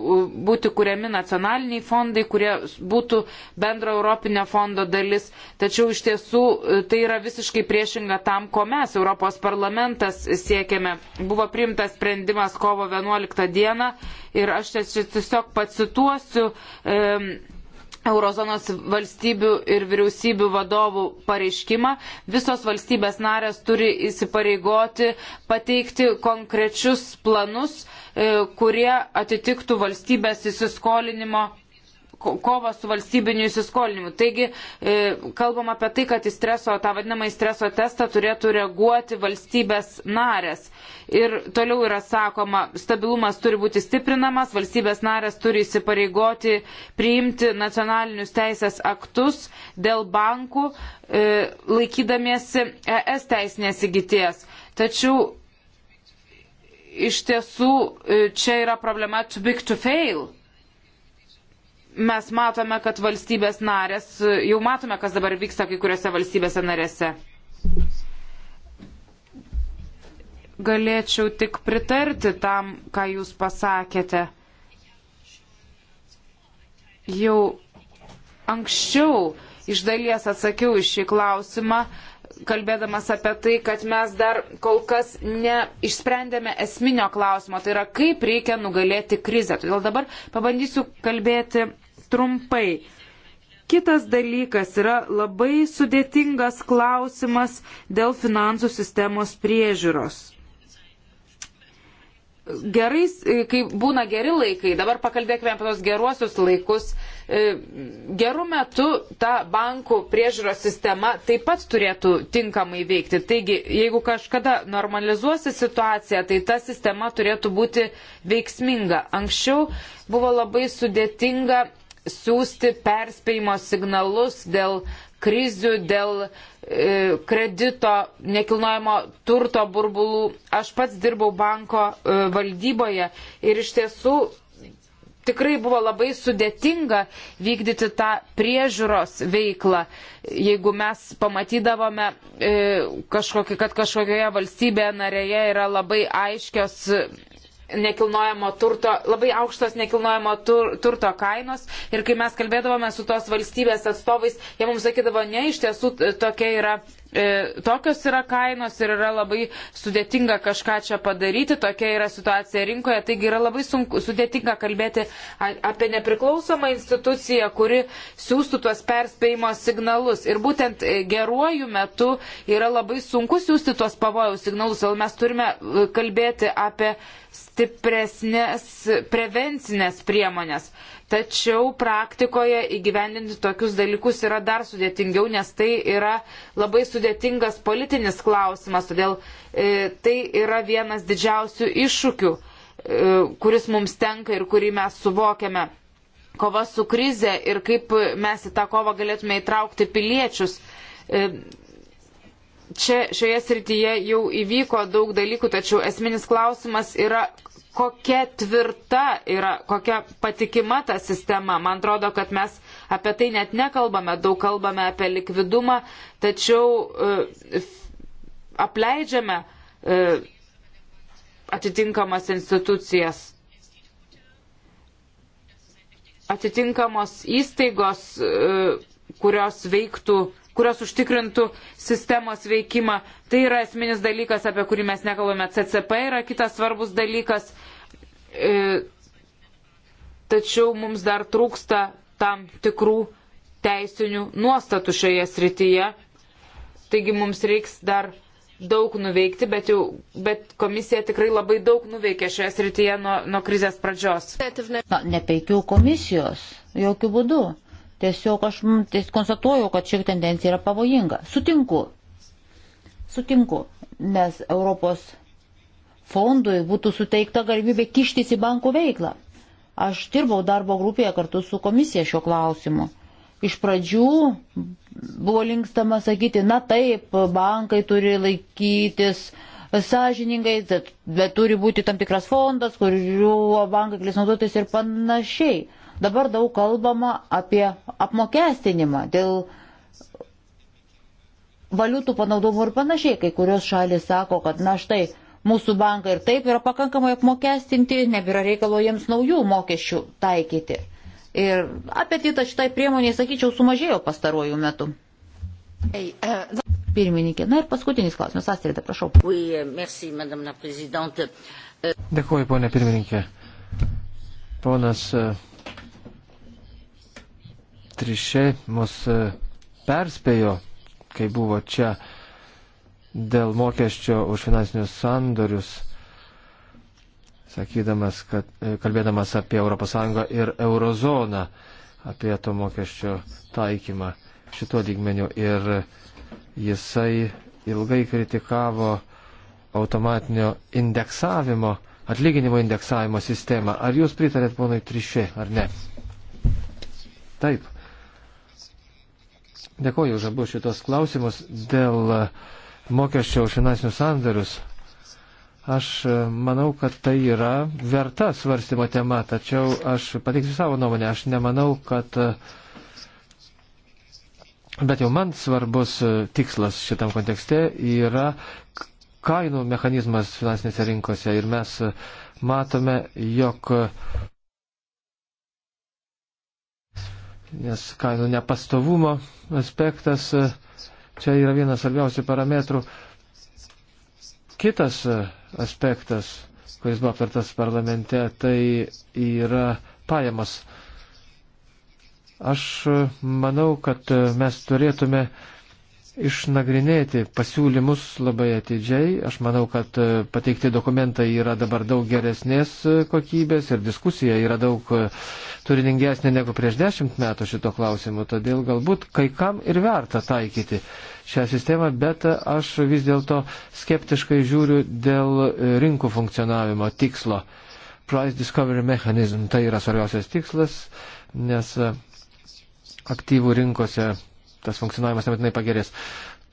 būti kuriami nacionaliniai fondai, kurie būtų bendro Europinio fondo dalis. Tačiau iš tiesų e, tai yra visiškai priešinga tam, ko mes, Europos parlamentas, siekiame. Buvo priimtas sprendimas kovo 11 dieną ir aš tiesiog pacituosiu. E, Eurozonos valstybių ir vyriausybių vadovų pareiškimą. Visos valstybės narės turi įsipareigoti pateikti konkrečius planus, e, kurie atitiktų valstybės įsiskolinimo kovą su valstybiniu įsiskolinimu. Taigi e, kalbam apie tai, kad į streso, tą vadinamą į streso testą turėtų reaguoti valstybės narės. Ir toliau yra sakoma, stabilumas turi būti stiprinamas, valstybės narės turi įsipareigoti priimti nacionalinius teisės aktus dėl bankų e, laikydamiesi ES teisinės įgyties. Tačiau iš tiesų e, čia yra problema too big to fail mes matome, kad valstybės narės, jau matome, kas dabar vyksta kai kuriuose valstybėse narėse. Galėčiau tik pritarti tam, ką jūs pasakėte. Jau anksčiau iš dalies atsakiau iš šį klausimą, kalbėdamas apie tai, kad mes dar kol kas neišsprendėme esminio klausimo, tai yra kaip reikia nugalėti krizę. Todėl dabar pabandysiu kalbėti trumpai. Kitas dalykas yra labai sudėtingas klausimas dėl finansų sistemos priežiūros. Gerais, kai būna geri laikai, dabar pakalbėkime apie tos geruosius laikus, e, gerų metų ta bankų priežiūros sistema taip pat turėtų tinkamai veikti. Taigi, jeigu kažkada normalizuosi situaciją, tai ta sistema turėtų būti veiksminga. Anksčiau buvo labai sudėtinga siūsti perspėjimo signalus dėl krizių, dėl e, kredito nekilnojamo turto burbulų. Aš pats dirbau banko e, valdyboje ir iš tiesų tikrai buvo labai sudėtinga vykdyti tą priežiūros veiklą. Jeigu mes pamatydavome, e, kažkokį, kad kažkokioje valstybėje narėje yra labai aiškios nekilnojamo turto, labai aukštos nekilnojamo tur, turto kainos. Ir kai mes kalbėdavome su tos valstybės atstovais, jie mums sakydavo, ne, iš tiesų e, tokia yra E, tokios yra kainos ir yra labai sudėtinga kažką čia padaryti, tokia yra situacija rinkoje, taigi yra labai sunku, sudėtinga kalbėti apie nepriklausomą instituciją, kuri siūstų tuos perspėjimo signalus. Ir būtent e, geruoju metu yra labai sunku siūsti tuos pavojaus signalus, o mes turime e, kalbėti apie stipresnės prevencinės priemonės. Tačiau praktikoje įgyvendinti tokius dalykus yra dar sudėtingiau, nes tai yra labai sudėtingas politinis klausimas, todėl e, tai yra vienas didžiausių iššūkių, e, kuris mums tenka ir kurį mes suvokiame. Kova su krize ir kaip mes į tą kovą galėtume įtraukti piliečius. E, čia šioje srityje jau įvyko daug dalykų, tačiau esminis klausimas yra, kokia tvirta yra, kokia patikima ta sistema. Man atrodo, kad mes apie tai net nekalbame, daug kalbame apie likvidumą, tačiau e, apleidžiame e, atitinkamas institucijas. Atitinkamos įstaigos, e, kurios veiktų kurios užtikrintų sistemos veikimą. Tai yra esminis dalykas, apie kurį mes nekalbame. CCP yra kitas svarbus dalykas, e, tačiau mums dar trūksta tam tikrų teisinių nuostatų šioje srityje. Taigi mums reiks dar daug nuveikti, bet, jau, bet komisija tikrai labai daug nuveikė šioje srityje nuo, nuo krizės pradžios. Na, ne penkių komisijos, jokių būdų. Tiesiog aš ties konstatuoju, kad ši tendencija yra pavojinga. Sutinku. Sutinku, nes Europos fondui būtų suteikta galimybė kištis į bankų veiklą. Aš dirbau darbo grupėje kartu su komisija šio klausimu. Iš pradžių buvo linkstama sakyti, na taip, bankai turi laikytis sąžiningai, bet turi būti tam tikras fondas, kuriuo bankai galės naudotis ir panašiai. Dabar daug kalbama apie apmokestinimą dėl valiutų panaudojimo ir panašiai. Kai kurios šalis sako, kad na štai mūsų bankai ir taip yra pakankamai apmokestinti, nebėra reikalo jiems naujų mokesčių taikyti. Ir apetitą šitai priemoniai, sakyčiau, sumažėjo pastaruoju metu. Uh, pirmininkė. Na ir paskutinis klausimas. Astrida, prašau. Dėkuoju, ponė pirmininkė. Ponas uh, trišė mus e, perspėjo, kai buvo čia dėl mokesčio už finansinius sandorius, sakydamas, kad e, kalbėdamas apie ES ir eurozoną, apie to mokesčio taikymą šituo lygmeniu. Ir jisai ilgai kritikavo automatinio indeksavimo, atlyginimo indeksavimo sistemą. Ar jūs pritarėt ponui Trišė, ar ne? Taip. Dėkoju už abu šitos klausimus dėl e, mokesčio už finansinius sandarius. Aš e, manau, kad tai yra verta svarstymo tema, tačiau aš pateiksiu savo nuomonę. Aš nemanau, kad. E, bet jau man svarbus tikslas šitam kontekste yra kainų mechanizmas finansinėse rinkose ir mes matome, jog nes kainų nepastovumo aspektas e, čia yra vienas svarbiausių parametrų. Kitas e, aspektas, kuris buvo aptartas parlamente, tai yra pajamos. Aš e, manau, kad mes turėtume uh, išnagrinėti pasiūlymus labai atidžiai. Aš manau, kad e, pateikti dokumentai yra dabar daug geresnės e, kokybės ir diskusija yra daug e, turiningesnė negu prieš dešimt metų šito klausimu. Todėl galbūt kai kam ir verta taikyti šią sistemą, bet aš vis dėlto skeptiškai žiūriu dėl rinkų funkcionavimo tikslo. Price Discovery Mechanism tai yra svarbiausias tikslas, nes aktyvų rinkose tas funkcionavimas nebūtinai pagerės.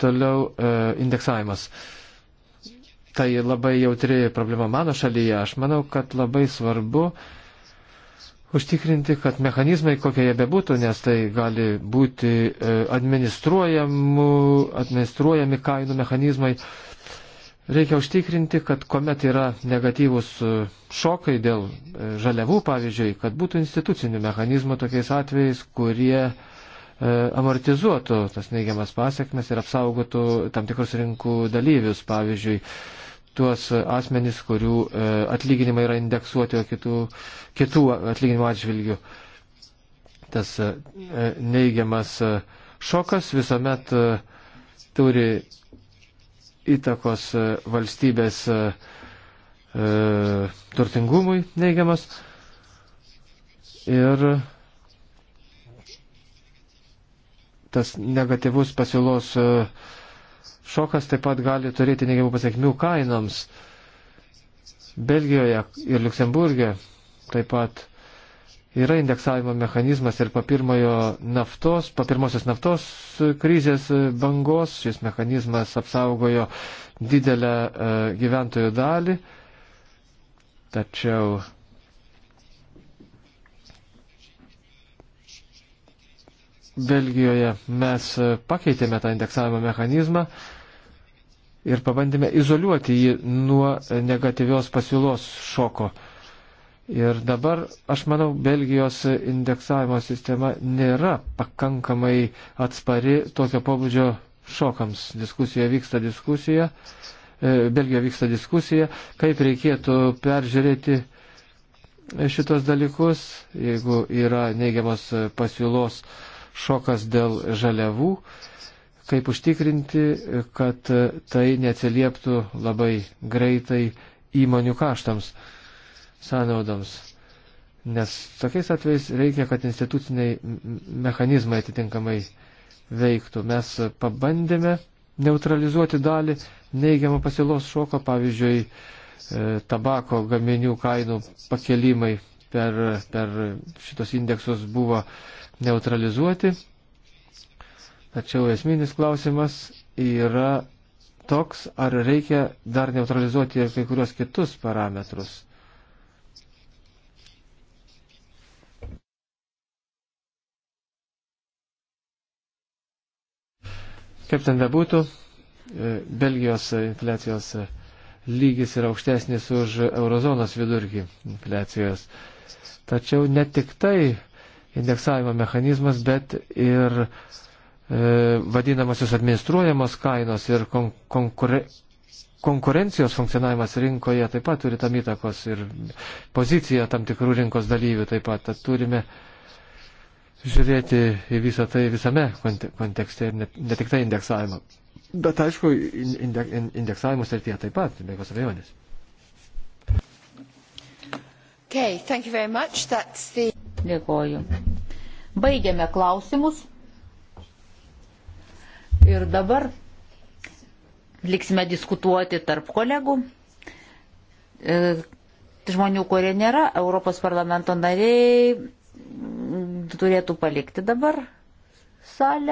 Toliau e, indeksavimas. Tai labai jautri problema mano šalyje. Aš manau, kad labai svarbu užtikrinti, kad mechanizmai, kokie jie bebūtų, nes tai gali būti e, administruojami kainų mechanizmai, reikia užtikrinti, kad kuomet yra negatyvus e, šokai dėl e, žaliavų, pavyzdžiui, kad būtų institucinių mechanizmų tokiais atvejais, kurie uh, E, amortizuotų tas neigiamas pasiekmes ir apsaugotų tam tikrus rinkų dalyvius, pavyzdžiui, tuos asmenys, kurių e, atlyginimai yra indeksuoti o kitų, kitų atlyginimų atžvilgių. Tas e, neigiamas šokas visuomet turi įtakos valstybės turtingumui neigiamas. Ir tas negatyvus pasiūlos e, šokas taip pat gali turėti neigiamų pasiekmių kainoms. Belgijoje ir Luksemburgė taip pat yra indeksavimo mechanizmas ir po pirmojo naftos, po pirmosios naftos krizės bangos šis mechanizmas apsaugojo didelę e, gyventojų dalį, tačiau Belgijoje mes pakeitėme tą indeksavimo mechanizmą ir pabandėme izoliuoti jį nuo negatyvios pasiūlos šoko. Ir dabar, aš manau, Belgijos indeksavimo sistema nėra pakankamai atspari tokio pobūdžio šokams. Diskusija vyksta diskusija, e, Belgijoje vyksta diskusija, kaip reikėtų peržiūrėti šitos dalykus, jeigu yra neigiamas pasiūlos uh, šokas dėl žaliavų, kaip užtikrinti, kad tai neatsilieptų labai greitai įmonių kaštams, sąnaudams. Nes tokiais atvejais reikia, kad instituciniai mechanizmai atitinkamai veiktų. Mes pabandėme neutralizuoti dalį neigiamą pasiūlos šoką, pavyzdžiui, e, tabako gaminių kainų pakelimai per, per šitos indeksus buvo neutralizuoti. Tačiau esminis klausimas yra toks, ar reikia dar neutralizuoti ir kai kurios kitus parametrus. Kaip ten bebūtų, e, Belgijos infliacijos lygis yra aukštesnis už eurozonos vidurkį infliacijos. Tačiau ne tik tai indeksavimo mechanizmas, bet ir e, vadinamosios administruojamos kainos ir kon konkure konkurencijos funkcionavimas rinkoje taip pat turi tam įtakos ir pozicija tam tikrų rinkos dalyvių taip pat. Tad turime žiūrėti į visą tai visame kontekste ir ne, ne tik tai indeksavimą. Bet aišku, indeksavimo srityje taip pat, be jokios abejonės. Okay, thank you very much. That's the... Dėkoju. Baigiame klausimus. Ir dabar liksime diskutuoti tarp kolegų, e, žmonių, kurie nėra Europos parlamento nariai, turėtų palikti dabar salę.